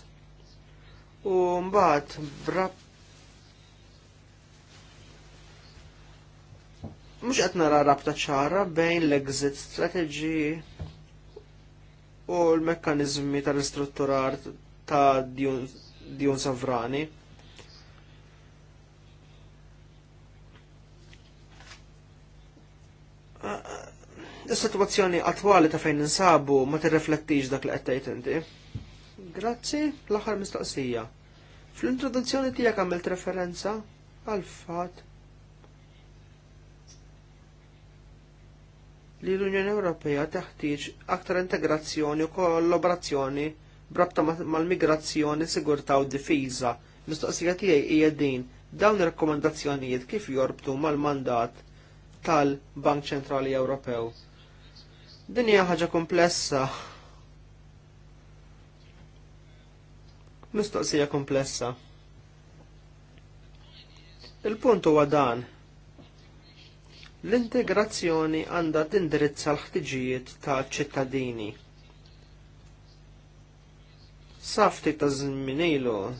u mbagħad brab Mux qed nara rabta ċara bejn l-exit strategy u l mekkaniżmi tal-istrutturar ta' djun, djun savrani. Eh, eh, is-sitwazzjoni attwali ta' fejn insabu ma tirreflettix dak li qed tgħid inti. Grazzi, l-aħħar mistoqsija. Fl-introduzzjoni tiegħek għamilt referenza għal fatt li l-Unjoni Ewropea teħtieġ aktar integrazzjoni u kollaborazzjoni brabta mal-migrazzjoni, sigurtà u difiża. Mistoqsija tiegħi hija din dawn ir-rakkomandazzjonijiet kif jorbtu mal-mandat tal-Bank Ċentrali Ewropew. Din hija ħaġa komplessa. Mistoqsija komplessa. Il-punt huwa dan. L-integrazzjoni għandha tindirizza l-ħtiġijiet ta' ċittadini. Safti ta' żminilu eh,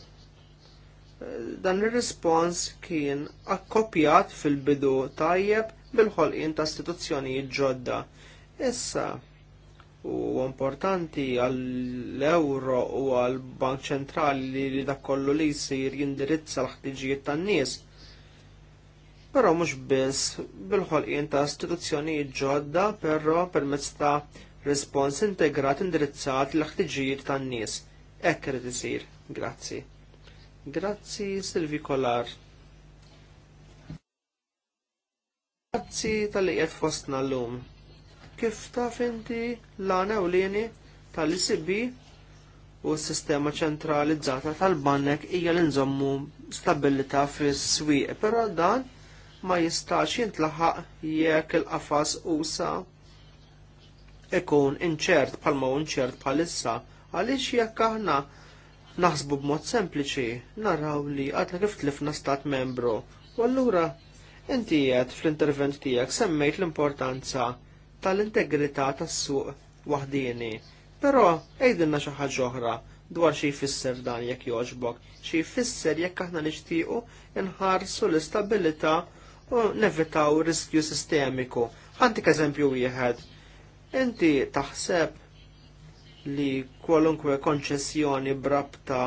dan ir-rispons kien akkopjat fil-bidu tajjeb bil-ħolqien ta' istituzzjonijiet ġodda. Issa, u importanti għall-euro u għall-Bank Ċentrali li dak kollu li jsir jindirizza l-ħtiġijiet tan-nies. Però mhux biss bil-ħolqien ta' istituzzjonijiet ġodda, però permezz ta' respons integrat indirizzat l-ħtiġijiet tan-nies. Ekk irid isir. Grazzi. Grazzi Silvi Kollar. Grazzi tal-li qed fostna llum. Kif taf inti l-għana u l-jeni tal-ICB u s-sistema ċentralizzata tal-bannek hija l nżommu stabilità fis-swieq, però dan ma jistax jintlaħaq jekk il-qafas usa ikun inċert bħalma u inċert bħalissa għaliex jekk aħna naħsbu b'mod sempliċi naraw li għatna kif tlifna stat membru u allura Inti qed fl-intervent tiegħek semmejt l-importanza tal-integrità tas-suq waħdini. Però ejdilna xi ħaġa oħra dwar xi jfisser dan jekk jogħġbok, xi jfisser jekk aħna nixtiequ inħarsu l-istabilità u nevitaw riskju sistemiku. Għanti eżempju wieħed. Inti taħseb li kwalunkwe konċessjoni brabta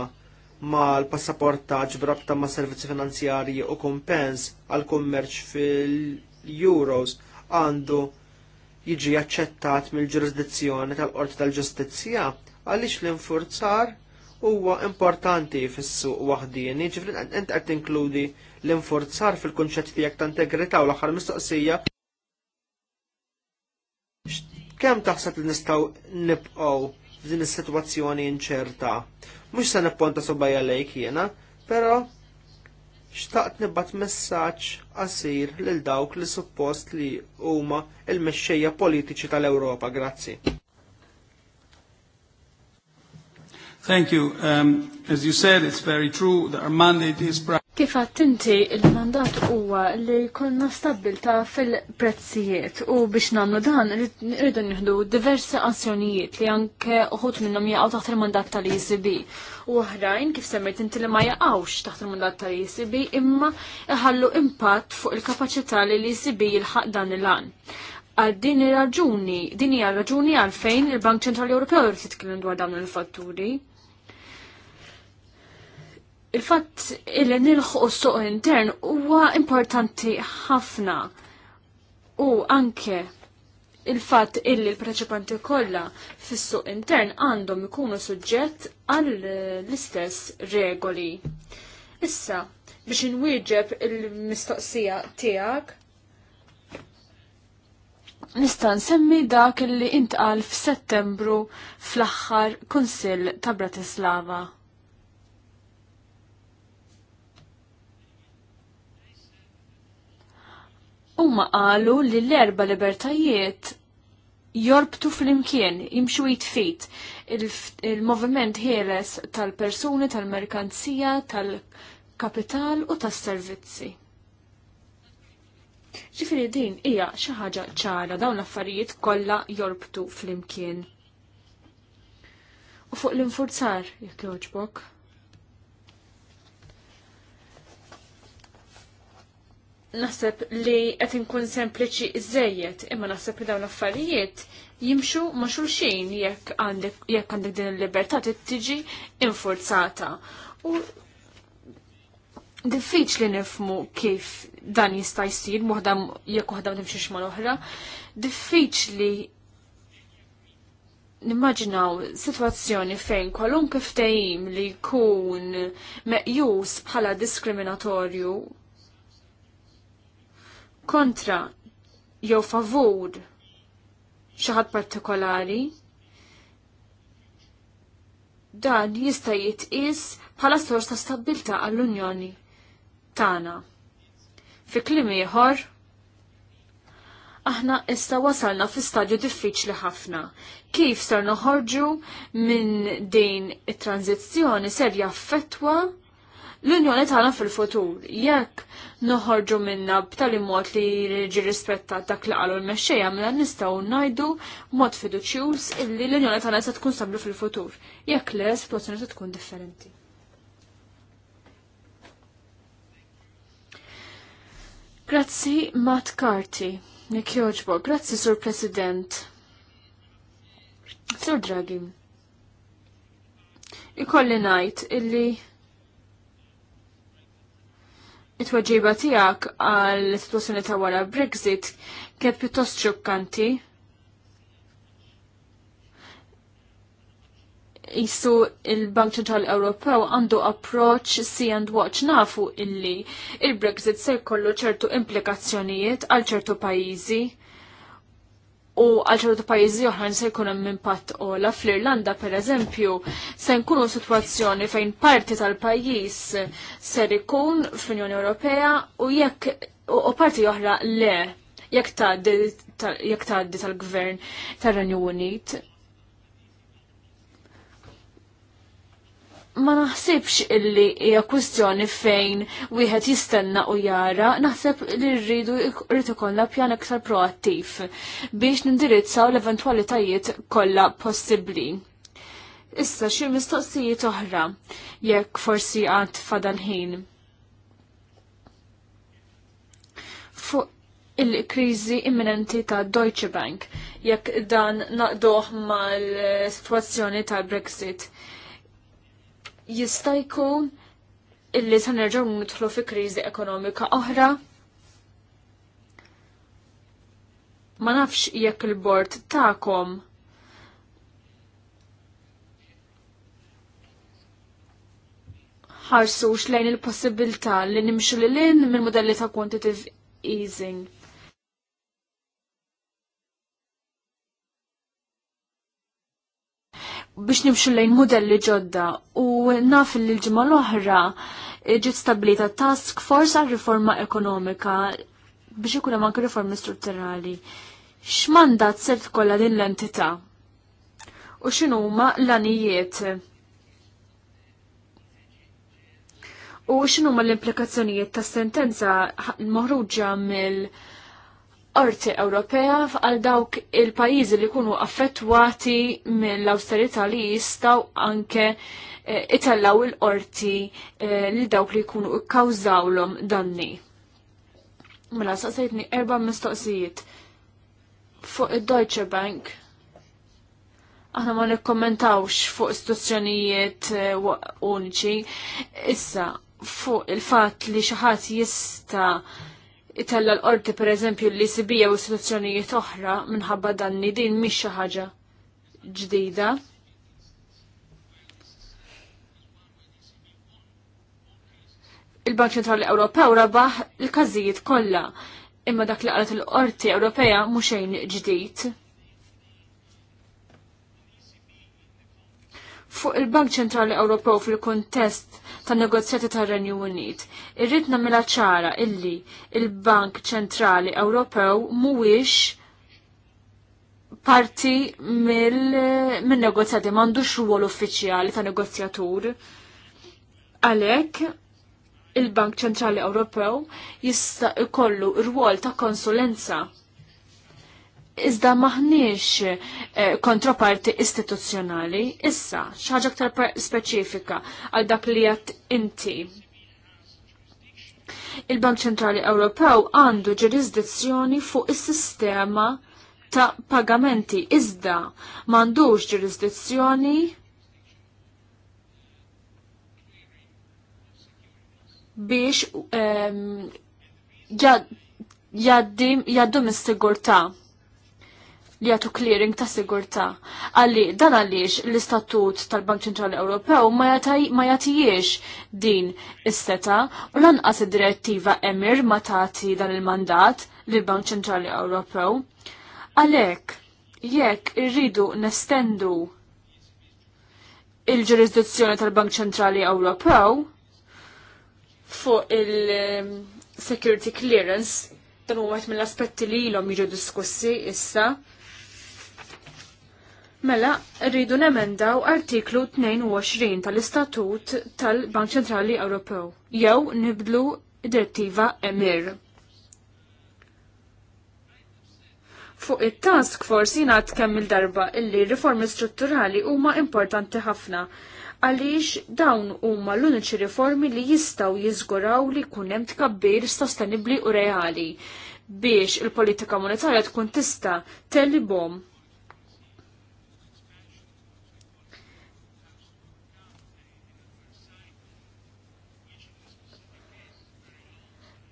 ma l-passaportaġ brabta ma' servizzi finanzjarji u kompens għal kummerċ fil-euros għandu jiġi aċċettat mill-ġurisdizzjoni tal-Qorti tal-Ġustizzja għaliex l-infurzar huwa importanti fis-suq waħdien, jiġifieri int qed tinkludi l-infurzar fil-kunċett tiegħek ta' integrità u l-aħħar mistoqsija. Kemm taħseb li nistgħu nibqgħu f'din is-sitwazzjoni inċerta. Mhux se nipponta subajja lejk jiena, però xtaqt nibbat messaġġ qasir lil dawk li suppost li huma l-mexxejja politiċi tal-Ewropa. Grazzi. Thank you. Um, as you said, it's very true that our mandate is Kif inti il-mandat huwa li jkollna stabilta fil-prezzijiet u biex nagħmlu dan rridu nieħdu diversi azzjonijiet li anke uħut minnhom jaqgħu taħt il-mandat tal-ECB u oħrajn kif semmi inti li ma jaqgħux taħt il-mandat tal-ECB imma iħallu impatt fuq il-kapaċità li l-ECB jilħaq dan il-għan. Għal din raġuni din hija raġuni għalfejn il-Bank Ċentrali Ewropew jrid dwar dawn il-fatturi il-fatt il nilħu s-suq intern huwa importanti ħafna u anke il-fatt illi l-preċipanti kollha fis-suq intern għandhom ikunu suġġett għall l-istess regoli. Issa, biex nwieġeb il-mistoqsija tiegħek, nista' nsemmi dak illi intqal f'Settembru fl-aħħar Kunsill ta' Bratislava. Umma qalu li l-erba libertajiet jorbtu fl-imkien, jimxu jitfit il-moviment ħieles tal-persuni, tal-merkanzija, tal-kapital u tas-servizzi. Ġifiri din hija xi ħaġa ċara dawn l-affarijiet kollha jorbtu fl-imkien. U fuq l-infurzar jekk joġbok. naħseb li qed inkun sempliċi iżejjed, imma naħseb li dawn l-affarijiet jimxu ma' xulxin jekk għandek jekk għandek din il-libertà tiġi infurzata. U diffiċli nifmu kif dan jista' jsir waħda jekk waħda ma timxiex mal-oħra, diffiċli nimmaġinaw situazzjoni fejn kwalunkwe ftehim li jkun meqjus bħala diskriminatorju kontra jew favur xi ħadd partikolari, dan jista' jitqies bħala sors ta' stabilta għall-Unjoni tagħna. Fi kliem ieħor, aħna issa wasalna fi stadju diffiċli ħafna. Kif ser noħorġu minn din it-tranzizzjoni ser jaffettwa l-unjoni tagħna fil-futur. Jekk noħorġu minna b'tali mod li ġi rispettat dak li qalu l-mexxejja mela nistgħu ngħidu mod fiduċjuż illi l-unjoni tagħna se tkun stabbli fil-futur. Jekk le sitwazzjoni se tkun differenti. Grazzi Matt Carty, Nick Joġbo, grazzi Sur President. Sur Draghi, ikolli najt illi it-tweġiba tiegħek għal situazzjoni ta' wara Brexit kienet pjuttost xokkanti. Isu il-Bank Ċentral Ewropew għandu approċ see and watch nafu illi il-Brexit se jkollu ċertu implikazzjonijiet għal ċertu pajjiżi u għal ċertu pajjiżi oħra se jkun hemm impatt ola fl-Irlanda pereżempju se nkunu sitwazzjoni fejn parti tal-pajjiż ser ikun fl-Unjoni Ewropea u jekk u parti oħra le jekk tgħaddi tal-gvern tar-Renju Unit ma naħsibx illi hija kwistjoni fejn wieħed jistenna u jara, naħseb li rridu rrid ikollha pjan iktar proattiv biex nindirizzaw l-eventwalitajiet kollha possibbli. Issa xi mistoqsijiet oħra jekk forsi għad fadal ħin. Fuq il-kriżi imminenti ta' Deutsche Bank, jekk dan naqduh mal-sitwazzjoni tal-Brexit jista' jkun illi se nerġgħu nidħlu fi kriżi ekonomika oħra. Ma nafx jekk il-bord tagħkom ħarsux lejn il-possibilità li nimxu lilin lin mill-modelli ta' quantitative easing. biex nimxu lejn modelli ġodda u naf li l-ġimgħa l-oħra ġiet stabilita task force għal riforma ekonomika biex ikun hemm anke riformi strutturali. X'mandat se tkollha din l-entità? U x'inhuma l-anijiet? U x'inhuma l-implikazzjonijiet tas-sentenza moħruġa mill- orti Ewropea għal dawk il-pajizi li kunu affettwati mill-austerità li jistaw anke eh, itellaw il-orti eh, li dawk li kunu kkawżawlhom danni. Mela saqsejtni erba' mistoqsijiet fuq id-Deutsche Bank aħna ma nikkommentawx fuq istituzzjonijiet eh, uniċi. Issa, fuq il-fat li xaħat jista itella l-qorti per eżempju li sibija u istituzzjonijiet oħra minħabba danni din mhix xi ħaġa ġdida. Il-Bank Ċentrali Ewropew rabaħ il-każijiet kollha, imma dak li qalet il-Qorti Ewropea mhux xejn ġdid. Fuq il-Bank Ċentrali Ewropew fil-kuntest tan negozjati tar renju Unit. Irrid nagħmilha ċara illi il-Bank Ċentrali Ewropew mhuwiex parti mill-negozjati m'għandux rwol uffiċjali ta' negozjatur. Għalhekk il-Bank Ċentrali Ewropew jista' ikollu rwol ta' konsulenza iżda maħniex eh, kontroparti istituzzjonali, issa xaġa ktar speċifika għal dak li jatt inti. Il-Bank Ċentrali Ewropew għandu ġurisdizzjoni fuq is-sistema ta' pagamenti iżda m'għandux ġurisdizzjoni biex um, jaddim jaddu mis-sigurtà li għatu clearing ta' sigurta. Għalli, dan għaliex l-istatut tal-Bank Ċentrali Ewropew ma jatijiex din is-seta u lanqas id-direttiva Emir ma tagħti dan il-mandat lill-Bank Ċentrali Ewropew. Għalhekk, jekk irridu nestendu il-ġurisdizzjoni tal-Bank Ċentrali Ewropew fuq il-security clearance dan huwa mill-aspetti li ilhom jiġu diskussi issa Mela, rridu nemendaw artiklu 22 tal-Istatut tal-Bank Ċentrali Ewropew, jew nibdlu direttiva EMIR. Fuq it-task force jingħad kemm il-darba illi riformi strutturali huma importanti ħafna għaliex dawn huma l-uniċi riformi li jistgħu jiżguraw li jkun hemm tkabbir sostenibbli u reali biex il-politika monetarja tkun tista' telli bom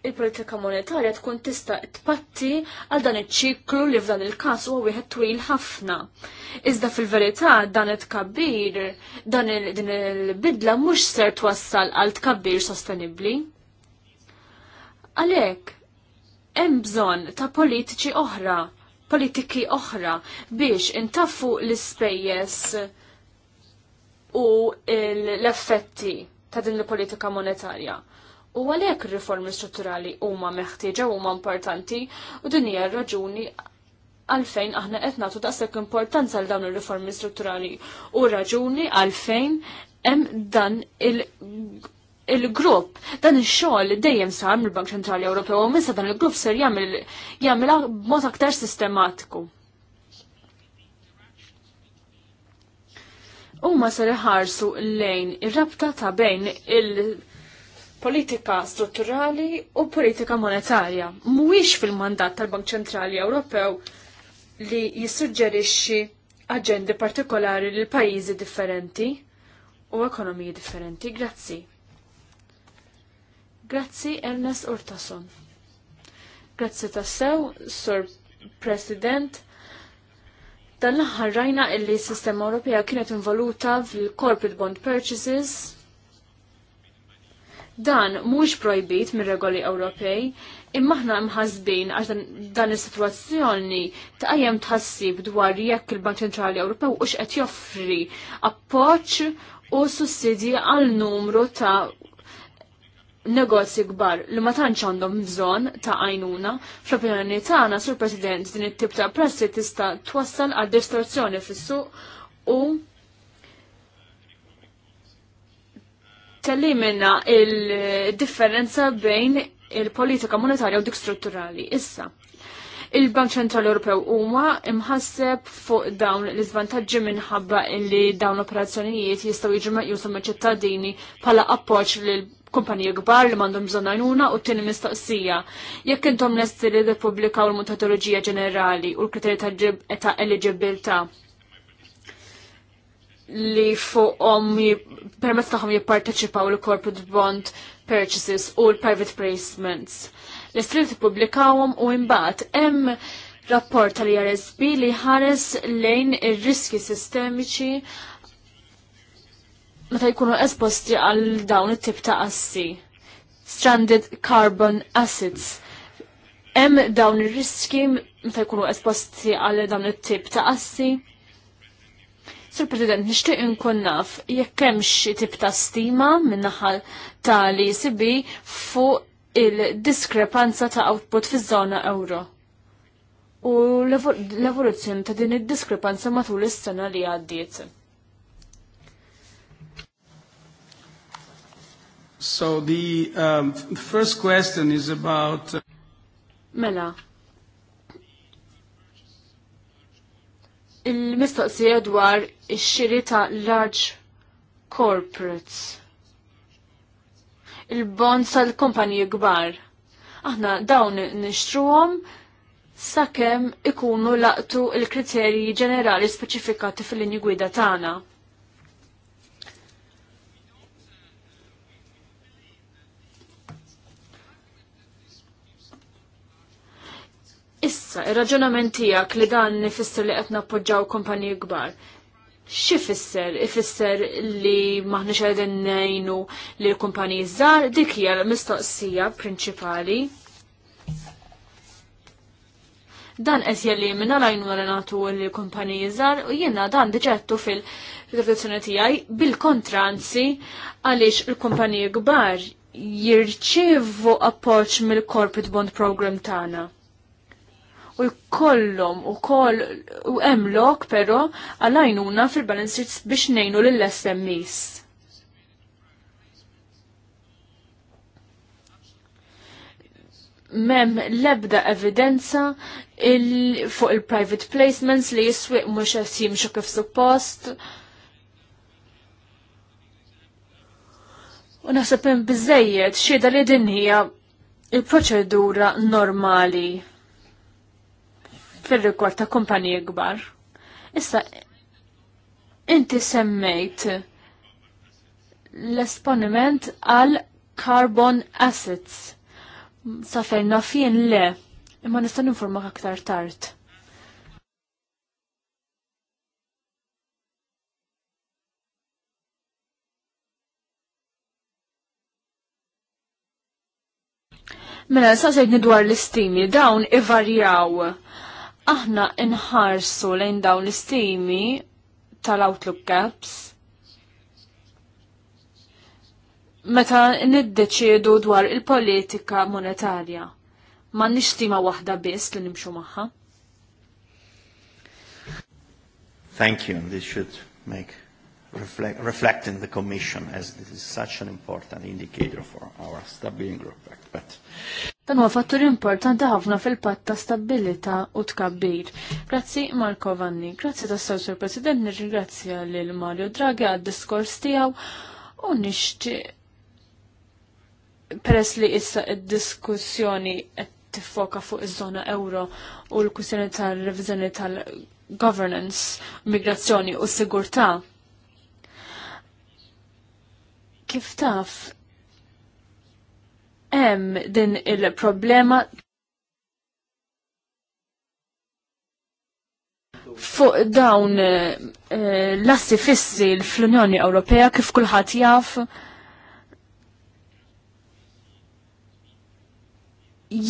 il-politika monetarja tkun tista' tpatti għal dan iċ-ċiklu li f'dan il-każ huwa wieħed twil ħafna. Iżda fil-verità dan it-tkabbir, dan din il-bidla mhux ser twassal għal tkabbir sostenibbli. Għalhekk hemm bżonn ta' politiċi oħra, politiki oħra biex intaffu l-ispejjeż u l-effetti ta' din il-politika monetarja U għalhekk ir-riformi strutturali huma meħtieġa huma importanti u din hija raġuni għalfejn aħna qed nagħtu daqshekk importanza għal dawn ir-riformi strutturali u raġuni għalfejn hemm dan il- il-grupp, dan il-xogħol dejjem sar mill-Bank Centrali Ewropew u minsa dan il-grupp ser jagħmel jagħmilha mod aktar sistematiku. Huma ser iħarsu lejn ir-rabta ta' bejn il- politika strutturali u politika monetarja. Mhuwiex fil-mandat tal-Bank Ċentrali Ewropew li jissuġġerixxi aġendi partikolari lil pajjiżi differenti u ekonomiji differenti. Grazzi. Grazzi Ernest Urtason. Grazzi tassew, Sur President. Dan l-aħħar rajna illi s-sistema Ewropea kienet involuta fil-corporate bond purchases Dan mhux projbit mir-regoli Ewropej, imma aħna mħasbin għax dan is-sitwazzjoni taqajjem tħassib dwar jekk il-Bank Ċentrali Ewropew u x'qed joffri appoġġ u sussidji għal numru ta' negozji kbar li ma tantx għandhom bżonn ta' għajnuna, fl-opinjoni tagħna sur President din it-tip ta' prezzi tista' twassal għad distorzjoni fis-suq u tellimina il-differenza bejn il-politika monetarja u dik strutturali. Issa, il-Bank Ċentrali Ewropew huma imħasseb fuq dawn l-iżvantaġġi minħabba li dawn operazzjonijiet jistgħu jiġu meqjusu mill-ċittadini bħala appoġġ lil kumpanija kbar li m'għandhom bżonn għajnuna u t-tieni mistoqsija. Jekk intom lesti li u l mutatoloġija ġenerali u l-kriterji ta' eligibilità li fuqhom permezz tagħhom jipparteċipaw il-corporate bond purchases u l-private placements. l istrit publikawom u imbat hemm rapport tal-IRSB li ħares lejn ir-riski sistemiċi meta jkunu esposti għal dawn it-tip ta' assi. Stranded carbon assets. Hemm dawn ir-riski meta jkunu esposti għal dawn it-tip ta' assi Sur President, nixtieq inkun naf jekk hemm xi tip ta' stima min-naħal ta' li sibi e fuq il-diskrepanza ta' output fiż-żona euro. U l-evoluzzjoni ta' din id-diskrepanza matul is-sena li għaddiet. So the um, first question is about uh, Mela, il-mistoqsija dwar ix-xiri ta' large corporates. Il-bonds tal-kumpaniji kbar. Aħna dawn nixtruhom sakemm ikunu laqtu l-kriterji ġenerali speċifikati fil-linji gwida tagħna. Issa, il-raġunament tijak li dan nifisser li qed nappoġġaw kompani kbar. Xie fisser? Ifisser li maħna qegħdin ngħinu li l-kumpaniji żgħar dik hija l-mistoqsija prinċipali. Dan qed jelimina minna għajnuna li nagħtu li kumpaniji żgħar u jiena dan diġettu fil-riflessjoni tiegħi bil kontranzi għaliex il-kumpaniji kbar jirċievu appoġġ mill-Corporate Bond Program tagħna u jkollhom ukoll u hemm lok però għalajnuna fil-balance sheets biex ngħinu lill-SMEs. Mem lebda evidenza il fuq il-private placements li jiswiq mhux qed kif suppost. U naħseb hemm biżejjed xieda li din hija il-proċedura normali fil-rigward ta' kumpaniji kbar. Issa, inti semmejt l-esponiment għal carbon assets. Saferna fien le, imma nistan informa aktar tard. Mela, sa' dwar l-istimi, dawn ivarjaw aħna inħarsu lejn dawn l-istimi tal-outlook gaps meta niddeċiedu dwar il-politika monetarja. Ma nixtima waħda biss li nimxu maħħa. Thank you. and This should make reflect, reflecting the Commission as this is such an important indicator for our stability group. But Dan huwa fattur importanti ħafna fil-patt ta' stabilità u tkabbir. Grazzi Marko Vanni, grazzi ta' sew Sur President, nirringrazzja lil Mario Draghi għad-diskors tiegħu u nixtieq peress li issa id-diskussjoni qed tiffoka fuq iż-żona euro u l-kwistjoni tal-reviżjoni tal-governance, migrazzjoni u sigurtà. Kif taf, hemm din il-problema fuq dawn eh, l-assi fissi fl-Unjoni Ewropea kif kulħadd jaf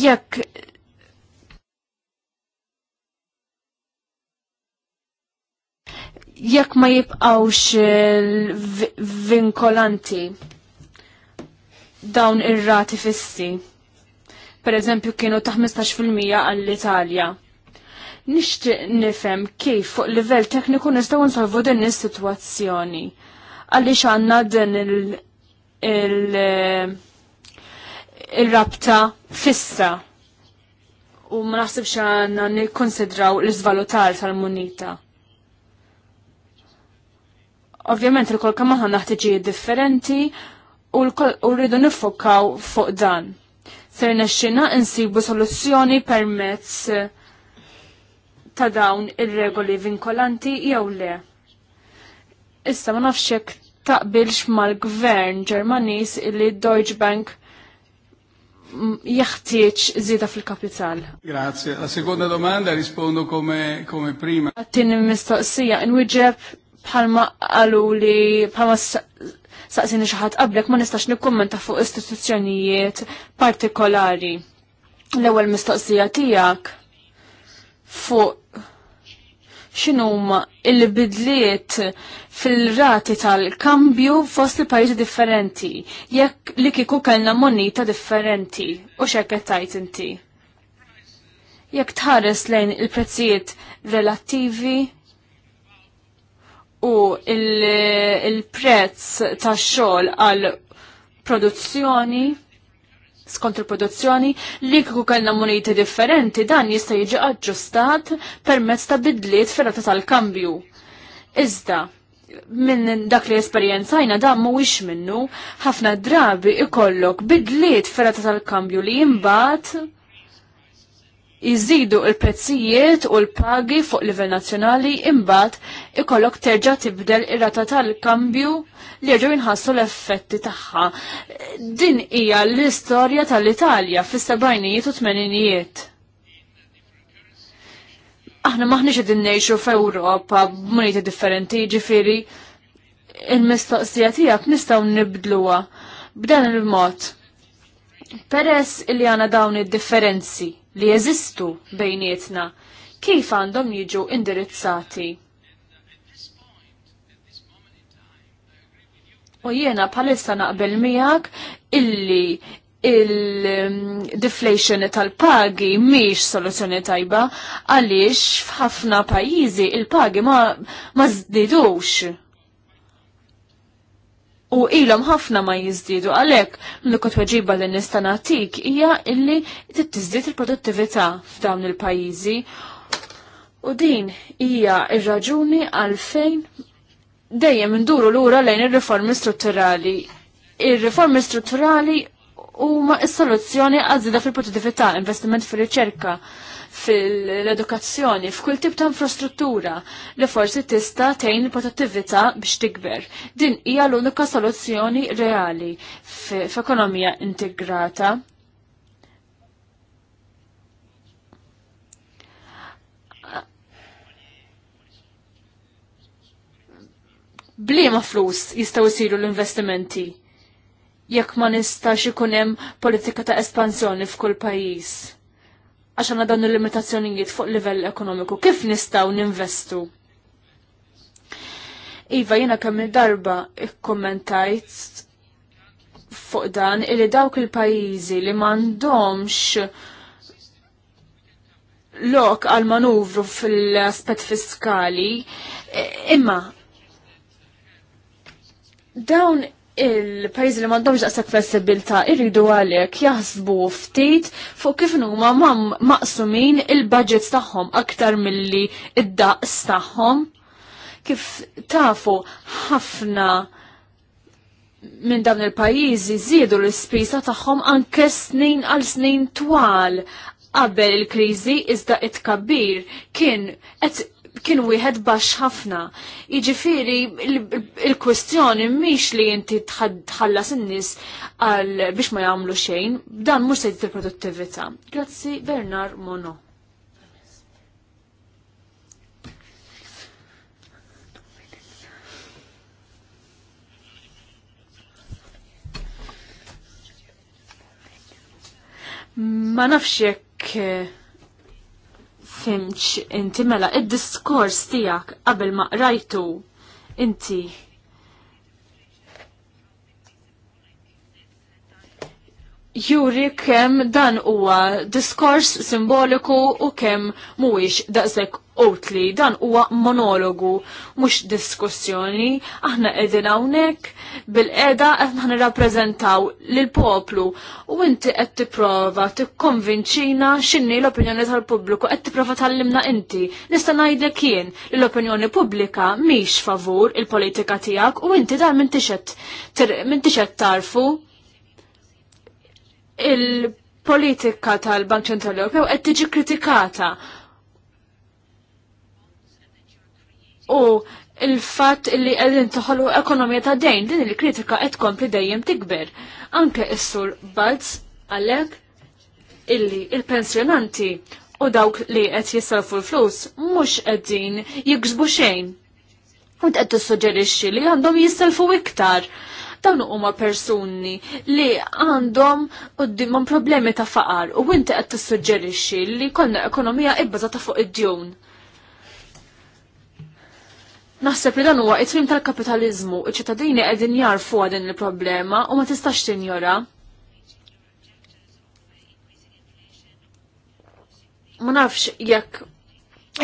jekk jekk ma jibqawx vinkolanti dawn ir-rati fissi. Per eżempju kienu ta' 15% għall-Italja. Nixtieq nifhem kif fuq livell tekniku nistgħu nsolvu din is-sitwazzjoni. Għaliex għandna din il- il- rabta fissa u ma naħsibx għandna nikkonsidraw l izvalutar tal-munita. Ovvjament il kolka kemm aħna naħtiġi differenti, u rridu nifokaw fuq dan. Ser nexxina insibu soluzzjoni permezz eh, ta' dawn ir-regoli vinkolanti jew le. Issa ma nafx jekk taqbilx mal-gvern Ġermaniż li Deutsche Bank jeħtieġ żieda fil-kapital. Grazie. La seconda domanda rispondo come, come prima. Għattin mistoqsija, inwiġeb bħalma għalu li bħalma saqsini xaħat qablek ma nistax nikkommenta fuq istituzzjonijiet partikolari. L-ewwel mistoqsija tiegħek fuq x'inhuma il-bidliet fil-rati tal-kambju fost il-pajjiżi differenti, jekk li kiku kellna monita differenti u x'hekk qed tajt inti. Jekk tħares lejn il-prezzijiet relattivi u il-prezz il ta' xogħol għal produzzjoni skont il-produzzjoni li kieku kellna muniti differenti dan jista' jiġi aġġustat permezz ta' bidliet fir tal-kambju. Iżda, minn dak li esperjenzajna dan mhuwiex minnu, ħafna drabi ikollok bidliet fir tal-kambju li jimbat jżidu il-prezzijiet u l-pagi fuq livell nazzjonali imbagħad ikollok terġa' tibdel ir-rata tal-kambju li jerġgħu jinħassu l-effetti tagħha. Din hija l-istorja tal-Italja fis-sebgħinijiet u tmeninijiet. Aħna maħniex qegħdin ngħixu f'Ewropa muniti differenti, ġifiri, il-mistoqsija tiegħek nistgħu nibdluha b'dan il-mod. Peress il jana dawn id-differenzi li jeżistu bejnietna kif għandhom jiġu indirizzati. U jiena palissa naqbel miegħek illi il-deflation tal-pagi miex soluzzjoni tajba għaliex f'ħafna pajjiżi il-pagi ma, ma zdidux u ilhom ħafna ma jiżdiedu għalhekk l-kot weġiba li nista' nagħtik hija illi tittiżdied il-produttività f'dawn il-pajjiżi u din hija il raġuni għalfejn dejjem induru lura lejn ir-riformi strutturali. Ir-riformi strutturali huma s-soluzzjoni għażida fil-produttività, investiment fir-riċerka, fil-edukazzjoni, f'kull tip ta' infrastruttura li forsi tista' tgħin il-produttività biex tikber. Din hija l-unika soluzzjoni reali f'ekonomija integrata. Bliema flus jistgħu jsiru l-investimenti jekk ma nistax ikun hemm politika ta' espansjoni f'kull pajjiż għax għandna dawn il-limitazzjonijiet fuq livell ekonomiku, kif nistgħu ninvestu? Iva, jiena kemm darba ikkommentajt fuq dan illi dawk il-pajjiżi li m'għandhomx lok għal manuvru fil-aspett fiskali, e, imma dawn il-pajjiżi li m'għandhomx daqshekk flessibilità irridu għalhekk jaħsbu ftit fuq kif numa maqsumin il-budgets tagħhom aktar milli id-daqs tagħhom. Kif tafu ħafna minn dawn il-pajjiżi żiedu l spisa tagħhom anke snin għal snin twal qabel il-kriżi iżda it-kabbir kien qed kien wieħed baxx ħafna. Jiġifieri il-kwestjoni mhix li inti tħallas in-nies għal biex ma jagħmlu xejn, dan mhux se il-produttività. Grazzi Bernard Mono. Ma nafx jekk eh, fimx inti mela id-diskors tijak qabel ma qrajtu inti juri kem dan huwa diskors simboliku u kem mhuwiex daqshekk outli, dan huwa monologu, mhux diskussjoni, aħna qegħdin hawnhekk bil-qeda qed nirrappreżentaw lil poplu u inti qed tipprova tikkonvinċina x'inhi l-opinjoni tal-pubbliku qed tipprova tallimna inti. Nista' ngħidlek jien li l-opinjoni pubblika mhix favur il-politika tiegħek u inti dan m'intix qed tarfu il-politika tal-Bank Ċentrali Ewropew qed tiġi kritikata. U il-fatt li qegħdin toħolu ekonomija ta' dejn din il-kritika qed tkompli dejjem tikber. Anke s-sur Balz għalhekk illi il-pensjonanti u dawk li qed jissalfu l-flus mhux qegħdin jiksbu xejn. U qed tissuġġerixxi li għandhom jissalfu iktar dawn huma persuni li għandhom qudiemhom problemi ta' faqar u inti qed tissuġġerixxi li konna ekonomija ibbażata fuq id-djun. Naħseb li dan huwa it-tmim tal-kapitaliżmu, iċ-ċittadini qegħdin jarfu din il-problema u ma tistax tinjora. Ma nafx jekk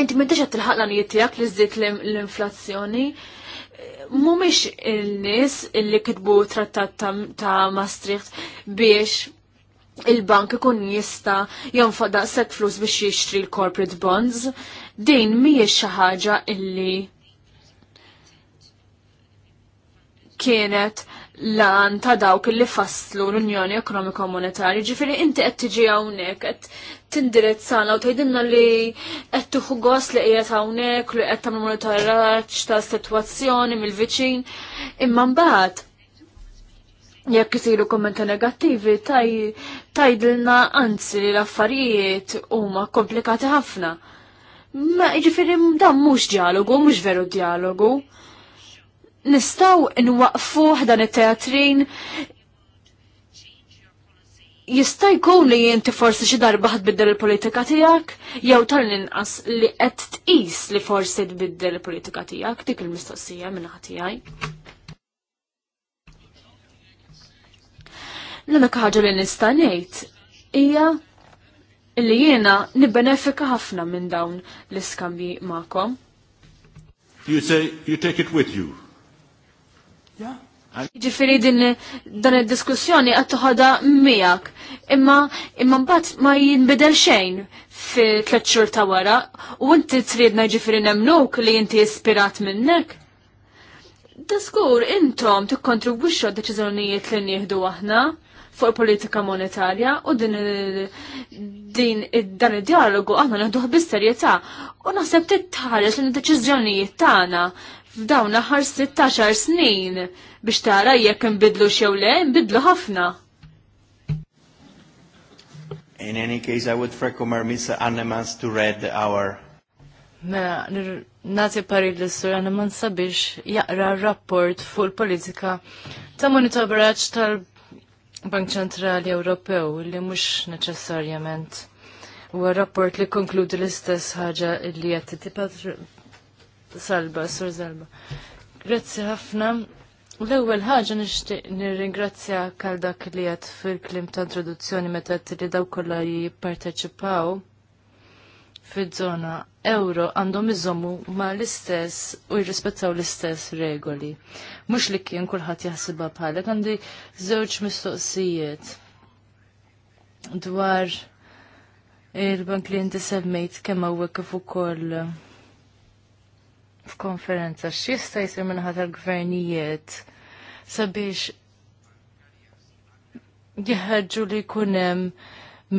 inti m'intix qed tilħaq l-anijiet tiegħek li żdiet l-inflazzjoni, l inflazzjoni mumiex il-nis illi kitbu trattat ta' Maastricht biex il-bank ikun jista jonfoq daqset flus biex jixtri l-corporate bonds. Din mhijiex xi ħaġa illi kienet lan ta' dawk li fasslu l-Unjoni Ekonomika monetari, ġifiri inti qed tiġi hawnhekk qed tindirizzana u tgħidilna li qed tieħu gost li qiegħed hawnhekk li qed tagħmel monitoraġġ ta' sitwazzjoni mill-viċin. Imma mbagħad jekk isiru kommenti negattivi tajdilna anzi li l-affarijiet huma komplikati ħafna. Ma ġifiri dan mhux dialogu, mhux veru dialogu nistaw nwaqfu dan it-teatrin jista' jkun li jinti forsi xi darba tbiddel il-politika tiegħek, jew tal-inqas li qed tqis li forsi tbiddel il-politika tiegħek dik il-mistoqsija minn tiegħi. L-unika ħaġa li nista' ngħid hija li jiena nibbenefika ħafna minn dawn l-iskambji magħkom. You say you take it with you. Ġifiri din dan id-diskussjoni qed toħodha miegħek. Imma imma mbagħad ma jinbidel xejn fi tliet xhur ta' wara u inti tridna ġifiri nemnuk li inti ispirat minnek. Daskur intom tikkontribwixxu għad-deċiżjonijiet li nieħdu aħna fuq politika monetarja u din din dan id-dialogu aħna naħduh bis-serjetà u naħseb titħares l-deċiżjonijiet tagħna f'dawn l-aħħar 16 snin biex tara jekk nbidlu xew le, nbidlu ħafna. In any case, I would recommend Mr. Annemans to read our... Mela, nazi parid l-sur Annemans sabiex jaqra rapport fuq il-politika ta' monitoraġġ tal-Bank Ċentrali Ewropew li mhux neċessarjament huwa rapport li konkludi l-istess ħaġa li qed Salba, Sur Salba. Grazzi ħafna. L-ewwel ħaġa nixtieq nirringrazzja għal dak li qed fil-klim ta' introduzzjoni meta li daw kollha jipparteċipaw fiż-żona euro għandhom iżommu ma l-istess u jirrispettaw l-istess regoli. Mhux li kien kulħadd jaħsibha bħalek għandi żewġ mistoqsijiet dwar il-bank li inti semmejt kemm hawnhekk kif ukoll f'konferenza x'jista' jsir minħat tal-gvernijiet sabiex jħarġu li jkun hemm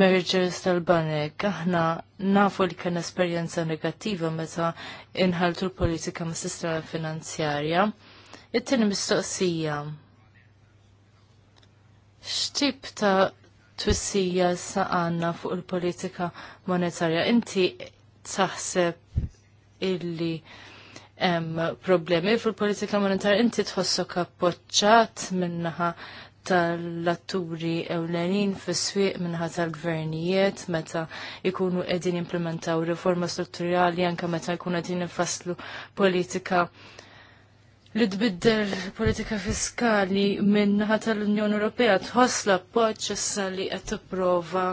mergers tal-banek. Aħna nafu li kien esperjenza negattiva meta inħaltu l-politika mas sistema finanzjarja. It-tieni mistoqsija. X'tip ta' twissija sa' għanna fuq il-politika monetarja? Inti taħseb illi problemi fil-politika monetarja inti tħossok appoċċat minnaħa tal-atturi ewlenin fis-swieq minnaħa tal-gvernijiet meta jkunu qegħdin implementaw riforma strutturali anke meta jkunu qegħdin ifasslu politika li tbiddel politika fiskali minnaħa tal-Unjoni Ewropea tħoss l-appoġġ issa li qed tipprova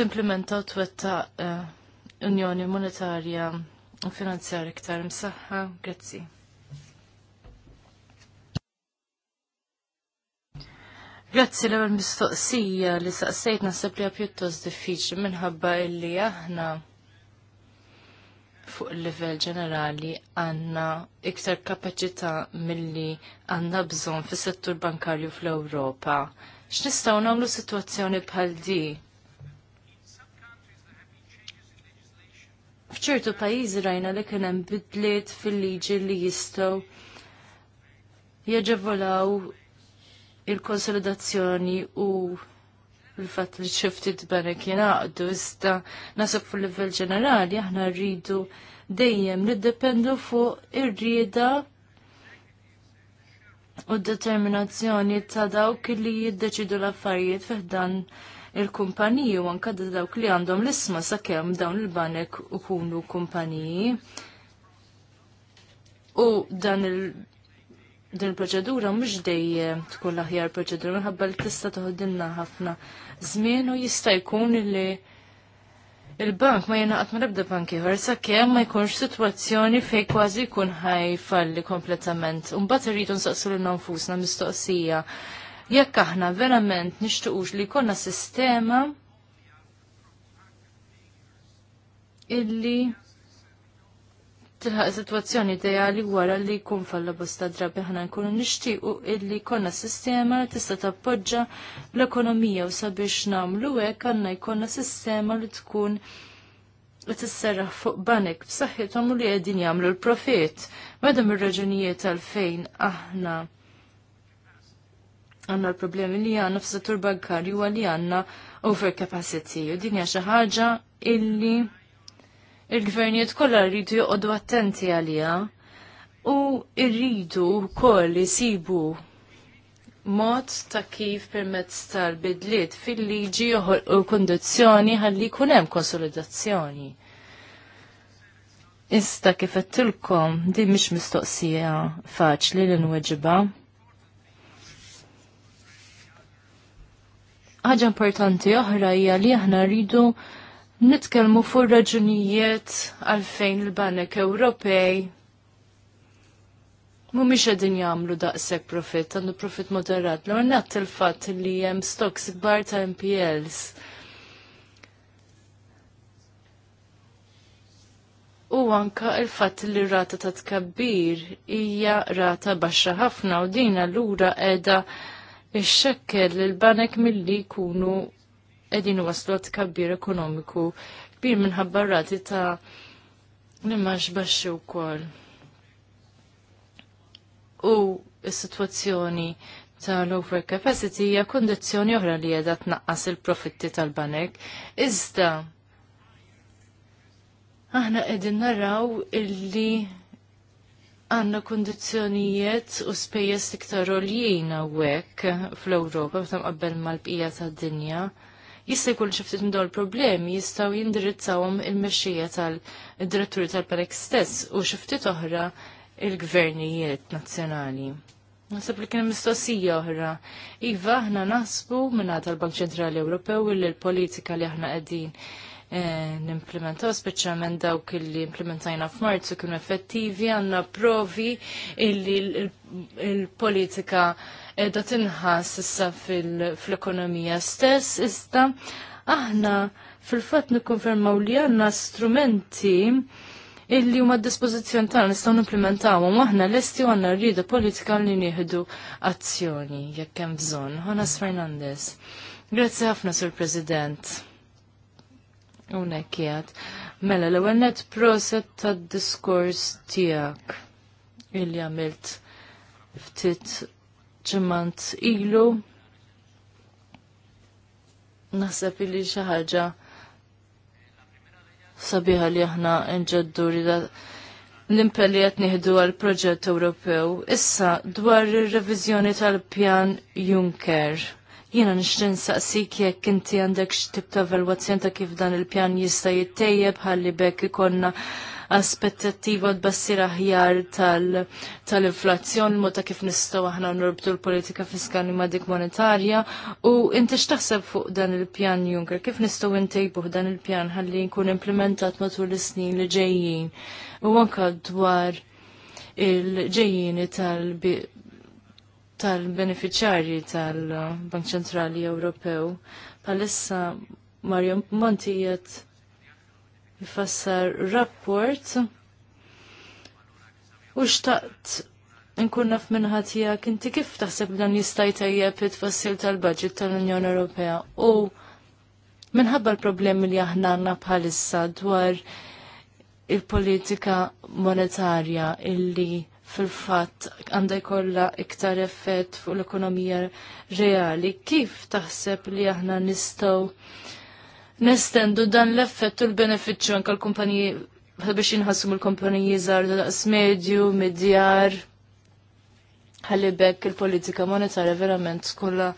timplementaw u twetta eh, Unjoni Monetarja finanzjar iktar msaħħa. Grazzi. Grazzi l ewwel mistoqsija li saqsejt naħseb li pjuttost diffiċli minħabba illi aħna fuq il-livell ġenerali għanna iktar kapaċità milli għanna bżon fis settur bankarju fl-Ewropa. X'nistgħu nagħmlu sitwazzjoni bħal di? fċertu pajjiżi rajna li kien hemm bidliet fil-liġi li jistgħu jaġevolaw il-konsolidazzjoni u l fatt li xifti tbarek jenaqdu, iżda nasab fuq livell ġenerali aħna rridu dejjem niddependu fuq ir-rieda u d determinazzjoni ta' dawk li jiddeċidu l-affarijiet fiħdan dan il-kumpaniji u anka dawk li għandhom l-isma sakemm dawn il-banek ukunu kumpaniji. U dan il- din il-proċedura mhux dejjem tkun l-aħjar proċedura minħabba li tista' toħodilna ħafna żmien u jista' jkun li il-bank ma jenaqat ma nibda bank sa sakemm ma jkunx sitwazzjoni fejn kważi jkun ħajfalli kompletament. Imbagħad irridu nsaqsu lil nfusna mistoqsija jekk aħna verament nixtuqux li jkollna sistema illi tilħaq situazzjoni ideali wara li jkun falla bosta drabi ħana nkunu nixtiequ illi konna sistema li tista' tappoġġa l-ekonomija u sabiex nagħmlu hekk għandna jkollna sistema li tkun li tisserraħ fuq banek b'saħħithom u li qegħdin jagħmlu l-profit. Madam ir-raġunijiet għalfejn aħna għanna l-problemi li għanna f-settur bankarju għalli għanna overcapacity. U din xi ħaġa illi il-gvernijiet kollha rridu joqogħdu attenti għalija u rridu wkoll jisibu mod ta' kif permezz tal-bidliet fil-liġi u kondizjoni ħalli jkun hemm konsolidazzjoni. Ista kif qedtilkom din mhix mistoqsija faċli li nweġiba' ħaġa importanti oħra hija li aħna rridu nitkellmu fuq raġunijiet għalfejn il-Banek Ewropej mhumiex qegħdin jagħmlu daqshekk profitt, għandu profitt moderat. L-għor il-fatt li hemm stocks kbar ta' MPLs. U anka il-fatt li rata ta' tkabbir hija rata baxxa ħafna u din allura qiegħda ix-xekkel l-banek milli jkunu qegħdin waslu kabbir ekonomiku kbir minħabba rati ta' li max u wkoll. U s-sitwazzjoni tal capacity hija kondizzjoni oħra li qiegħda tnaqqas il-profitti tal-banek. Iżda aħna qegħdin naraw illi għanna kondizjonijiet u spejjeż iktar u hawnhekk fl-Ewropa meta mqabbel mal-bqija tad-dinja. Jista' jkun xi ftit dawn problemi jistgħu jindirizzawhom il-mexxija tal-diretturi tal-parek stess u xi ftit oħra il-gvernijiet nazzjonali. Nasab li kien mistoqsija oħra. Iva aħna nasbu minna tal-Bank Ċentrali Ewropew li l-politika li aħna qegħdin Eh, nimplementaw, speċjalment dawk li implementajna f'Marzu kienu effettivi, għandna provi illi l-politika qiegħda tinħass issa fil-ekonomija stess, iżda aħna fil-fatt nikkonfermaw li għandna strumenti illi huma d-dispożizzjoni tagħna nistgħu nimplementawhom aħna lesti u għandna rridu politika li nieħdu azzjoni jekk hemm bżonn. Ħonas Fernandez. Grazzi ħafna, Sur President. Unek jgħat. Mela, l ewwel proset ta' diskors tijak il għamilt ftit ġimant ilu. Naħseb illi xaħġa sabiħa li aħna nġeddu l-impelli qed nieħdu għal proġett Ewropew. Issa dwar ir-reviżjoni tal-pjan Juncker Jiena nishtin saqsik jekk inti għandek x'tib ta' evalwazzjon ta' kif dan il-pjan jista' jittejjeb ħalli bekk ikonna aspettattiva tbassir aħjar tal-inflazzjoni, mod ta' kif nistgħu aħna norbtu l-politika fiskali ma' dik monetarja u inti x'taħseb fuq dan il-pjan Juncker, kif nistgħu intejbuh dan il-pjan ħalli jkun implementat matul is-snin li ġejjin u anke dwar il-ġejjini tal-biq tal-beneficjarji tal-Bank Ċentrali Ewropew. Palissa Mario Monti jgħet jifassar rapport u xtaqt nkun naf minnħat jgħak inti kif taħseb dan jistaj tajjeb it-fassil tal-budget tal-Unjoni Ewropea u minħabba l-problemi li aħna għandna bħalissa dwar il-politika monetarja illi fil-fatt għandaj kolla iktar effett fuq l-ekonomija reali. Kif taħseb li aħna nistgħu nestendu dan l-effett u l-benefiċċju anka l-kumpaniji biex jinħassum l kumpaniji żgħar daqs medju, midjar, ħalli bekk il-politika monetarja verament kolla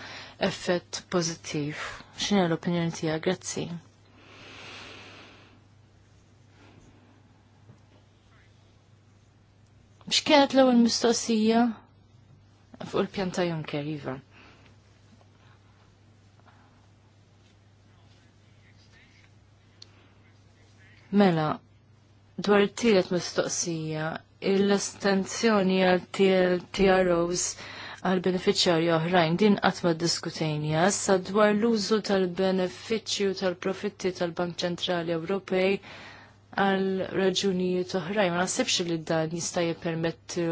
effett pożittiv. X'inhi l-opinjoni tiegħek? Grazzi. X'kienet l-ewwel mistoqsija? Fuq il-pjanta Junker, Iva. Mela, dwar it-tielet mistoqsija, l-estenzjoni għal TROs għal beneficjarju oħrajn din qatt ma diskutejnija sa dwar l-użu tal-beneficju tal-profitti tal-Bank Ċentrali Ewropej għal raġunijiet toħraj. Ma nasibx li dan jista' jippermetti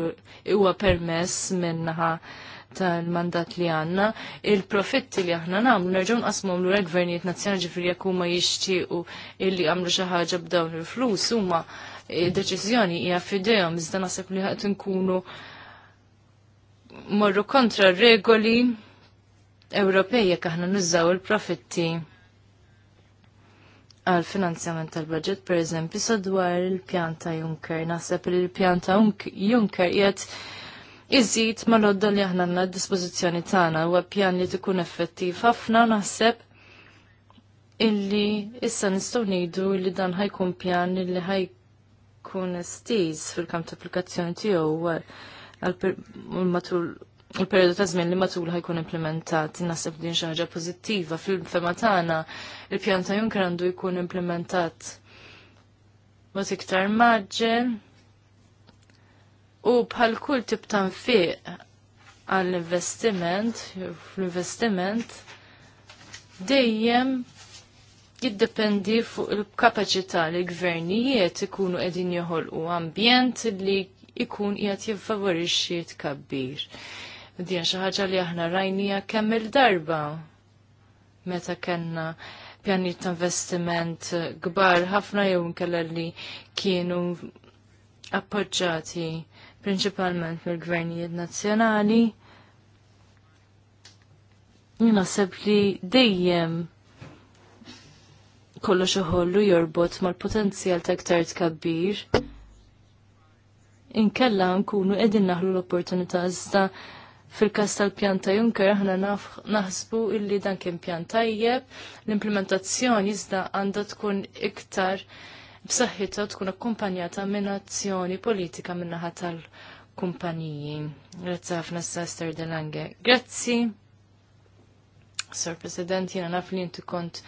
huwa permess minnaħa tal-mandat li għanna, il-profitti li aħna namlu nerġaw nqasmu l gvernijiet nazjonali ġifri jekk huma jixtiequ illi għamlu xi ħaġa b'dawn il-flus huma eh, deċiżjoni hija f'idejhom iżda naħseb li ħadd nkunu morru kontra regoli Ewropej jekk aħna nużaw il-profitti għal finanzjament tal-budget, per eżempju, sadwar il-pjanta Juncker. Naħseb li l-pjanta Juncker jgħet iżid ma l-odda li aħna għanna dispozizjoni tagħna huwa pjan li tkun effettiv ħafna naħseb illi issa nistgħu ngħidu li dan ħajkun pjan illi ħajkun estiż fil-kamp ta' applikazzjoni tiegħu għal matul fil-periodu ta' żmien li matul ħajkun implementat, naħseb din xaħġa pozittiva pożittiva fil-fema tagħna, il-pjan ta' għandu jkun implementat mod iktar maġġen u bħal kull tip ta' nfiq għall-investiment, fl-investiment, dejjem jiddependi fuq il-kapacità li gvernijiet ikunu qegħdin joħolqu ambjent li ikun jgħat jiffavorixxi tkabbir. Dija xi ħaġa li aħna rajnija kemm il-darba meta kellna pjanijiet ta' investiment kbar ħafna jew inkella li kienu appoġġati prinċipalment mill-gvernijiet nazzjonali. seb li dejjem kollu xoħollu jorbot mal-potenzjal ta' ktar tkabbir. Inkella nkunu qegħdin naħlu l-opportunità iżda Fil-kas tal-pjanta Juncker aħna naħsbu illi dan kien pjan tajjeb, l-implementazzjoni iżda għandha tkun iktar b'saħħitha tkun akkumpanjata minn azzjoni politika min-naħa tal-kumpaniji. Grazzi ħafna Sester Delange. Grazzi. Sir President, jena naf li inti kont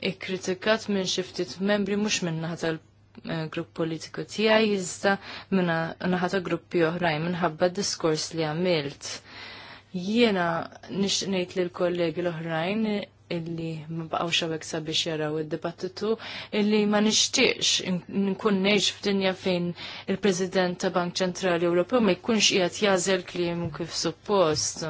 ikkritikat minn xiftit membri mux minn tal eh, grupp politiku tijaj, jizda minna naħata gruppi oħrajn minħabba diskors li għamilt. Jiena nixtieq ngħid lill kollegi l-oħrajn illi ma baqaw xawek sabiex jaraw id-dibattitu illi ma nixtiex nkun ngħix f'dinja fejn il-President ta' Bank Ċentrali Ewropew ma jkunx qiegħed jażel kliem kif suppost.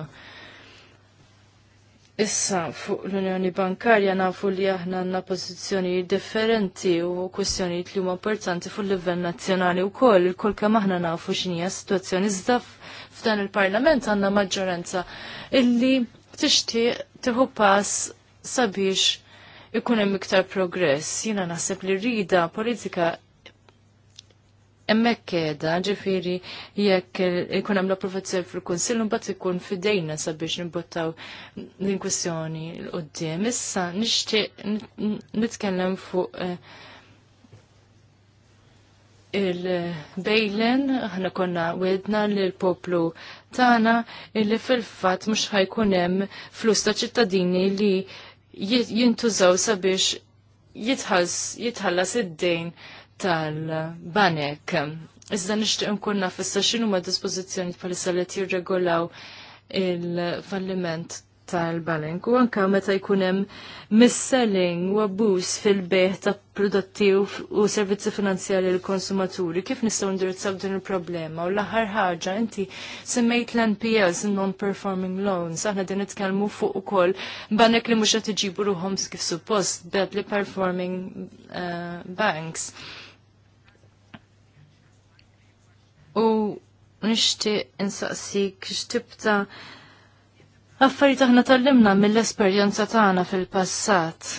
Issa fuq l-Unjoni Bankarja nafu li aħna għandna pożizzjoni differenti u kwestjonijiet li huma importanti fuq livell nazzjonali wkoll il-kol kemm aħna nafu x'inhi situazzjoni żdaf f'dan il-Parlament għandna maġġoranza illi tixtieq tiħu pass sabiex ikun hemm iktar progress. Jiena naħseb li rrida politika Emmek keda, ġifiri, jekk ikun għamla profezzjoni fil-Konsil, bat ikun fidejna sabiex nimbottaw din kwestjoni l-qoddim. Issa nixtieq nitkellem fuq eh, il-bejlen, ħna konna wedna l-poplu tana illi fil-fat mux ħajkunem flus ta' ċittadini li jintużaw sabiex jitħallas id-dejn tal-banek. Iżda nishtiq nkunna fissa xinu ma' dispozizjoni palissa li jirregolaw il-falliment tal-balenk u anka meta jkun hemm mis-selling u abbuż fil-beħ ta' prodotti u servizzi finanzjali l konsumaturi kif nistgħu ndirizzaw din il-problema u l-aħħar ħaġa inti semmejt l-NPLs non-performing loans aħna din nitkellmu fuq ukoll banek li mhux qed iġibu ruhom kif suppost badly li performing uh, banks. U nixtieq insaqsik ta' affarijiet aħna tallimna mill-esperjenza tagħna fil-passat.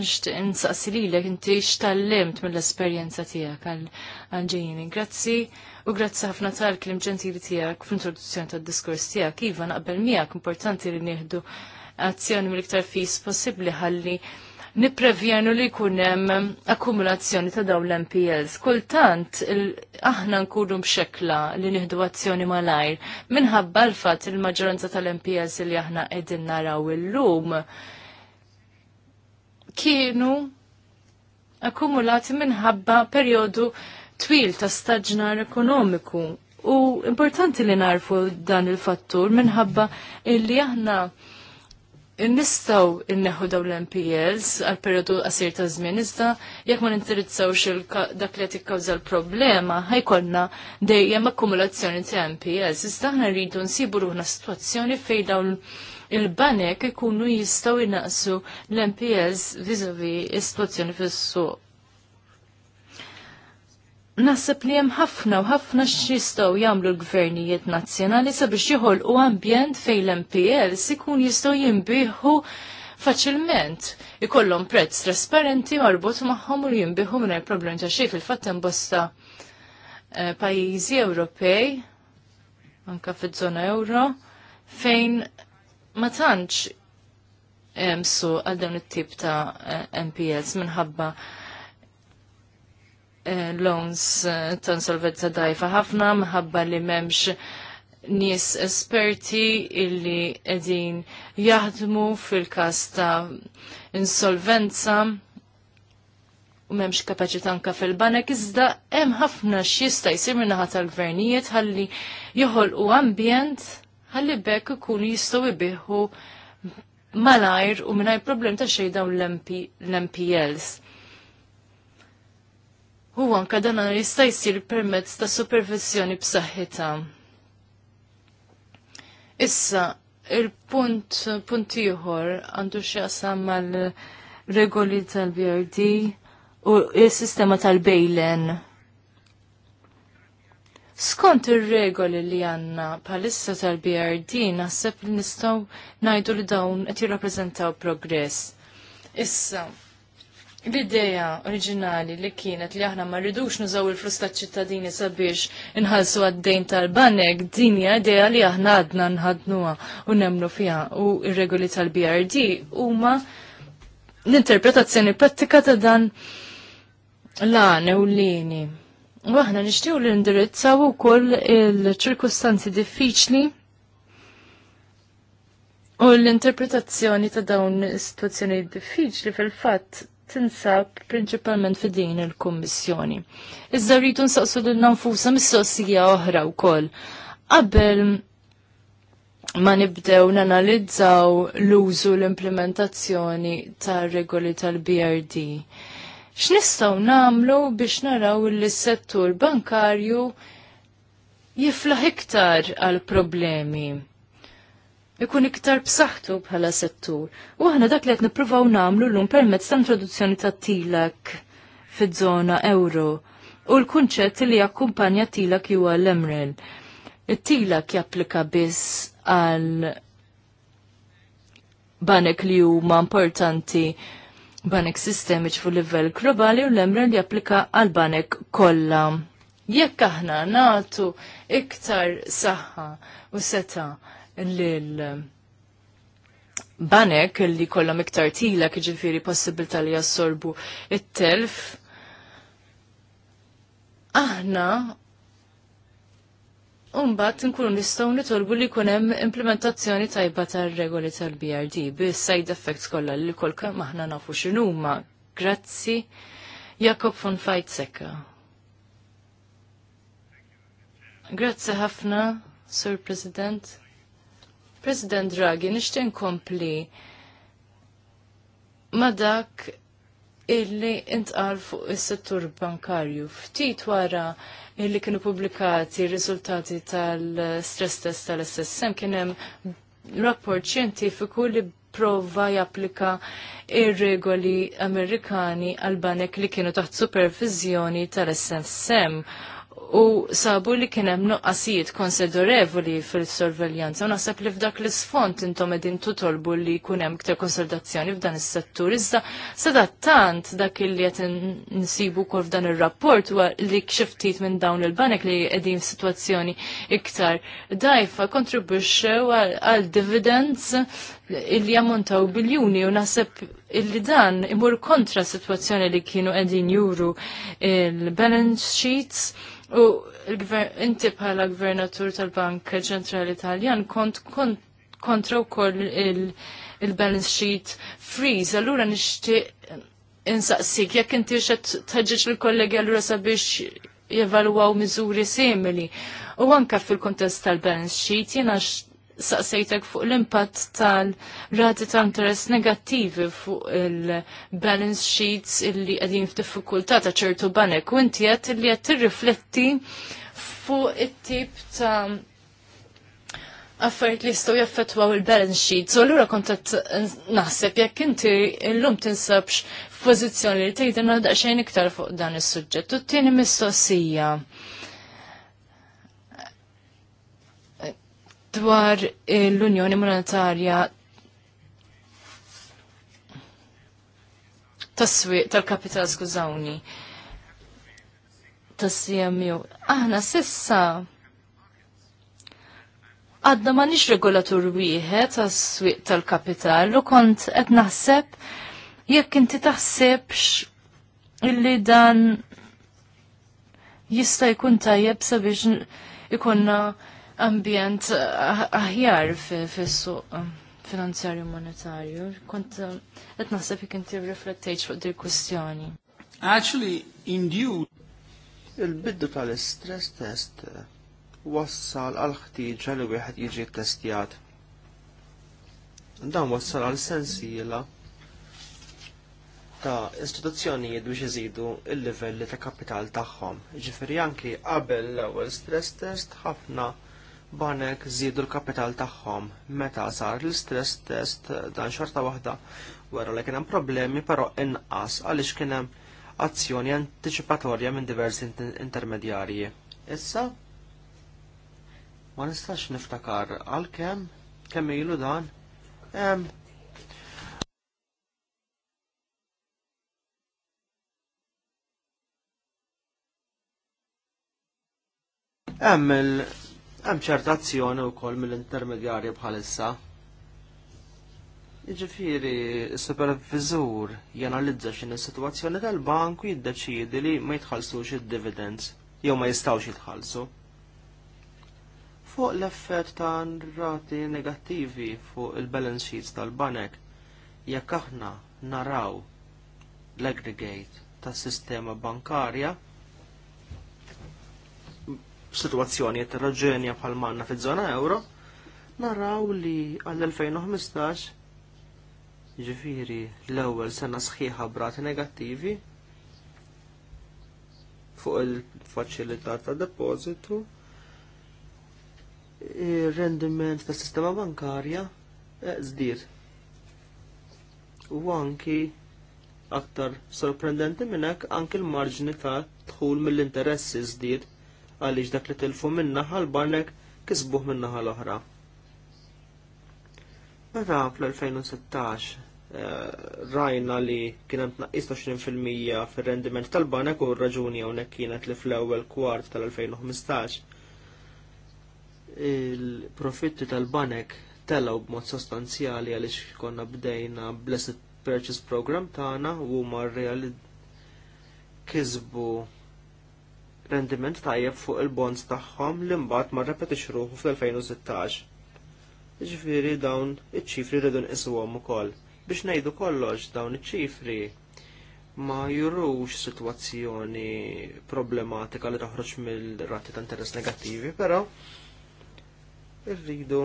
Nixtieq insaqsi lilek inti x'tallimt mill-esperjenza tiegħek għal-ġejjini. Grazzi u grazzi ħafna tal-klim ġentili tiegħek fl-introduzzjoni tad-diskors tiegħek. Iva naqbel miegħek importanti li nieħdu azzjoni mill-iktar fis possibbli ħalli niprevjenu li jkun hemm akkumulazzjoni ta' dawn l-MPLs. Kultant aħna nkunu mxekla li nieħdu azzjoni malajr minħabba l fat il-maġġoranza tal-MPLs li aħna qegħdin naraw illum kienu akkumulati minħabba perjodu twil ta' staġnar ekonomiku. U importanti li narfu dan il-fattur minħabba illi aħna Nistaw inneħu daw l-MPLs għal periodu qasir ta' żmien iżda jekk ma xil dak li qed kawza l-problema ħajkonna dejjem akkumulazzjoni ta' MPLs iżda aħna rridu nsibu ruħna sitwazzjoni fejn dawn il-banek ikunu jistgħu jnaqsu l-MPLs viżavi is-sitwazzjoni fis-suq Nasib li hemm ħafna u ħafna x'jistgħu jagħmlu l-gvernijiet nazzjonali sabiex joħolqu ambjent fejn l-MPLs ikun jistgħu jimbiħu faċilment. Ikollhom prezz trasparenti marbut magħhom u jimbiħu mingħajr problemi ta' xejn fil-fatt bosta eh, pajjiżi Ewropej anka fiż zona euro, fejn ma tantx hemm su għal dawn it-tip ta' eh, MPLs minħabba Eh, loans eh, ta' insolvenza dajfa ħafna minħabba li m'hemmx nies esperti illi qegħdin jaħdmu fil-każ ta' insolvenza u memx kapacita fil-banek, iżda hemm ħafna x'jista' jsir min-naħa tal-gvernijiet ħalli joħolqu ambjent ħalli bekk ikunu jistgħu jbieħu malajr u mingħajr problem ta' xejn dawn l-MPLs u anka dan jista' jsir permezz ta' supervizjoni b'saħħitha. Issa, il-punt punt ieħor għandu x'jaqsam mal-regoli tal-BRD u s-sistema tal-bejlen. Skont ir-regoli li għanna palissa tal-BRD naħseb li nistgħu ngħidu li dawn qed jirrappreżentaw progress. Issa, l-ideja oriġinali li kienet li aħna ma rridux nużaw il-flus tal-ċittadini sabiex inħalsu għad-dejn tal-banek, din hija idea li aħna għadna nħadnuha u nemlu fiha u r-regoli tal-BRD huma l-interpretazzjoni prattika ta' dan l-għane u l-lini. U aħna nixtiew li indirizzaw ukoll il-ċirkustanzi diffiċli u l-interpretazzjoni ta' dawn is-sitwazzjoni diffiċli fil-fatt tinsab prinċipalment fi din il-Kummissjoni. Iżda rridu nsaqsu l nanfusa mistoqsija oħra wkoll. Qabel ma nibdew nanalizzaw l-użu l-implementazzjoni tar-regoli tal-BRD. X'nistgħu nagħmlu biex naraw li s-settur bankarju jiflaħ iktar għal problemi ikun iktar b'saħħtu bħala settur. U aħna dak li qed nippruvaw nagħmlu llum permezz ta' introduzzjoni ta' tilak fiż-żona euro u l-kunċett li jakkumpanja tilak huwa l-emrel. It-tilak japplika biss għal banek li huma importanti banek sistemiċ fu livell globali u l emrel japplika għal banek kollha. Jekk aħna natu iktar saħħa u seta lil banek li kollom iktar tila kġifiri possibil tal jassorbu it-telf. Aħna Umbat nkunu nistgħu nitolbu li jkun hemm implementazzjoni tajba tar-regoli tal-BRD bis-side effects kollha li kolka maħna aħna nafu x'inhuma. Grazzi Jakob von Fajtseka. Grazzi ħafna, Sur President. President Draghi, nixtieq nkompli ma dak illi intqal fuq is-settur bankarju. Ftit wara illi kienu pubblikati r-riżultati tal-stress test tal-SSM kien hemm rapport xjentifiku li prova japplika ir-regoli Amerikani għal banek li kienu taħt supervizjoni tal-SSM u sabu li kien hemm nuqqasijiet konsiderevoli fil-sorveljanza u naħseb li f'dak l-isfond intom qegħdin tutolbu li jkun hemm ktar konsolidazzjoni f'dan is-settur. Iżda tant dak li qed nsibu wkoll f'dan ir-rapport huwa li kxiftit minn dawn il-banek li qegħdin f'sitwazzjoni iktar dajfa kontribwixxew għal dividends illi jammontaw biljuni u naħseb illi dan imur kontra s-sitwazzjoni li kienu qegħdin juru il-balance sheets U inti bħala gvernatur tal-Bank ċentrali Italjan kont kontra wkoll il-balance sheet freeze, allura nixtieq insaqsik jekk inti xed tħeġġeġ lill-kollegi allura sabiex jevalwaw miżuri simili. U anka fil-kontest tal-balance sheet jiena saqsejtek fuq l-impatt tal-rati ta' interess negattivi fuq il-balance sheets illi għadin f'diffikultà ta' ċertu banek u inti għed illi għed tirrifletti fuq it-tip ta' affarijiet li jistgħu jaffettwaw il-balance sheets, u allura kont qed naħseb jekk inti llum tinsabx f'pożizzjoni li tgħidilna daqsxejn iktar fuq dan is-suġġett. U t-tieni mistoqsija. dwar l-Unjoni Monetarja tas-swieq tal-kapital skużawni tas-CMU. Aħna sissa għadna ma nix regolatur wieħed tas-swieq tal-kapital u kont qed naħseb jekk inti taħsibx illi dan jista' jkun tajjeb sabiex ikonna ambjent ah- aħjar fis-suq um, finanzjarju monetarju. Kont um, qed naħseb jekk inti fuq dir kustjoni. Actually, in due il-biddu tal-stress test uh, wassal għal ħtijġ li wieħed jiġi testjat. Dan wassal għal sensiela ta' istituzzjonijiet biex iżidu il-livelli ta' kapital tagħhom. Ġifieri anki qabel l-ewwel stress test ħafna banek zidu l-kapital tagħhom meta sar l stress test dan xorta waħda wara li kien hemm problemi però inqas għaliex kien hemm azzjoni anticipatorja minn diversi intermedjarji. Issa ma nistax niftakar għal kemm kemm ilu dan hemm Hemm hemm ċerta azzjoni wkoll mill-intermedjarji bħalissa. Jiġifieri s superviżur janalizza x'in is-sitwazzjoni tal-banku jiddeċiedi li ma jitħallsux id-dividends jew ma jistgħux jitħallsu. Fuq l-effett ta' rati negattivi fuq il-balance sheets tal-banek, jekk aħna naraw l-aggregate tas sistema bankarja, situazzjoni eterogenja bħal manna fi zona euro, naraw li għall-2015 ġifiri l-ewwel sena sħiħa brati negattivi fuq il-faċilità ta' depożitu ir-rendiment tas sistema bankarja e, żdied. U anki aktar sorprendenti minn hekk anki l-marġni ta' dħul mill-interessi zdir għaliex dak li tilfu min-naħa l-barlek kisbuh min oħra Meta fl-2016 eh, rajna li kien hemm tnaqqis 20% fir-rendiment tal-banek u r-raġuni hawnhekk kienet li fl-ewwel kwart tal-2015 il-profitti tal-banek telaw b'mod sostanzjali għaliex konna bdejna blessed purchase program tagħna u huma kisbu rendiment tajjeb fuq il-bonds tagħhom li mbagħad ma repetix ruħu fl-2016. Ġifieri dawn iċ-ċifri rridu nqisuhom ukoll. Biex ngħidu kollox dawn iċ-ċifri ma jurux sitwazzjoni problematika li toħroġ mill-rati ta' interess negattivi, però irridu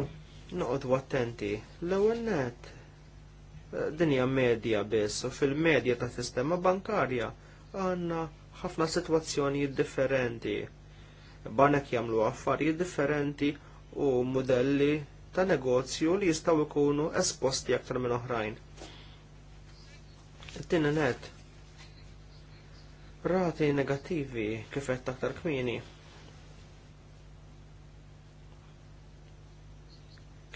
noqogħdu attenti. L-ewwel net eh, dinja medja biss u fil-medja ta' sistema bankarja għandna ħafna sitwazzjonijiet differenti. Banek jagħmlu affarijiet differenti u modelli ta' negozju li jistgħu jkunu esposti aktar minn oħrajn. Tinna net, rati negattivi kif qed aktar kmieni.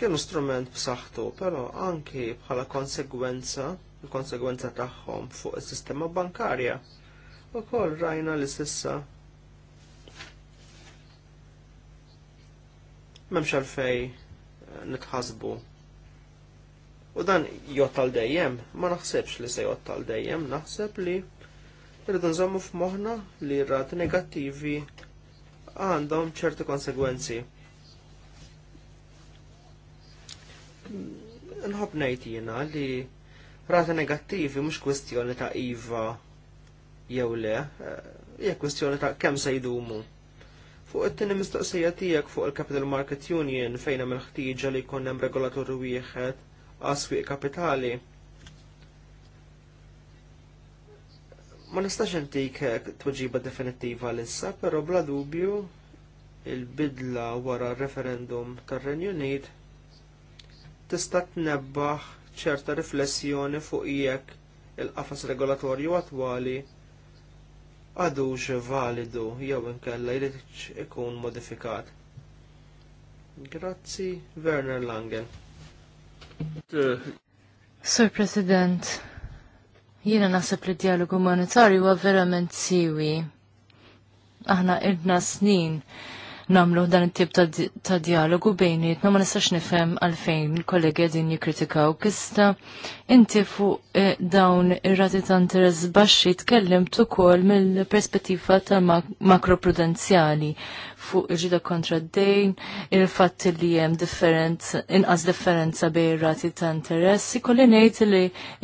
Kienu strument b'saħħtu, però anki bħala konsegwenza, il-konsegwenza tagħhom fuq is-sistema bankarja kol rajna li sissa memx għalfej eh, nitħasbu. U dan jottal dejjem, ma naħsebx li se jottal dejjem, naħseb li rridu nżommu f'moħna li rati negattivi għandhom ċerti konsegwenzi. Nħob ngħid li rati negattivi mhux kwestjoni ta' iva jew le, hija kwestjoni ta' kemm se jdumu. Fuq it-tieni mistoqsija tiegħek fuq il-Capital Market Union fejn hemm il-ħtieġa li jkun hemm regolatorju wieħed għaswieq kapitali. Ma nistax intik tweġiba definittiva lissa, però bla dubju il-bidla wara r referendum tar-Renju Unit tista' tnebbaħ ċerta riflessjoni fuq jekk il-qafas regolatorju attwali għadux validu jew inkella jrid ikun modifikat. Grazzi, Werner Langen. Sir President, jiena naħseb li dialogu monetarju huwa verament siwi. Aħna irna snin namlu dan it-tip ta' dialogu bejnietna ma nistax nifhem għalfejn kollegi qegħdin jikkritikaw kista inti fuq eh, dawn ir-rati ta' interess baxxi tkellimt ukoll mill-perspettiva ta' makroprudenzjali fuq il-ġida kontra d-dejn, il-fatt li jem differenz, inqas differenza bej rati ta' interessi, kolli ngħid li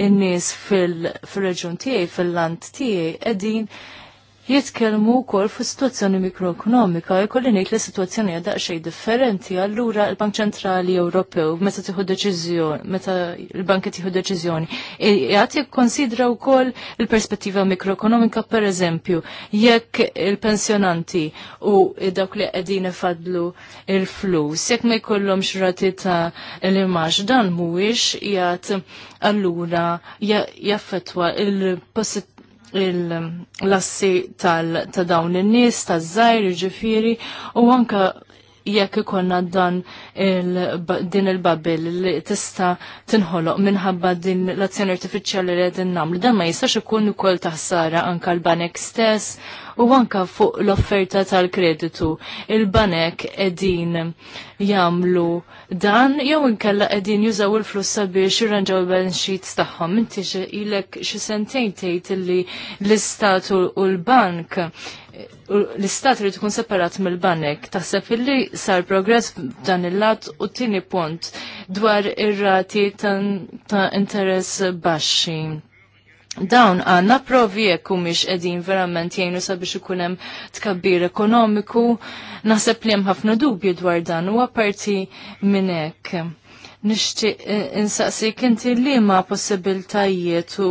n-nies fil-reġun tiegħi, fil-land tiegħi qegħdin jitkellmu wkoll fu situazzjoni mikroekonomika kolli ngħid li situazzjoni għadha xej differenti allura l-Bank Ċentrali Ewropew meta tiħu deċizjoni, meta il bank deċizjoni, jieħu deċiżjoni konsidra jikkonsidra wkoll il-perspettiva mikroekonomika pereżempju jekk il-pensjonanti u dawk li qegħdin fadlu il-flus jekk ma jkollhomx rati ta' l-imax dan mhuwiex jgħid allura jaffettwa il-possibilità l-assi tal-dawn il-nis, tal-żajr, ġifiri, u anka jekk ikonna dan din il-babel li tista tinħoloq minħabba din l-azzjoni artifiċjali li qegħdin nagħmlu. Dan ma jistax ikun ukoll taħsara anke l-banek stess u anke fuq l-offerta tal-kreditu. Il-banek qegħdin jagħmlu dan jew inkella qegħdin jużaw il-flus sabiex jirranġaw il-balance sheets tagħhom. Inti ilek xi sentejn tgħid li l-istatu u l-bank l-istat rrit ikun separat mill-banek. Taħseb illi sar progress dan il-lat u tini punt dwar ir-rati ta' interess baxxi. Dawn għanna provi jekk miex edin verament jgħinu sabiex ikunem tkabbir ekonomiku, naħseb li hemm ħafna dubju dwar dan u apparti minn hekk. Nixtieq eh, insaqsik inti li ma possibiltajiet u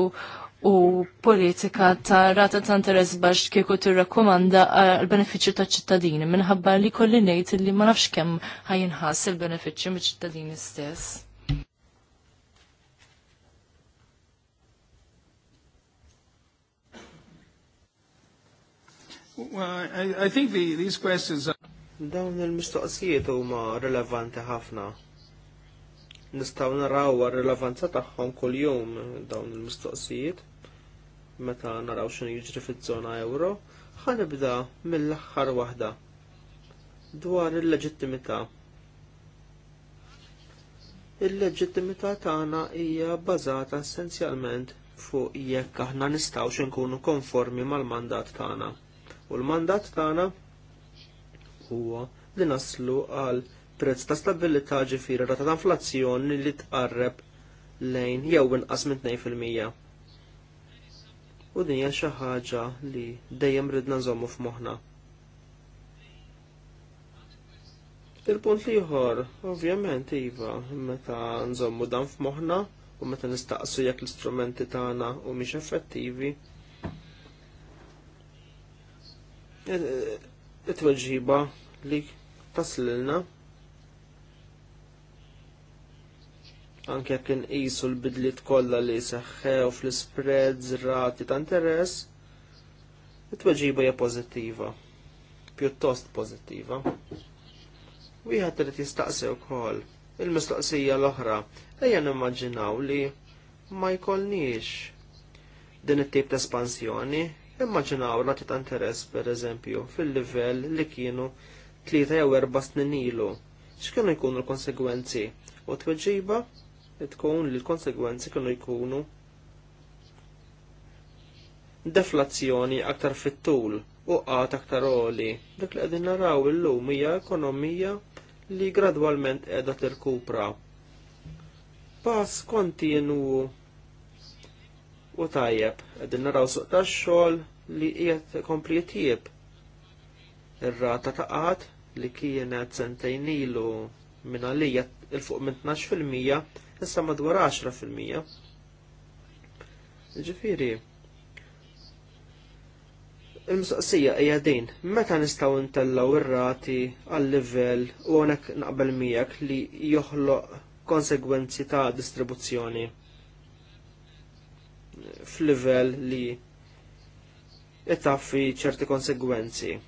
u politika ta' rata ta' interess baxx kieku tirrakkomanda għal benefiċċju ta' ċittadini minħabba li kolli ngħid li ma nafx kemm ħajinħass il-benefiċċju miċ-ċittadini stess. Well, I, I think the, these questions are... Dawn il-mistoqsijiet huma rilevanti ħafna. Nistgħu naraw għar rilevanza tagħhom kuljum dawn il-mistoqsijiet meta naraw x'in jiġri fiż-żona euro, ħanibda mill-aħħar waħda dwar il-leġittimità. Il-leġittimità tagħna hija bbażata essenzjalment fuq jekk aħna nistgħux inkunu konformi mal-mandat tagħna. U l-mandat tagħna huwa li naslu għal prezz ta' stabilità ġifieri rata ta' inflazzjoni li tqarreb lejn jew inqas minn 2 fil-mija u din hija xi ħaġa li dejjem ridna nżommu f'moħħna. Il-punt li jħor, ovvjament iva, meta nżommu dan f'moħħna u meta nistaqsu jekk l-istrumenti tagħna u effettivi. It-tweġiba li taslilna anke jekk inqisu l-bidliet kollha li seħħew fl-spreads, rati ta' interess, it-tweġiba hija pożittiva, pjuttost pożittiva. Wieħed irid jistaqsi wkoll il-mistoqsija l-oħra, ejja nimmaġinaw li ma jkollniex din it-tip ta' espansjoni, immaġinaw rati ta' interess pereżempju fil-livell li kienu tlieta jew erba' snin ilu. X'kienu jkunu l-konsegwenzi u t tweġiba tkun li l-konsegwenzi kienu jkunu deflazzjoni aktar fit-tul u qat aktar oli. Dak li qegħdin naraw illum hija ekonomija li gradwalment qiegħda tirkupra. Pass kontinu u tajjeb qegħdin naraw suq tax-xogħol li qiegħed kompli jitjieb. Ir-rata ta' qat li kienet sentejn ilu minn għalija il-fuq minn 12% issa madwar 10%. Ġifiri, il-mistoqsija hija din, meta nistgħu ntellgħu ir-rati għal-livell u hawnhekk naqbel miegħek li joħloq konsegwenzi ta' distribuzzjoni f'livell li itaffi ċerti konsegwenzi.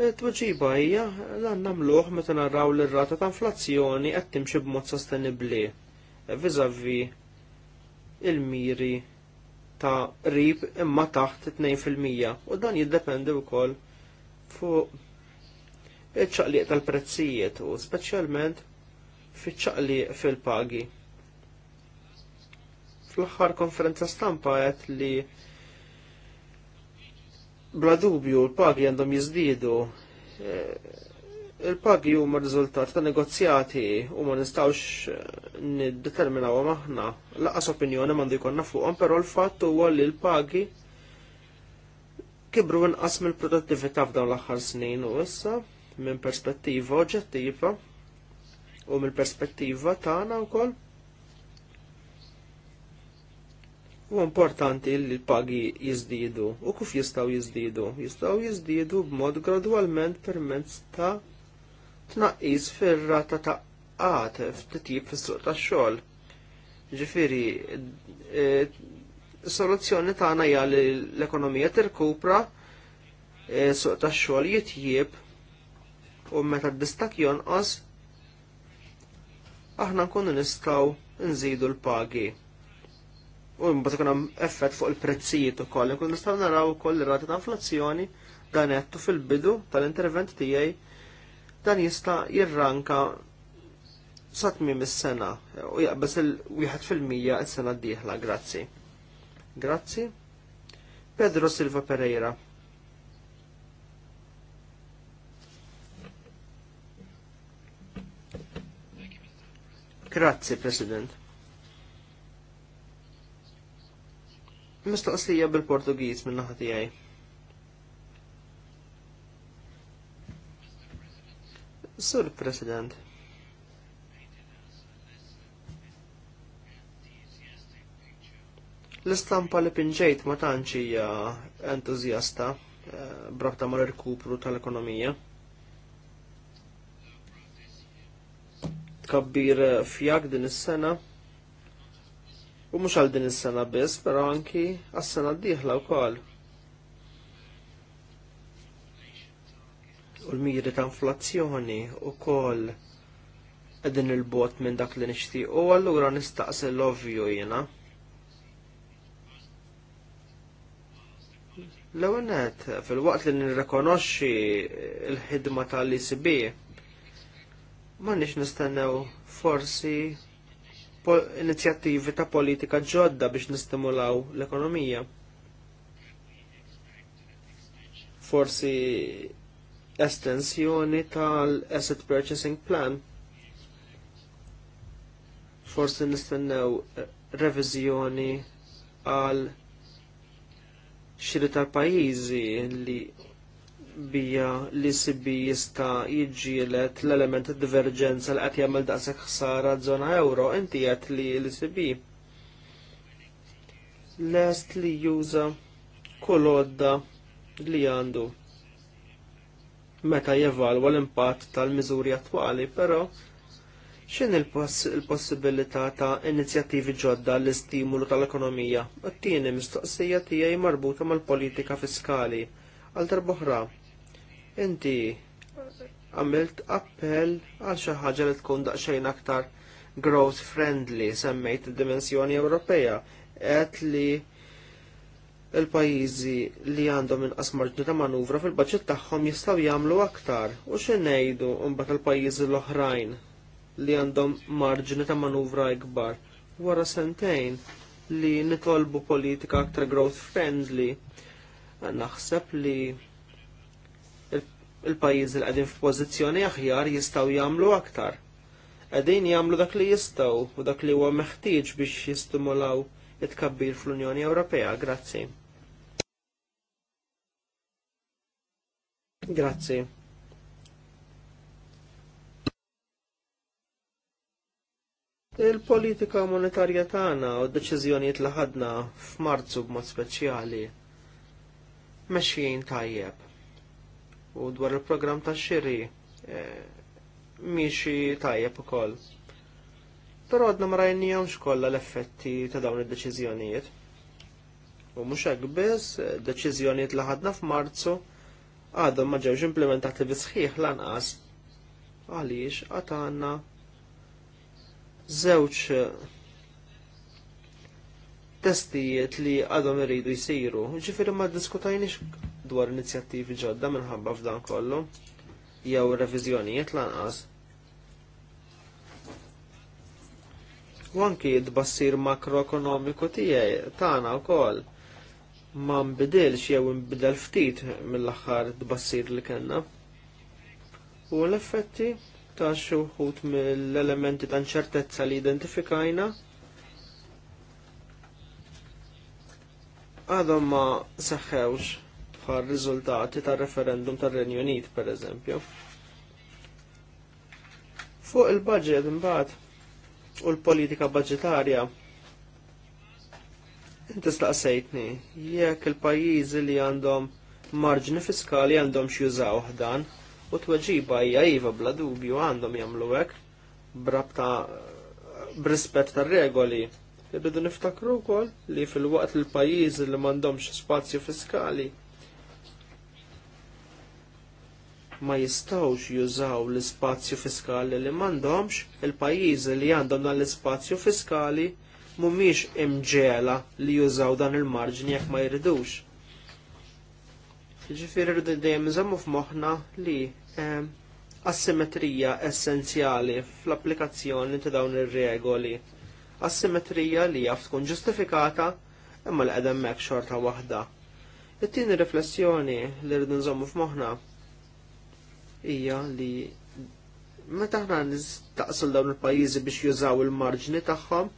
Tweġiba hija dan nagħmluh meta naraw li r-rata ta' inflazzjoni qed timxi b'mod sostenibbli viżavi il-miri ta' rib imma taħt 2% u dan jiddependi wkoll fuq iċ-ċaqliq tal-prezzijiet u speċjalment fiċ-ċaqliq fil-pagi. Fl-aħħar konferenza stampa għedt li Bla dubju, l-pagi għandhom jizdidu. E, il-pagi huma riżultat ta' negozjati u ma nistawx eh, niddeterminaw aħna laqas opinjoni mandu jkollna fuqhom, però l-fatt huwa li l-pagi kibru inqas mill-produttività f'dawn l-aħħar snin u issa minn perspettiva oġġettiva u mill-perspettiva tagħna wkoll U importanti li l-pagi jizdidu. U kif jistaw jizdidu? Jistaw jizdidu b'mod gradwalment permezz ta' tnaqqis fir-rata ta' qat f'titjib fis-suq tax-xogħol. Ġifieri, e, soluzzjoni tagħna għana li l-ekonomija tirkupra e, suq tax-xogħol jitjib u meta d-distak jonqos aħna nkunu nistgħu nżidu l-pagi u mbagħad kuna effett fuq il-prezzijiet ukoll. Nkun nistgħu naraw ukoll ir-rati ta' inflazzjoni dan għedtu fil-bidu tal-intervent tiegħi dan jista' jirranka sa tmiem is-sena u jaqbas il-1 fil-mija s-sena d-dieħla. Grazzi. Grazzi. Pedro Silva Pereira. Grazzi, President. mistoqsija bil-Portugiż minn naħa tiegħi. Sur President. L-istampa li pinġejt ma tantx hija entużjasta eh, brabta mal-rkupru tal-ekonomija. Tkabbir eh, fjak din is-sena U mhux għal din is-sena biss, però anki għas-sena d-dieħla wkoll. U l-miri ta' inflazzjoni wkoll għedin il-bot minn dak li nishti u allura nistaqsi l-ovvju jiena. l għonet fil-waqt li nirrekonoxxi l-ħidma tal-ECB, ma nix nistennew forsi inizjattivi ta' politika ġodda biex nistimulaw l-ekonomija. Forsi estensjoni tal-asset purchasing plan. Forsi nistennew revizjoni għal xiri tal-pajizi li bija li sibi jista jiġġielet l-element divergenza li għat jagħmel daqshekk ħsara żona euro, inti għat li li sibi lest li juża kolodda li għandu meta jevalwa l-impatt tal-miżuri attwali, però xin il-possibilità ta' inizjattivi ġodda l-istimulu tal-ekonomija? T-tieni mistoqsija tiegħi marbuta mal-politika fiskali. Għal darbohra, inti għamilt appell għal xi ħaġa li tkun daqsxejn aktar growth friendly semmejt id-dimensjoni Ewropea qed li il-pajjiżi li għandhom inqas marġni ta' manuvra fil-baġġett tagħhom jistgħu jagħmlu aktar u xi ngħidu mbagħad il-pajjiżi l-oħrajn li għandhom marġni ta' manuvra ikbar wara sentejn li nitolbu politika aktar growth friendly naħseb li il-pajjiżi li qegħdin f'pożizzjoni aħjar jistgħu jagħmlu aktar. Qegħdin jagħmlu dak li jistgħu u dak li huwa meħtieġ biex jistimulaw it-kabbir fl-Unjoni Ewropea. Grazzi. Grazzi. Il-politika monetarja tagħna u d-deċiżjonijiet li ħadna f'Marzu b'mod speċjali mexjin tajjeb u dwar il-programm ta' xiri eh, miexi tajjeb ukoll. Però għadna marajnijom xkolla l-effetti ta' dawn id-deċiżjonijiet. U mhux hekk biss, eh, deċiżjonijiet li ħadna f'Marzu għadhom ma ġewx implementati bisħiħ lanqas. Għaliex għad għandna żewġ eh, testijiet li għadhom iridu jsiru, ġifiri ma diskutajniex dwar inizjattivi ġodda minħabba f'dan kollu jew reviżjonijiet lanqas. U anki d-bassir makroekonomiku tiegħi tagħna wkoll ma nbidilx jew nbidel ftit mill-aħħar d-bassir li kellna. U l-effetti ta' xi wħud mill-elementi ta' inċertezza li identifikajna għadhom ma seħħewx bħal riżultati tar referendum tar renju Unit pereżempju. Fuq il-budget imbagħad u l-politika budgetarja inti staqsejtni jekk il-pajjiżi li għandhom marġni fiskali għandhom xjużaw dan u tweġiba hija iva bla dubju għandhom jagħmlu hekk brabta brispett tar-regoli irridu niftakru wkoll li fil-waqt il pajjiżi li m'għandhomx spazju fiskali ma jistawx jużaw l-ispazju fiskali li m'għandhomx il-pajjiżi li għandhom dan l-ispazju fiskali mhumiex imġela li jużaw dan il-marġni jekk ma jridux. Ġifieri rridu dejjem iżammu f'moħħna li eh, asimetrija essenzjali fl-applikazzjoni ta' dawn ir-regoli. Asimetrija li jaf tkun ġustifikata imma l-qedem mek xorta waħda. It-tieni riflessjoni li rridu nżommu f'moħħna hija li meta aħna nistaqsu dawn il-pajjiżi biex jużaw il-marġni tagħhom,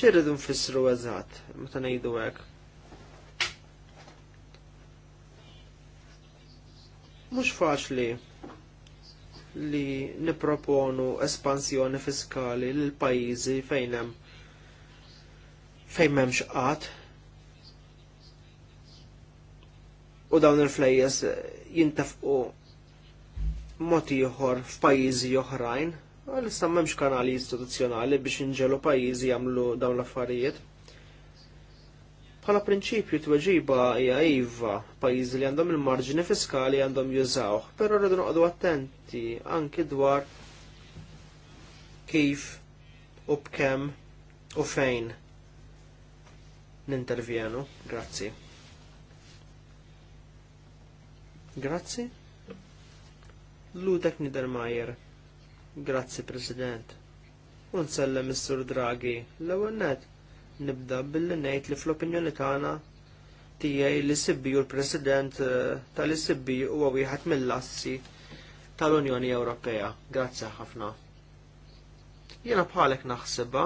xirridu nfissru eżatt meta ngħidu hekk. Mhux faċli li niproponu espansjoni fiskali lil pajjiżi fejn hemm fejn m'hemmx qatt. U dawn il-flejjes jintafqu mod ieħor f'pajjiżi oħrajn, għalissa m'hemmx kanali istituzzjonali biex inġelu pajjiżi jagħmlu dawn l-affarijiet. Bħala prinċipju t-weġiba hija iva, pajjiżi li għandhom il-marġini fiskali għandhom jużawh, però rridu noqogħdu attenti anki dwar kif u bkemm u fejn nintervjenu. Grazzi. Grazzi. Ludek Niedermayer. Grazzi, President. Unsellem is-Sur Draghi. L-ewwel nibda billi ngħid li fl-opinjoni tagħna tiegħi li sibbi u l-President eh, tal-isibbi huwa wieħed mill-assi tal-Unjoni Ewropea. Grazzi ħafna. Jiena bħalek naħsibha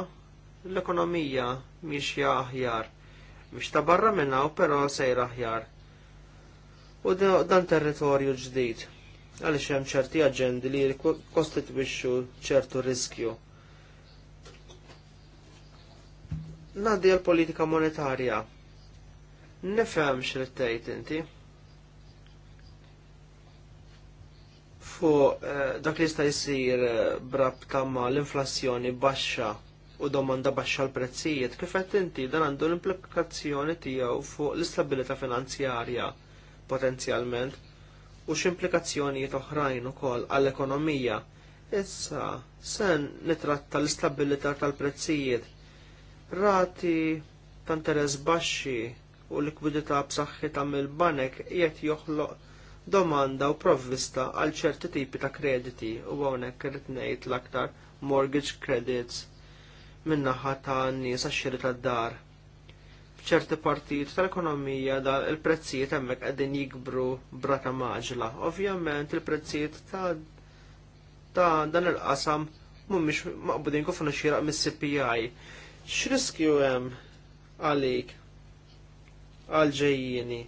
l-ekonomija mixja aħjar biex ta' barra minna u pero sejra aħjar. U dan territorju ġdid għaliex hemm ċerti aġendi li kostitwixxu ċertu riskju. Nadi għal-politika monetarja. Nifhem x'rid tgħid inti. Fu eh, dak li jista' jsir eh, b'rab tamma l-inflazzjoni baxxa u domanda baxxa l-prezzijiet, kif qed inti dan għandu l-implikazzjoni tiegħu fuq l-istabilità finanzjarja potenzjalment u x'implikazzjonijiet oħrajn ukoll għall-ekonomija. Issa sen nitratta l-istabilità tal-prezzijiet, rati ta' interess baxxi u likwidità b'saħħitha mill-banek qiegħed joħloq domanda u provvista għal ċerti tipi ta' krediti u hawnhekk irid ngħid l-aktar mortgage credits minnaħa ta' nies għax-xiri tad-dar ċerti partijiet tal-ekonomija da il-prezzijiet hemmhekk qegħdin jikbru brata maġla. Ovvjament il-prezzijiet ta' ta' dan il-qasam mhumiex maqbudin kufna xieraq mis-CPI. X'riskju hemm għalik għal ġejjini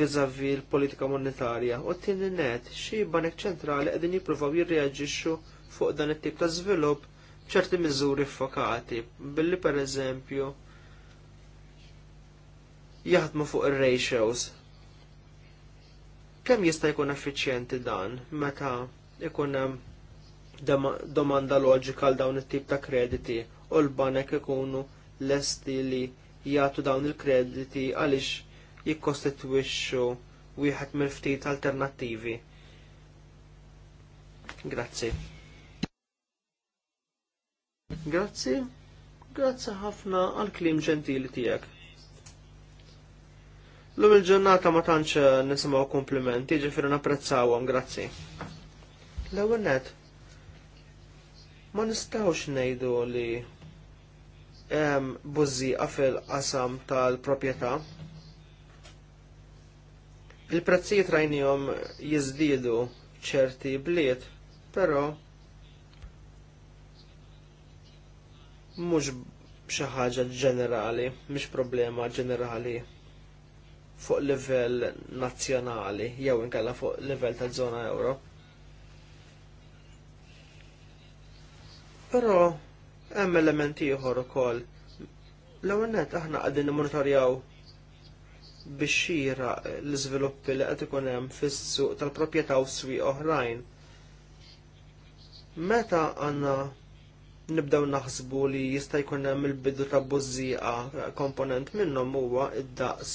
viżavi l-politika monetarja u t-tieni net xi banek ċentrali qegħdin jippruvaw jirreaġixxu fuq dan it-tip ta' żvilupp ċerti miżuri fokati billi pereżempju jaħdmu fuq ir-ratios. Kemm jista' jkun effiċjenti dan meta ikun hemm domanda loġika għal dawn it-tip ta' krediti u l-banek ikunu lesti li jagħtu dawn il-krediti għaliex jikkostitwixxu wieħed mill-ftit alternattivi. Grazzi. Grazzi. Grazzi ħafna għal klim ġentili tiegħek. L-lum il-ġurnata ma tantx eh, nisimgħu komplimenti, ġifir napprezzawhom, grazzi. L-ewwel net ma nistgħux ngħidu li hemm bużija fil-qasam tal-proprjetà. Il-prezzijiet rajnijom jiżdiedu ċerti bliet, però mhux xi ħaġa ġenerali, mhix problema ġenerali fuq livell nazzjonali jew inkella fuq livell ta' zona euro. Però hemm elementi ieħor ukoll. L-ewwel net aħna qegħdin nimmonitorjaw bixxira l-iżviluppi li qed ikun hemm fis-suq tal-proprjetà u swieq oħrajn. Meta għandna nibdew naħsbu li jista' jkun hemm il-bidu ta' bużieqa komponent minnhom huwa id-daqs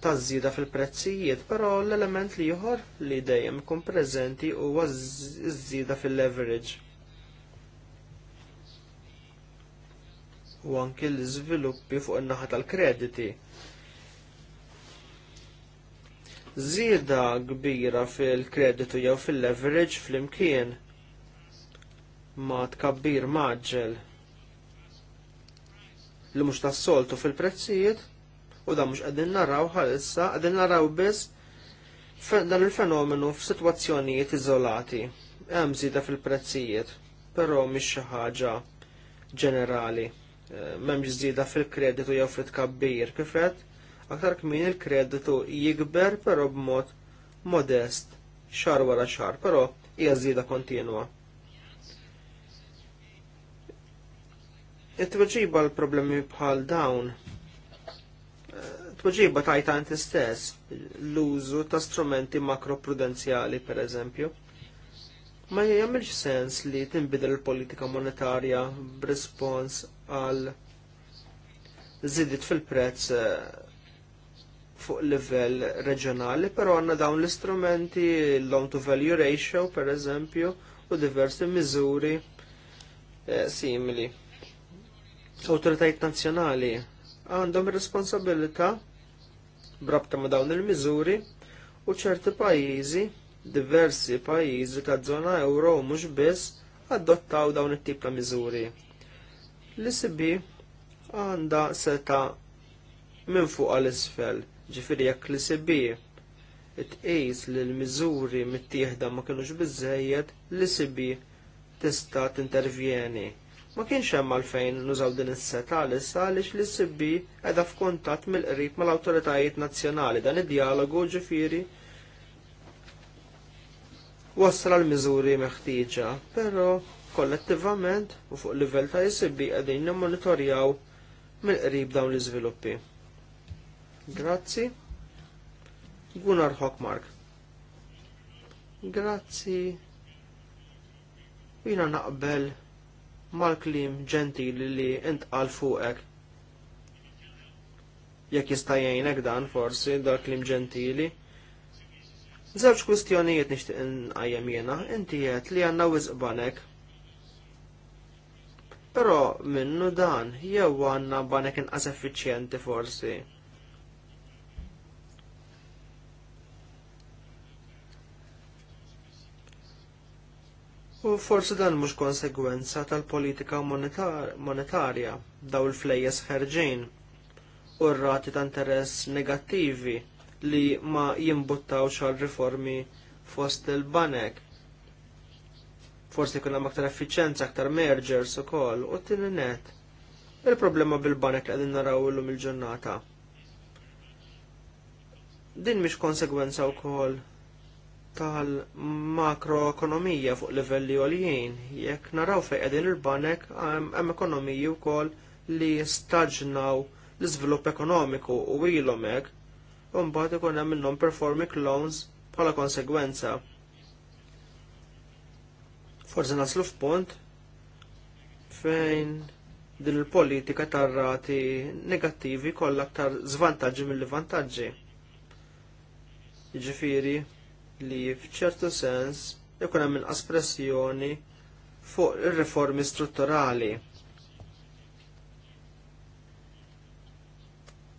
taż-żieda fil-prezzijiet, però l-element li ieħor li dejjem ikun preżenti huwa ż fil-leverage. U anke l-iżviluppi fuq in-naħa tal-krediti. Żieda kbira fil-kreditu jew fil-leverage flimkien ma tkabbir maġġel li mhux tas-soltu fil-prezzijiet u da mhux qegħdin naraw bħalissa qegħdin naraw biss dan il-fenomenu f'sitwazzjonijiet iżolati. Hemm zida fil-prezzijiet, però mhix xi ħaġa ġenerali. Eh, m'hemmx zida fil-kreditu jew fil tkabbir kifet, aktar kmin il-kreditu jikber però b'mod modest xar wara xar, però hija zida kontinwa. it-tweġiba l-problemi bħal dawn tweġiba tajta inti stess l-użu ta' strumenti makroprudenzjali per eżempju. Ma jgħamilx sens li tinbidel il-politika monetarja b'rispons għal żidiet fil-prezz eh, fuq livell reġjonali, però għandna dawn l-istrumenti loan to value ratio per eżempju u diversi miżuri eh, simili. Autoritajiet nazzjonali għandhom responsabilita' brabta ma' dawn il-miżuri u ċerti pajjiżi, diversi pajjiżi ta' żona euro mhux biss adottaw dawn it-tip ta' miżuri. L-ISB għandha seta minn fuq għal isfel, ġifieri jekk l-ISB tqis li l-miżuri mittieħda ma kinux biżejjed, l-ISB tista' tintervjeni Ma kienx hemm għalfejn nużaw din is-seta issa għaliex li sibbi qiegħda f'kuntatt mill-qrib mal-awtoritajiet nazzjonali dan id-dialogu ġifieri wasal għal miżuri meħtieġa, però kollettivament u fuq livell ta' jisibbi qegħdin nimmonitorjaw mill-qrib dawn l-iżviluppi. Grazzi. Gunnar Hockmark. Grazzi. Jina naqbel mal-klim ġentili li għal fuqek. Jekk jista' jgħinek dan forsi dal klim ġentili. Żewġ kwistjonijiet nixtieq inqajjem jiena, inti qed li għandna wisqbanek. Però minnu dan jew għandna banek inqas effiċjenti forsi. U forsi dan mhux konsegwenza tal-politika monetarja daw il-flejjes ħerġin u r-rati ta' interess negattivi li ma jimbuttaw xal riformi fost il-banek. Forsi kuna aktar effiċenza, aktar mergers u kol, u t-tini net. Il-problema bil-banek li għadin naraw il lum il-ġurnata. Din mish konsegwenza u kol tal-makroekonomija fuq livelli għoljien, jekk naraw fejn qegħdin il-banek hemm ekonomiji wkoll li staġnaw l-iżvilupp ekonomiku u ilhom hekk, u mbagħad ikun hemm minnhom performing loans bħala konsegwenza. Forsi naslu f'punt fejn din il-politika tar-rati negattivi kollha aktar żvantaġġi mill-vantaġġi. Jiġifieri, li fċertu sens ikun hemm inqas fuq ir-riformi strutturali.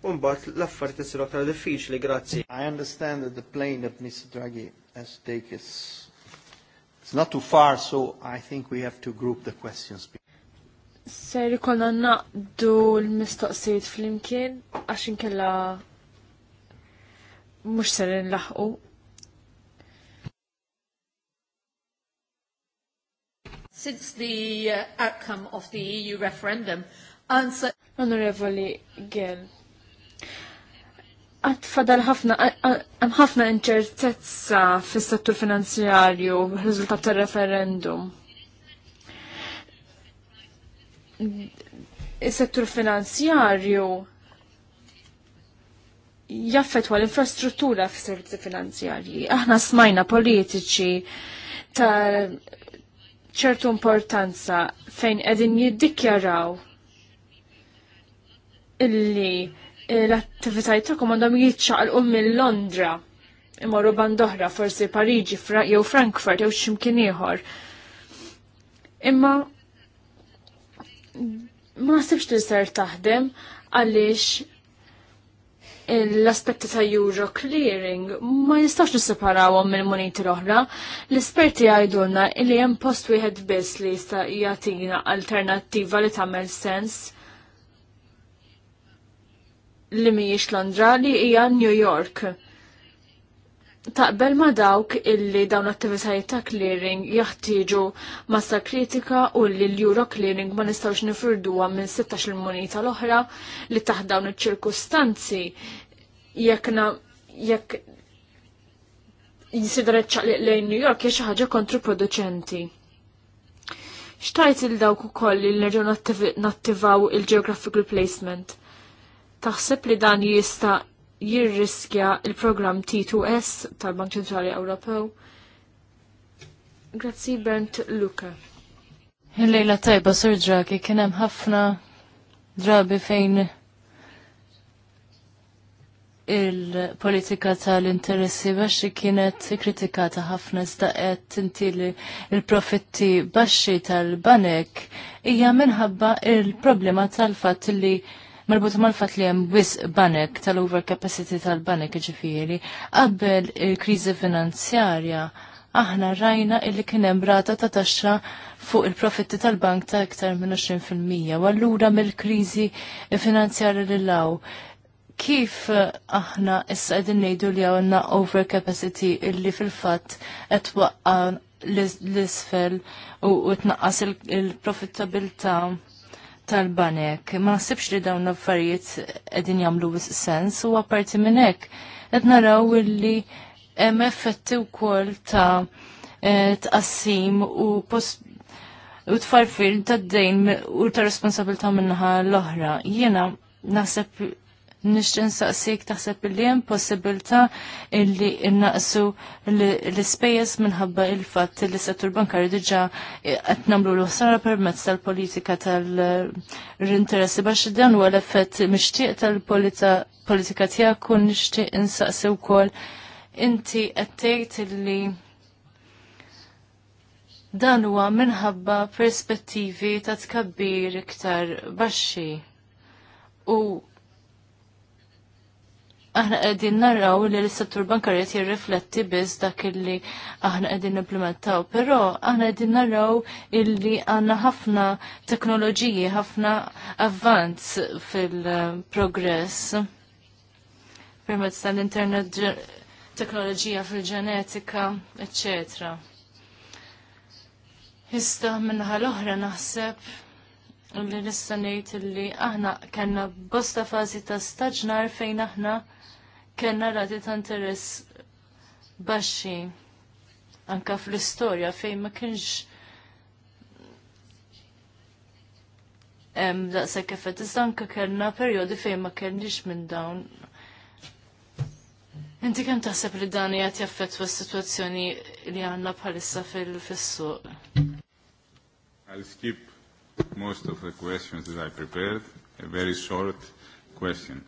Umbat l-affarijiet isiru aktar diffiċli, grazzi. I understand that the plane that Mr. Draghi has taken is it's not too far, so I think we have to group the questions. Ser ikolna naqdu l-mistoqsijiet fl-imkien għax inkella mux ser nlaħqu since the uh, outcome of the EU referendum. Answer... Honorevoli Gill, għat fadal ħafna, għam ħafna inċertezza fis settur finanzjarju rizultat tal referendum Is-settur finanzjarju jaffetwa l-infrastruttura fis servizzi finanzjarji. Aħna smajna politiċi ta' ċertu importanza fejn edin jiddikjaraw illi l-attivitajt tagħkom għandhom jitċaqalqu minn Londra imorru bandohra, forsi Pariġi jew Frankfurt jew x'imkien ieħor. Imma ma nasibx li ser taħdem għaliex l-aspetti ta' euro clearing ma nistax nisseparawhom mill muniti l-oħra. L-esperti għajdulna li hemm post wieħed biss li jista' jagħtina alternattiva li tagħmel sens li mhijiex Londra li hija New York taqbel ma dawk illi dawn attivitajiet ta' clearing jaħtieġu massa kritika u li l-euro clearing ma nistawx nifurduha minn 16 il-moneta l-oħra li taħt dawn iċ-ċirkustanzi jekk jekk jinsidra ċaqliq lejn New York hija xi ħaġa kontraproduċenti. Xtajt il dawk ukoll li nerġgħu nattivaw il-geographical placement. Taħseb li dan jista' jirriskja il-programm T2S tal-Bank Ċentrali Ewropew. Grazzi Bernd Luca. Il-lejla tajba Sur kien hemm ħafna drabi fejn il-politika tal-interessi baxxi kienet kritikata ħafna iżda qed tinti il-profitti baxxi tal-banek hija minħabba il-problema tal fat li il marbuta mal-fat li hemm wis banek tal-overcapacity tal-banek ġifieri qabel il-kriżi finanzjarja aħna rajna illi kien hemm rata ta' taxxa fuq il-profitti tal-bank ta' iktar minn 20% u allura mill-kriżi finanzjarja li law. Kif aħna issa qegħdin ngħidu li għandna overcapacity illi fil-fatt qed waqqa l-isfel u tnaqqas il-profittabilità tal-banek. Ma nasibx li dawn l-affarijiet qegħdin jagħmlu sens u apparti minn hekk naraw illi hemm effetti wkoll ta' e, tqassim u post u tfarfil tad-dejn u ta' responsabilta' minnaħa l-oħra. Jiena naħseb nixtieq saqsik taħseb li jem possibilità illi innaqsu l-ispejjeż minħabba il-fatt li settur bankari diġà qed nagħmlu l ħsara permezz tal-politika tal-interessi baxx dan huwa l-effett mixtieq tal-politika tiegħek u nixtieq insaqsi wkoll inti qed tgħid li dan huwa minħabba perspettivi ta' tkabbir iktar baxxi. U aħna qegħdin narraw li l-settur bankarju qed jirrifletti biss dak illi aħna qegħdin nimplementaw, però aħna qegħdin narraw illi għandna ħafna teknoloġiji, ħafna avvanz fil-progress permezz tal-internet teknoloġija fil-ġenetika, eccetera. Iżda minnaħa l-oħra naħseb li nista' ngħid li aħna kellna bosta fażi ta' staġnar fejn aħna kena rati ta' interess baxxi anka fl-istorja fejn ma kienx em daqshekk se iżda anke kellna perjodi fejn ma kienx minn dawn Inti kemm taħseb li dan qed jaffettwa s-sitwazzjoni li għandna bħalissa fil-fissuq? I'll skip most of the questions that I prepared. A very short question.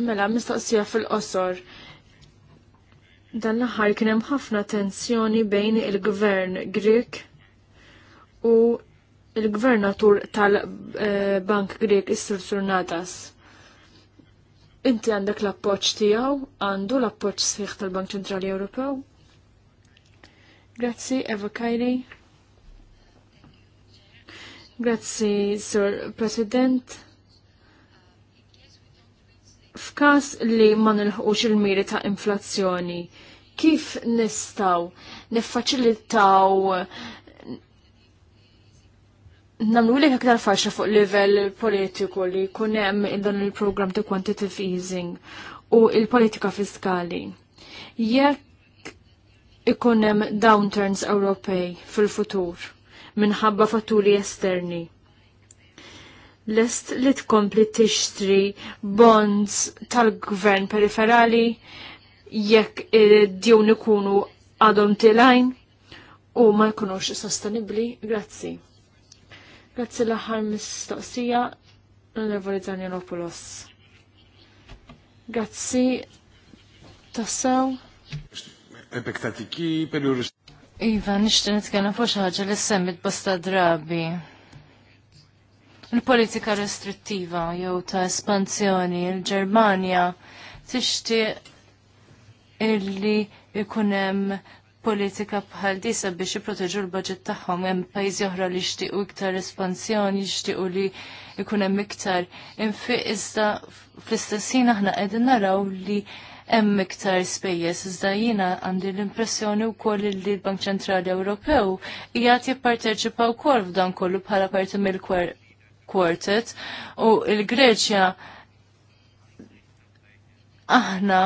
Mela, mistaqsija fil-qosor. Dan l-aħħar kien hemm ħafna tensjoni bejn il-gvern Grek u il-gvernatur tal-Bank Grek is-Sur Surnatas. Inti għandek l-appoġġ tiegħu, għandu l-appoġġ sħiħ tal-Bank Ċentrali Ewropew. Grazzi, Eva Kajri. Grazzi, Sur President. F'każ li ma nilħqux il-miri ta' inflazzjoni, kif nistaw niffaċilitaw namlu li aktar faċla fuq livell politiku li kunem dan il-program ta' quantitative easing u il-politika fiskali. Jekk ikunem downturns Ewropej fil-futur minħabba fatturi esterni lest li tkompli tixtri bonds tal-gvern periferali jekk id-djon ikunu għadhom tilajn u ma jkunux sostenibli. Grazzi. Grazzi l-aħħar mistoqsija l-Nervoli Zanjanopoulos. Grazzi tassew. Epektatiki Iva, nishtin nitkellem fuq xi ħaġa li semmit bosta drabi il-politika restrittiva jew ta' espansjoni il-Ġermanja tixti illi ikun hemm politika bħal disa biex jipproteġu l-budget tagħhom hemm pajjiżi oħra li jixtiequ iktar espansjoni, jixtiequ li jkun hemm iktar infiq iżda fl-istessin aħna qegħdin naraw li hemm iktar spejjeż iżda jiena għandi l-impressjoni wkoll li l-Bank Ċentrali Ewropew hija jipparteċipa wkoll f'dan kollu bħala parti mill-kwer Quartet u il-Greċja aħna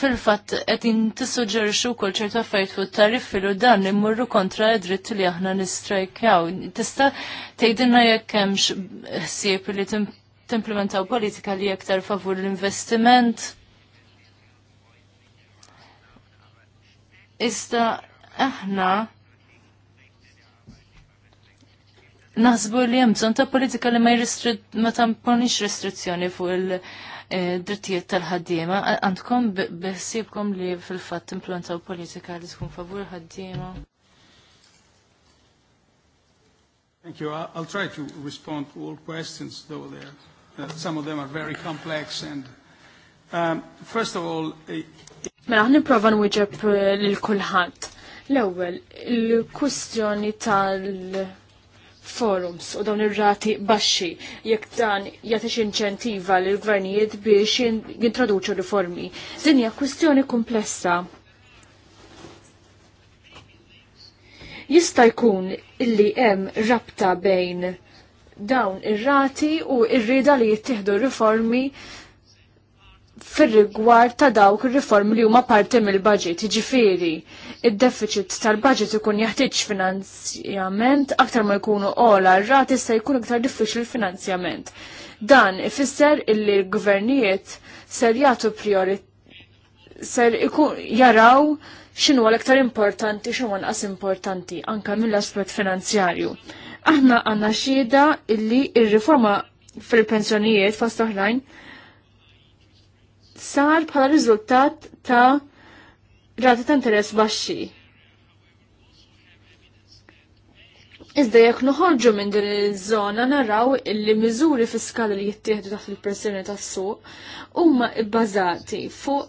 fil-fatt qed tissuġġerixxu wkoll ċertu affarijiet fuq tariffi u dan immurru kontra d dritt li aħna nistrajkjaw. Tista' tgħidilna jekk hemmx ħsieb li timplementaw politika li aktar favur l-investiment. Iżda aħna naħsbu li hemm bżonn ta' politika li ma ma tamponix restrizzjoni fuq il-drittijiet eh, tal-ħaddiema. Għandkom beħsibkom li fil-fatt implantaw politika li tkun favur ħaddiema. Thank you. I'll try to respond to all questions, though uh, some of them are very complex. And um, first of all, eh, mela ħan nipprova nwiġeb eh, lil kulħadd. L-ewwel, il kustjoni tal- forums u dawn ir-rati baxxi jekk dan jagħtix inċentiva lil gvernijiet biex jintroduċu riformi. Din hija kwistjoni komplessa. Jista' jkun illi hemm rabta bejn dawn ir-rati u r-rida li jittieħdu riformi fir-rigward ta' dawk ir-riformi li huma parti mill-budget, jiġifieri id-deficit tal-budget ikun jaħtieġ finanzjament aktar ma jkunu ola r-rati se jkun iktar diffiċli l-finanzjament. Dan ifisser illi l-gvernijiet ser jagħtu priorit ser ikun jaraw x'inhuwa l-iktar importanti x'inhu nqas importanti anke mill-aspett finanzjarju. Aħna għandna xhieda illi r riforma fil-pensjonijiet fost oħrajn sar bħala riżultat ta' rati ta' interess baxxi. Iżda jekk noħorġu minn din iż-żona naraw illi miżuri fiskali li jittieħdu taħt il-pressjoni tas-suq huma bbażati fuq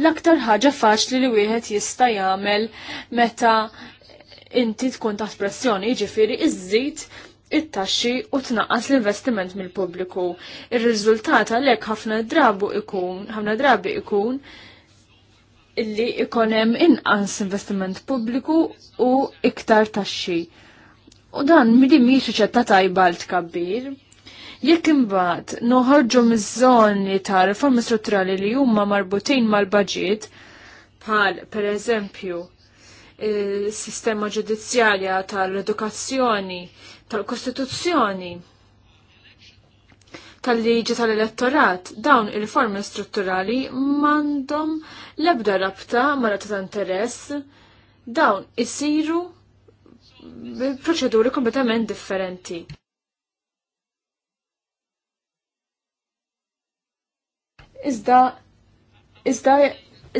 l-aktar ħaġa faċli li wieħed jista' jagħmel meta inti tkun taħt pressjoni, jiġifieri iż-żid it-taxxi u tnaqqas l-investiment mill-pubbliku. Ir-riżultat għalhekk ħafna drabu ikun, ħafna drabi ikun illi ikun hemm inqas investiment pubbliku u iktar taxxi. U dan midi mhix riċetta tajba l tkabbir. Jekk imbagħad noħorġu miż-żoni ta' riformi strutturali li huma marbutin mal-baġit, bħal pereżempju sistema ġudizzjarja tal-edukazzjoni, tal-Kostituzzjoni tal-liġi tal-elettorat dawn il-formi strutturali mandom lebda rabta mara ta' interess dawn isiru proċeduri kompletament differenti. Iżda iżda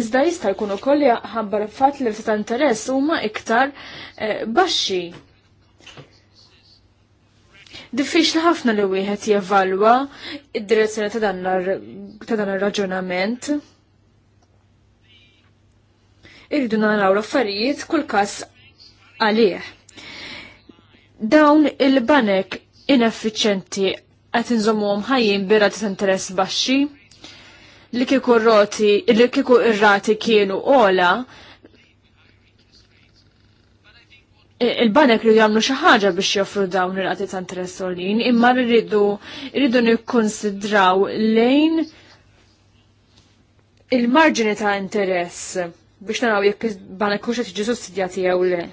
iżda jista' jkun ukoll ħabbar fatt li ta' interess huma iktar eh, baxxi diffiċli ħafna li wieħed jevalwa id-direzzjoni ta' dan ir-raġunament. Irridu naraw l-affarijiet kull każ għalih. Dawn il-banek ineffiċenti qed inżommuhom ħajjin bira ta' interess baxxi li kieku rroti li kieku irrati kienu ola il-banek li jagħmlu xi ħaġa biex joffru dawn il għati ta' interess imma rridu rridu nikkonsidraw lejn il-marġini ta' interess biex naraw jekk banek kuxa qed jiġi sussidjati għaw le.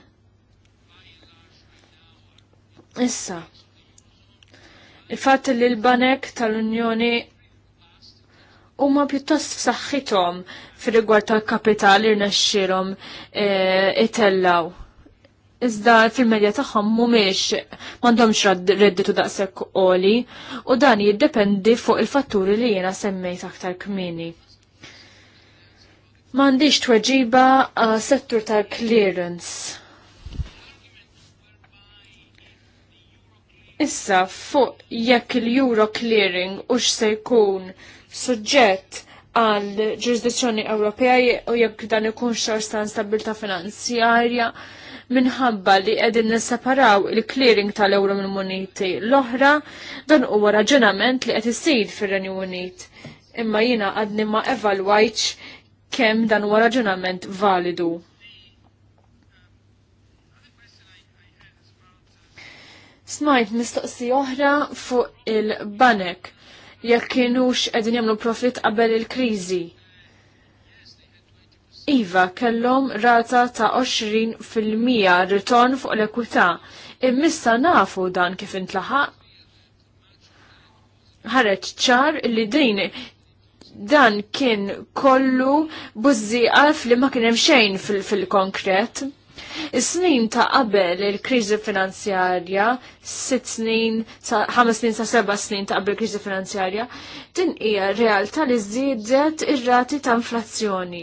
Issa. Il-fatt li l-banek tal-Unjoni huma pjuttost f'saħħithom fil rigward tal-kapital irnexxierhom eh, itellaw. E iżda fil-medja tagħhom mhumiex m'għandhomx u daqshekk qoli u dan jiddependi fuq il-fatturi li jiena semmejt aktar kmini. M'għandix tweġiba settur tal-clearance. Issa fuq jekk il-Euro clearing u se jkun suġġett għal ġurisdizzjoni Ewropea u jekk dan ikun stan stabilta finanzjarja, minħabba li qegħdin nisseparaw il-clearing tal-euro minn muniti l-oħra, dan huwa raġunament li qed isir fir-Renju Unit. Imma jiena għadni ma evalwajtx kemm dan huwa raġunament validu. Smajt mistoqsi oħra fuq il-banek jekk kienux qegħdin jagħmlu profit qabel il-kriżi. Iva kellhom rata ta' 20% ritorn fuq l-ekwità. Immissa nafu dan kif intlaħaq. Ħareġ ċar li din dan kien kollu buzzi għalf li ma kien hemm xejn fil-konkret. Fil Is-snin ta' qabel il-kriżi finanzjarja, sitt snin, ħames snin sa' seba' snin ta' qabel il-kriżi finanzjarja, din hija realtà li żdiedet ir-rati ta' inflazzjoni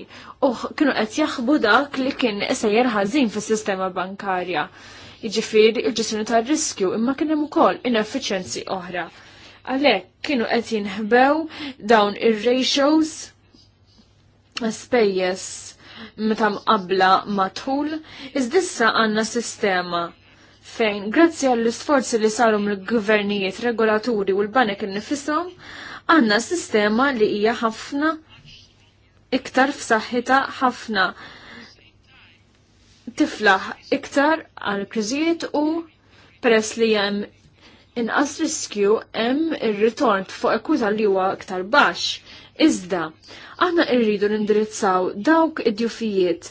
u kienu qed jaħbu dak li kien sejjer ħażin fis-sistema bankarja. Jiġifieri il-ġisni tar-riskju imma kien hemm ukoll ineffiċjenzi oħra Għalhekk kienu qed jinħbew dawn ir-ratios spejjes meta mqabla matul, iżdissa għanna sistema fejn grazzi għall isforzi li saru mill-gvernijiet regolaturi u l-banek n-nifisom, għanna sistema li hija ħafna iktar f'saħħitha ħafna tiflaħ iktar għal kriżijiet u peress li hemm inqas riskju hemm ir-ritorn fuq ekwita li huwa iktar baxx. Iżda, Aħna rridu nindirizzaw dawk id-djufijiet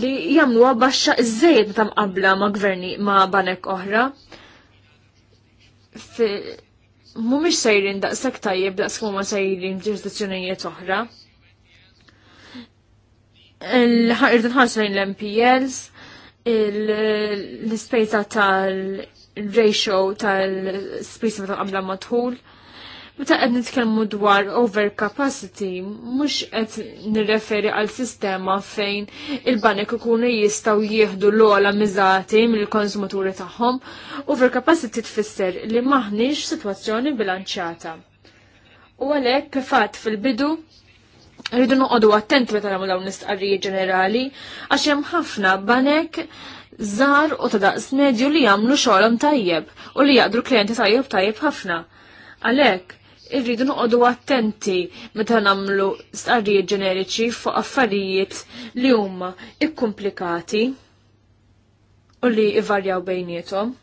li jamlu baxxa iż-żejjed ta' mqabla ma' gverni ma' banek oħra. Mhumiex sejrin daqshekk tajjeb skum ma sejrin ġurisdizzjonijiet oħra. Irridu nħarsu lejn l-MPLs, l-ispejza tal-ratio tal-spisa ta' qabla matħul. Meta qed nitkellmu dwar overcapacity, mhux qed nirreferi għal sistema fejn il-banek ikunu jistgħu jieħdu l-ogħla miżati mill-konsumaturi tagħhom. Overcapacity tfisser li maħniex sitwazzjoni bilanċjata. U għalhekk kif fil-bidu rridu noqogħdu attenti meta nagħmlu dawn l-istqarrijiet ġenerali għax hemm ħafna banek żgħar u ta' daqs li jagħmlu xogħolhom tajjeb u li jaqdru klijenti tajjeb tajjeb ħafna. Għalhekk irridu noqogħdu attenti meta nagħmlu stqarrijiet ġeneriċi fuq affarijiet li huma ikkumplikati u li ivarjaw bejniethom.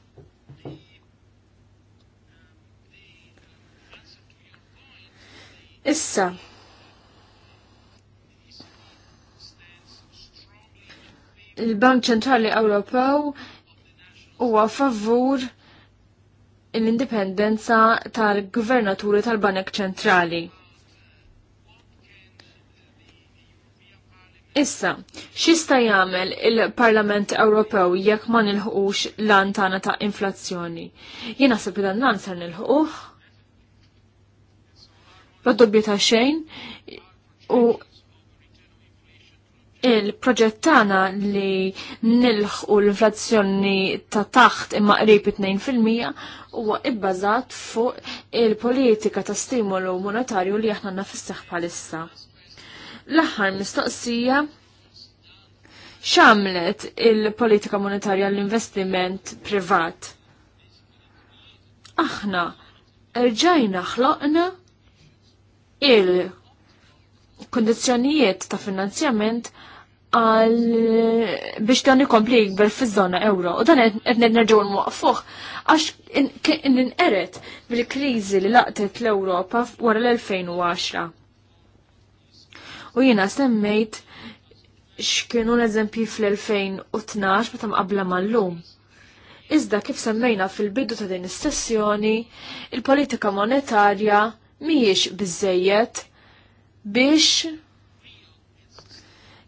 Issa, il-Bank Ċentrali Ewropew huwa favur l-indipendenza tal-gvernaturi tal-Banek Ċentrali. Issa, xista jagħmel il-Parlament Ewropew jekk ma nilħuqux lan tagħna ta' inflazzjoni? Jien naħseb dan lan ser nilħuq. La ta' xejn u il-proġett tagħna li nilħqu l-inflazzjoni ta' taħt imma qrib 2% huwa ibbażat fuq il-politika ta' stimolu monetarju li aħna nafisseħ bħalissa. L-aħħar mistoqsija x'għamlet il-politika monetarja l-investiment privat. Aħna rġajna ħloqna il kondizjonijiet ta' finanzjament għal biex dan ikompli jikber fiż-żona euro. U dan qed nerġgħu nwaqfuh għax inqeret bil-kriżi li laqtet l-Ewropa wara l-2010. U jiena semmejt x'kienu l-eżempji fl-2012 meta mqabbla mal-lum. Iżda kif semmejna fil-bidu ta' din is-sessjoni, il-politika monetarja mhijiex biżejjed biex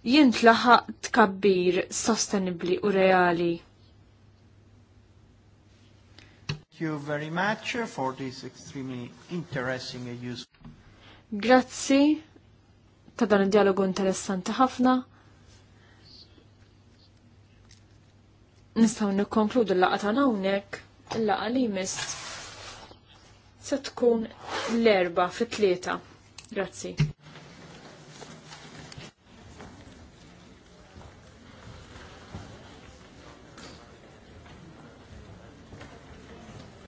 jintlaħaq tkabbir sostenibli u reali. Thank you very much for this extremely interesting and useful. Grazzi ta' dan id-dialogu interessanti ħafna. Nistgħu nikkonkludu l-laqgħa tagħna hawnhekk, il-laqgħa li mist se tkun l-erba' fit-tlieta. Grazzi.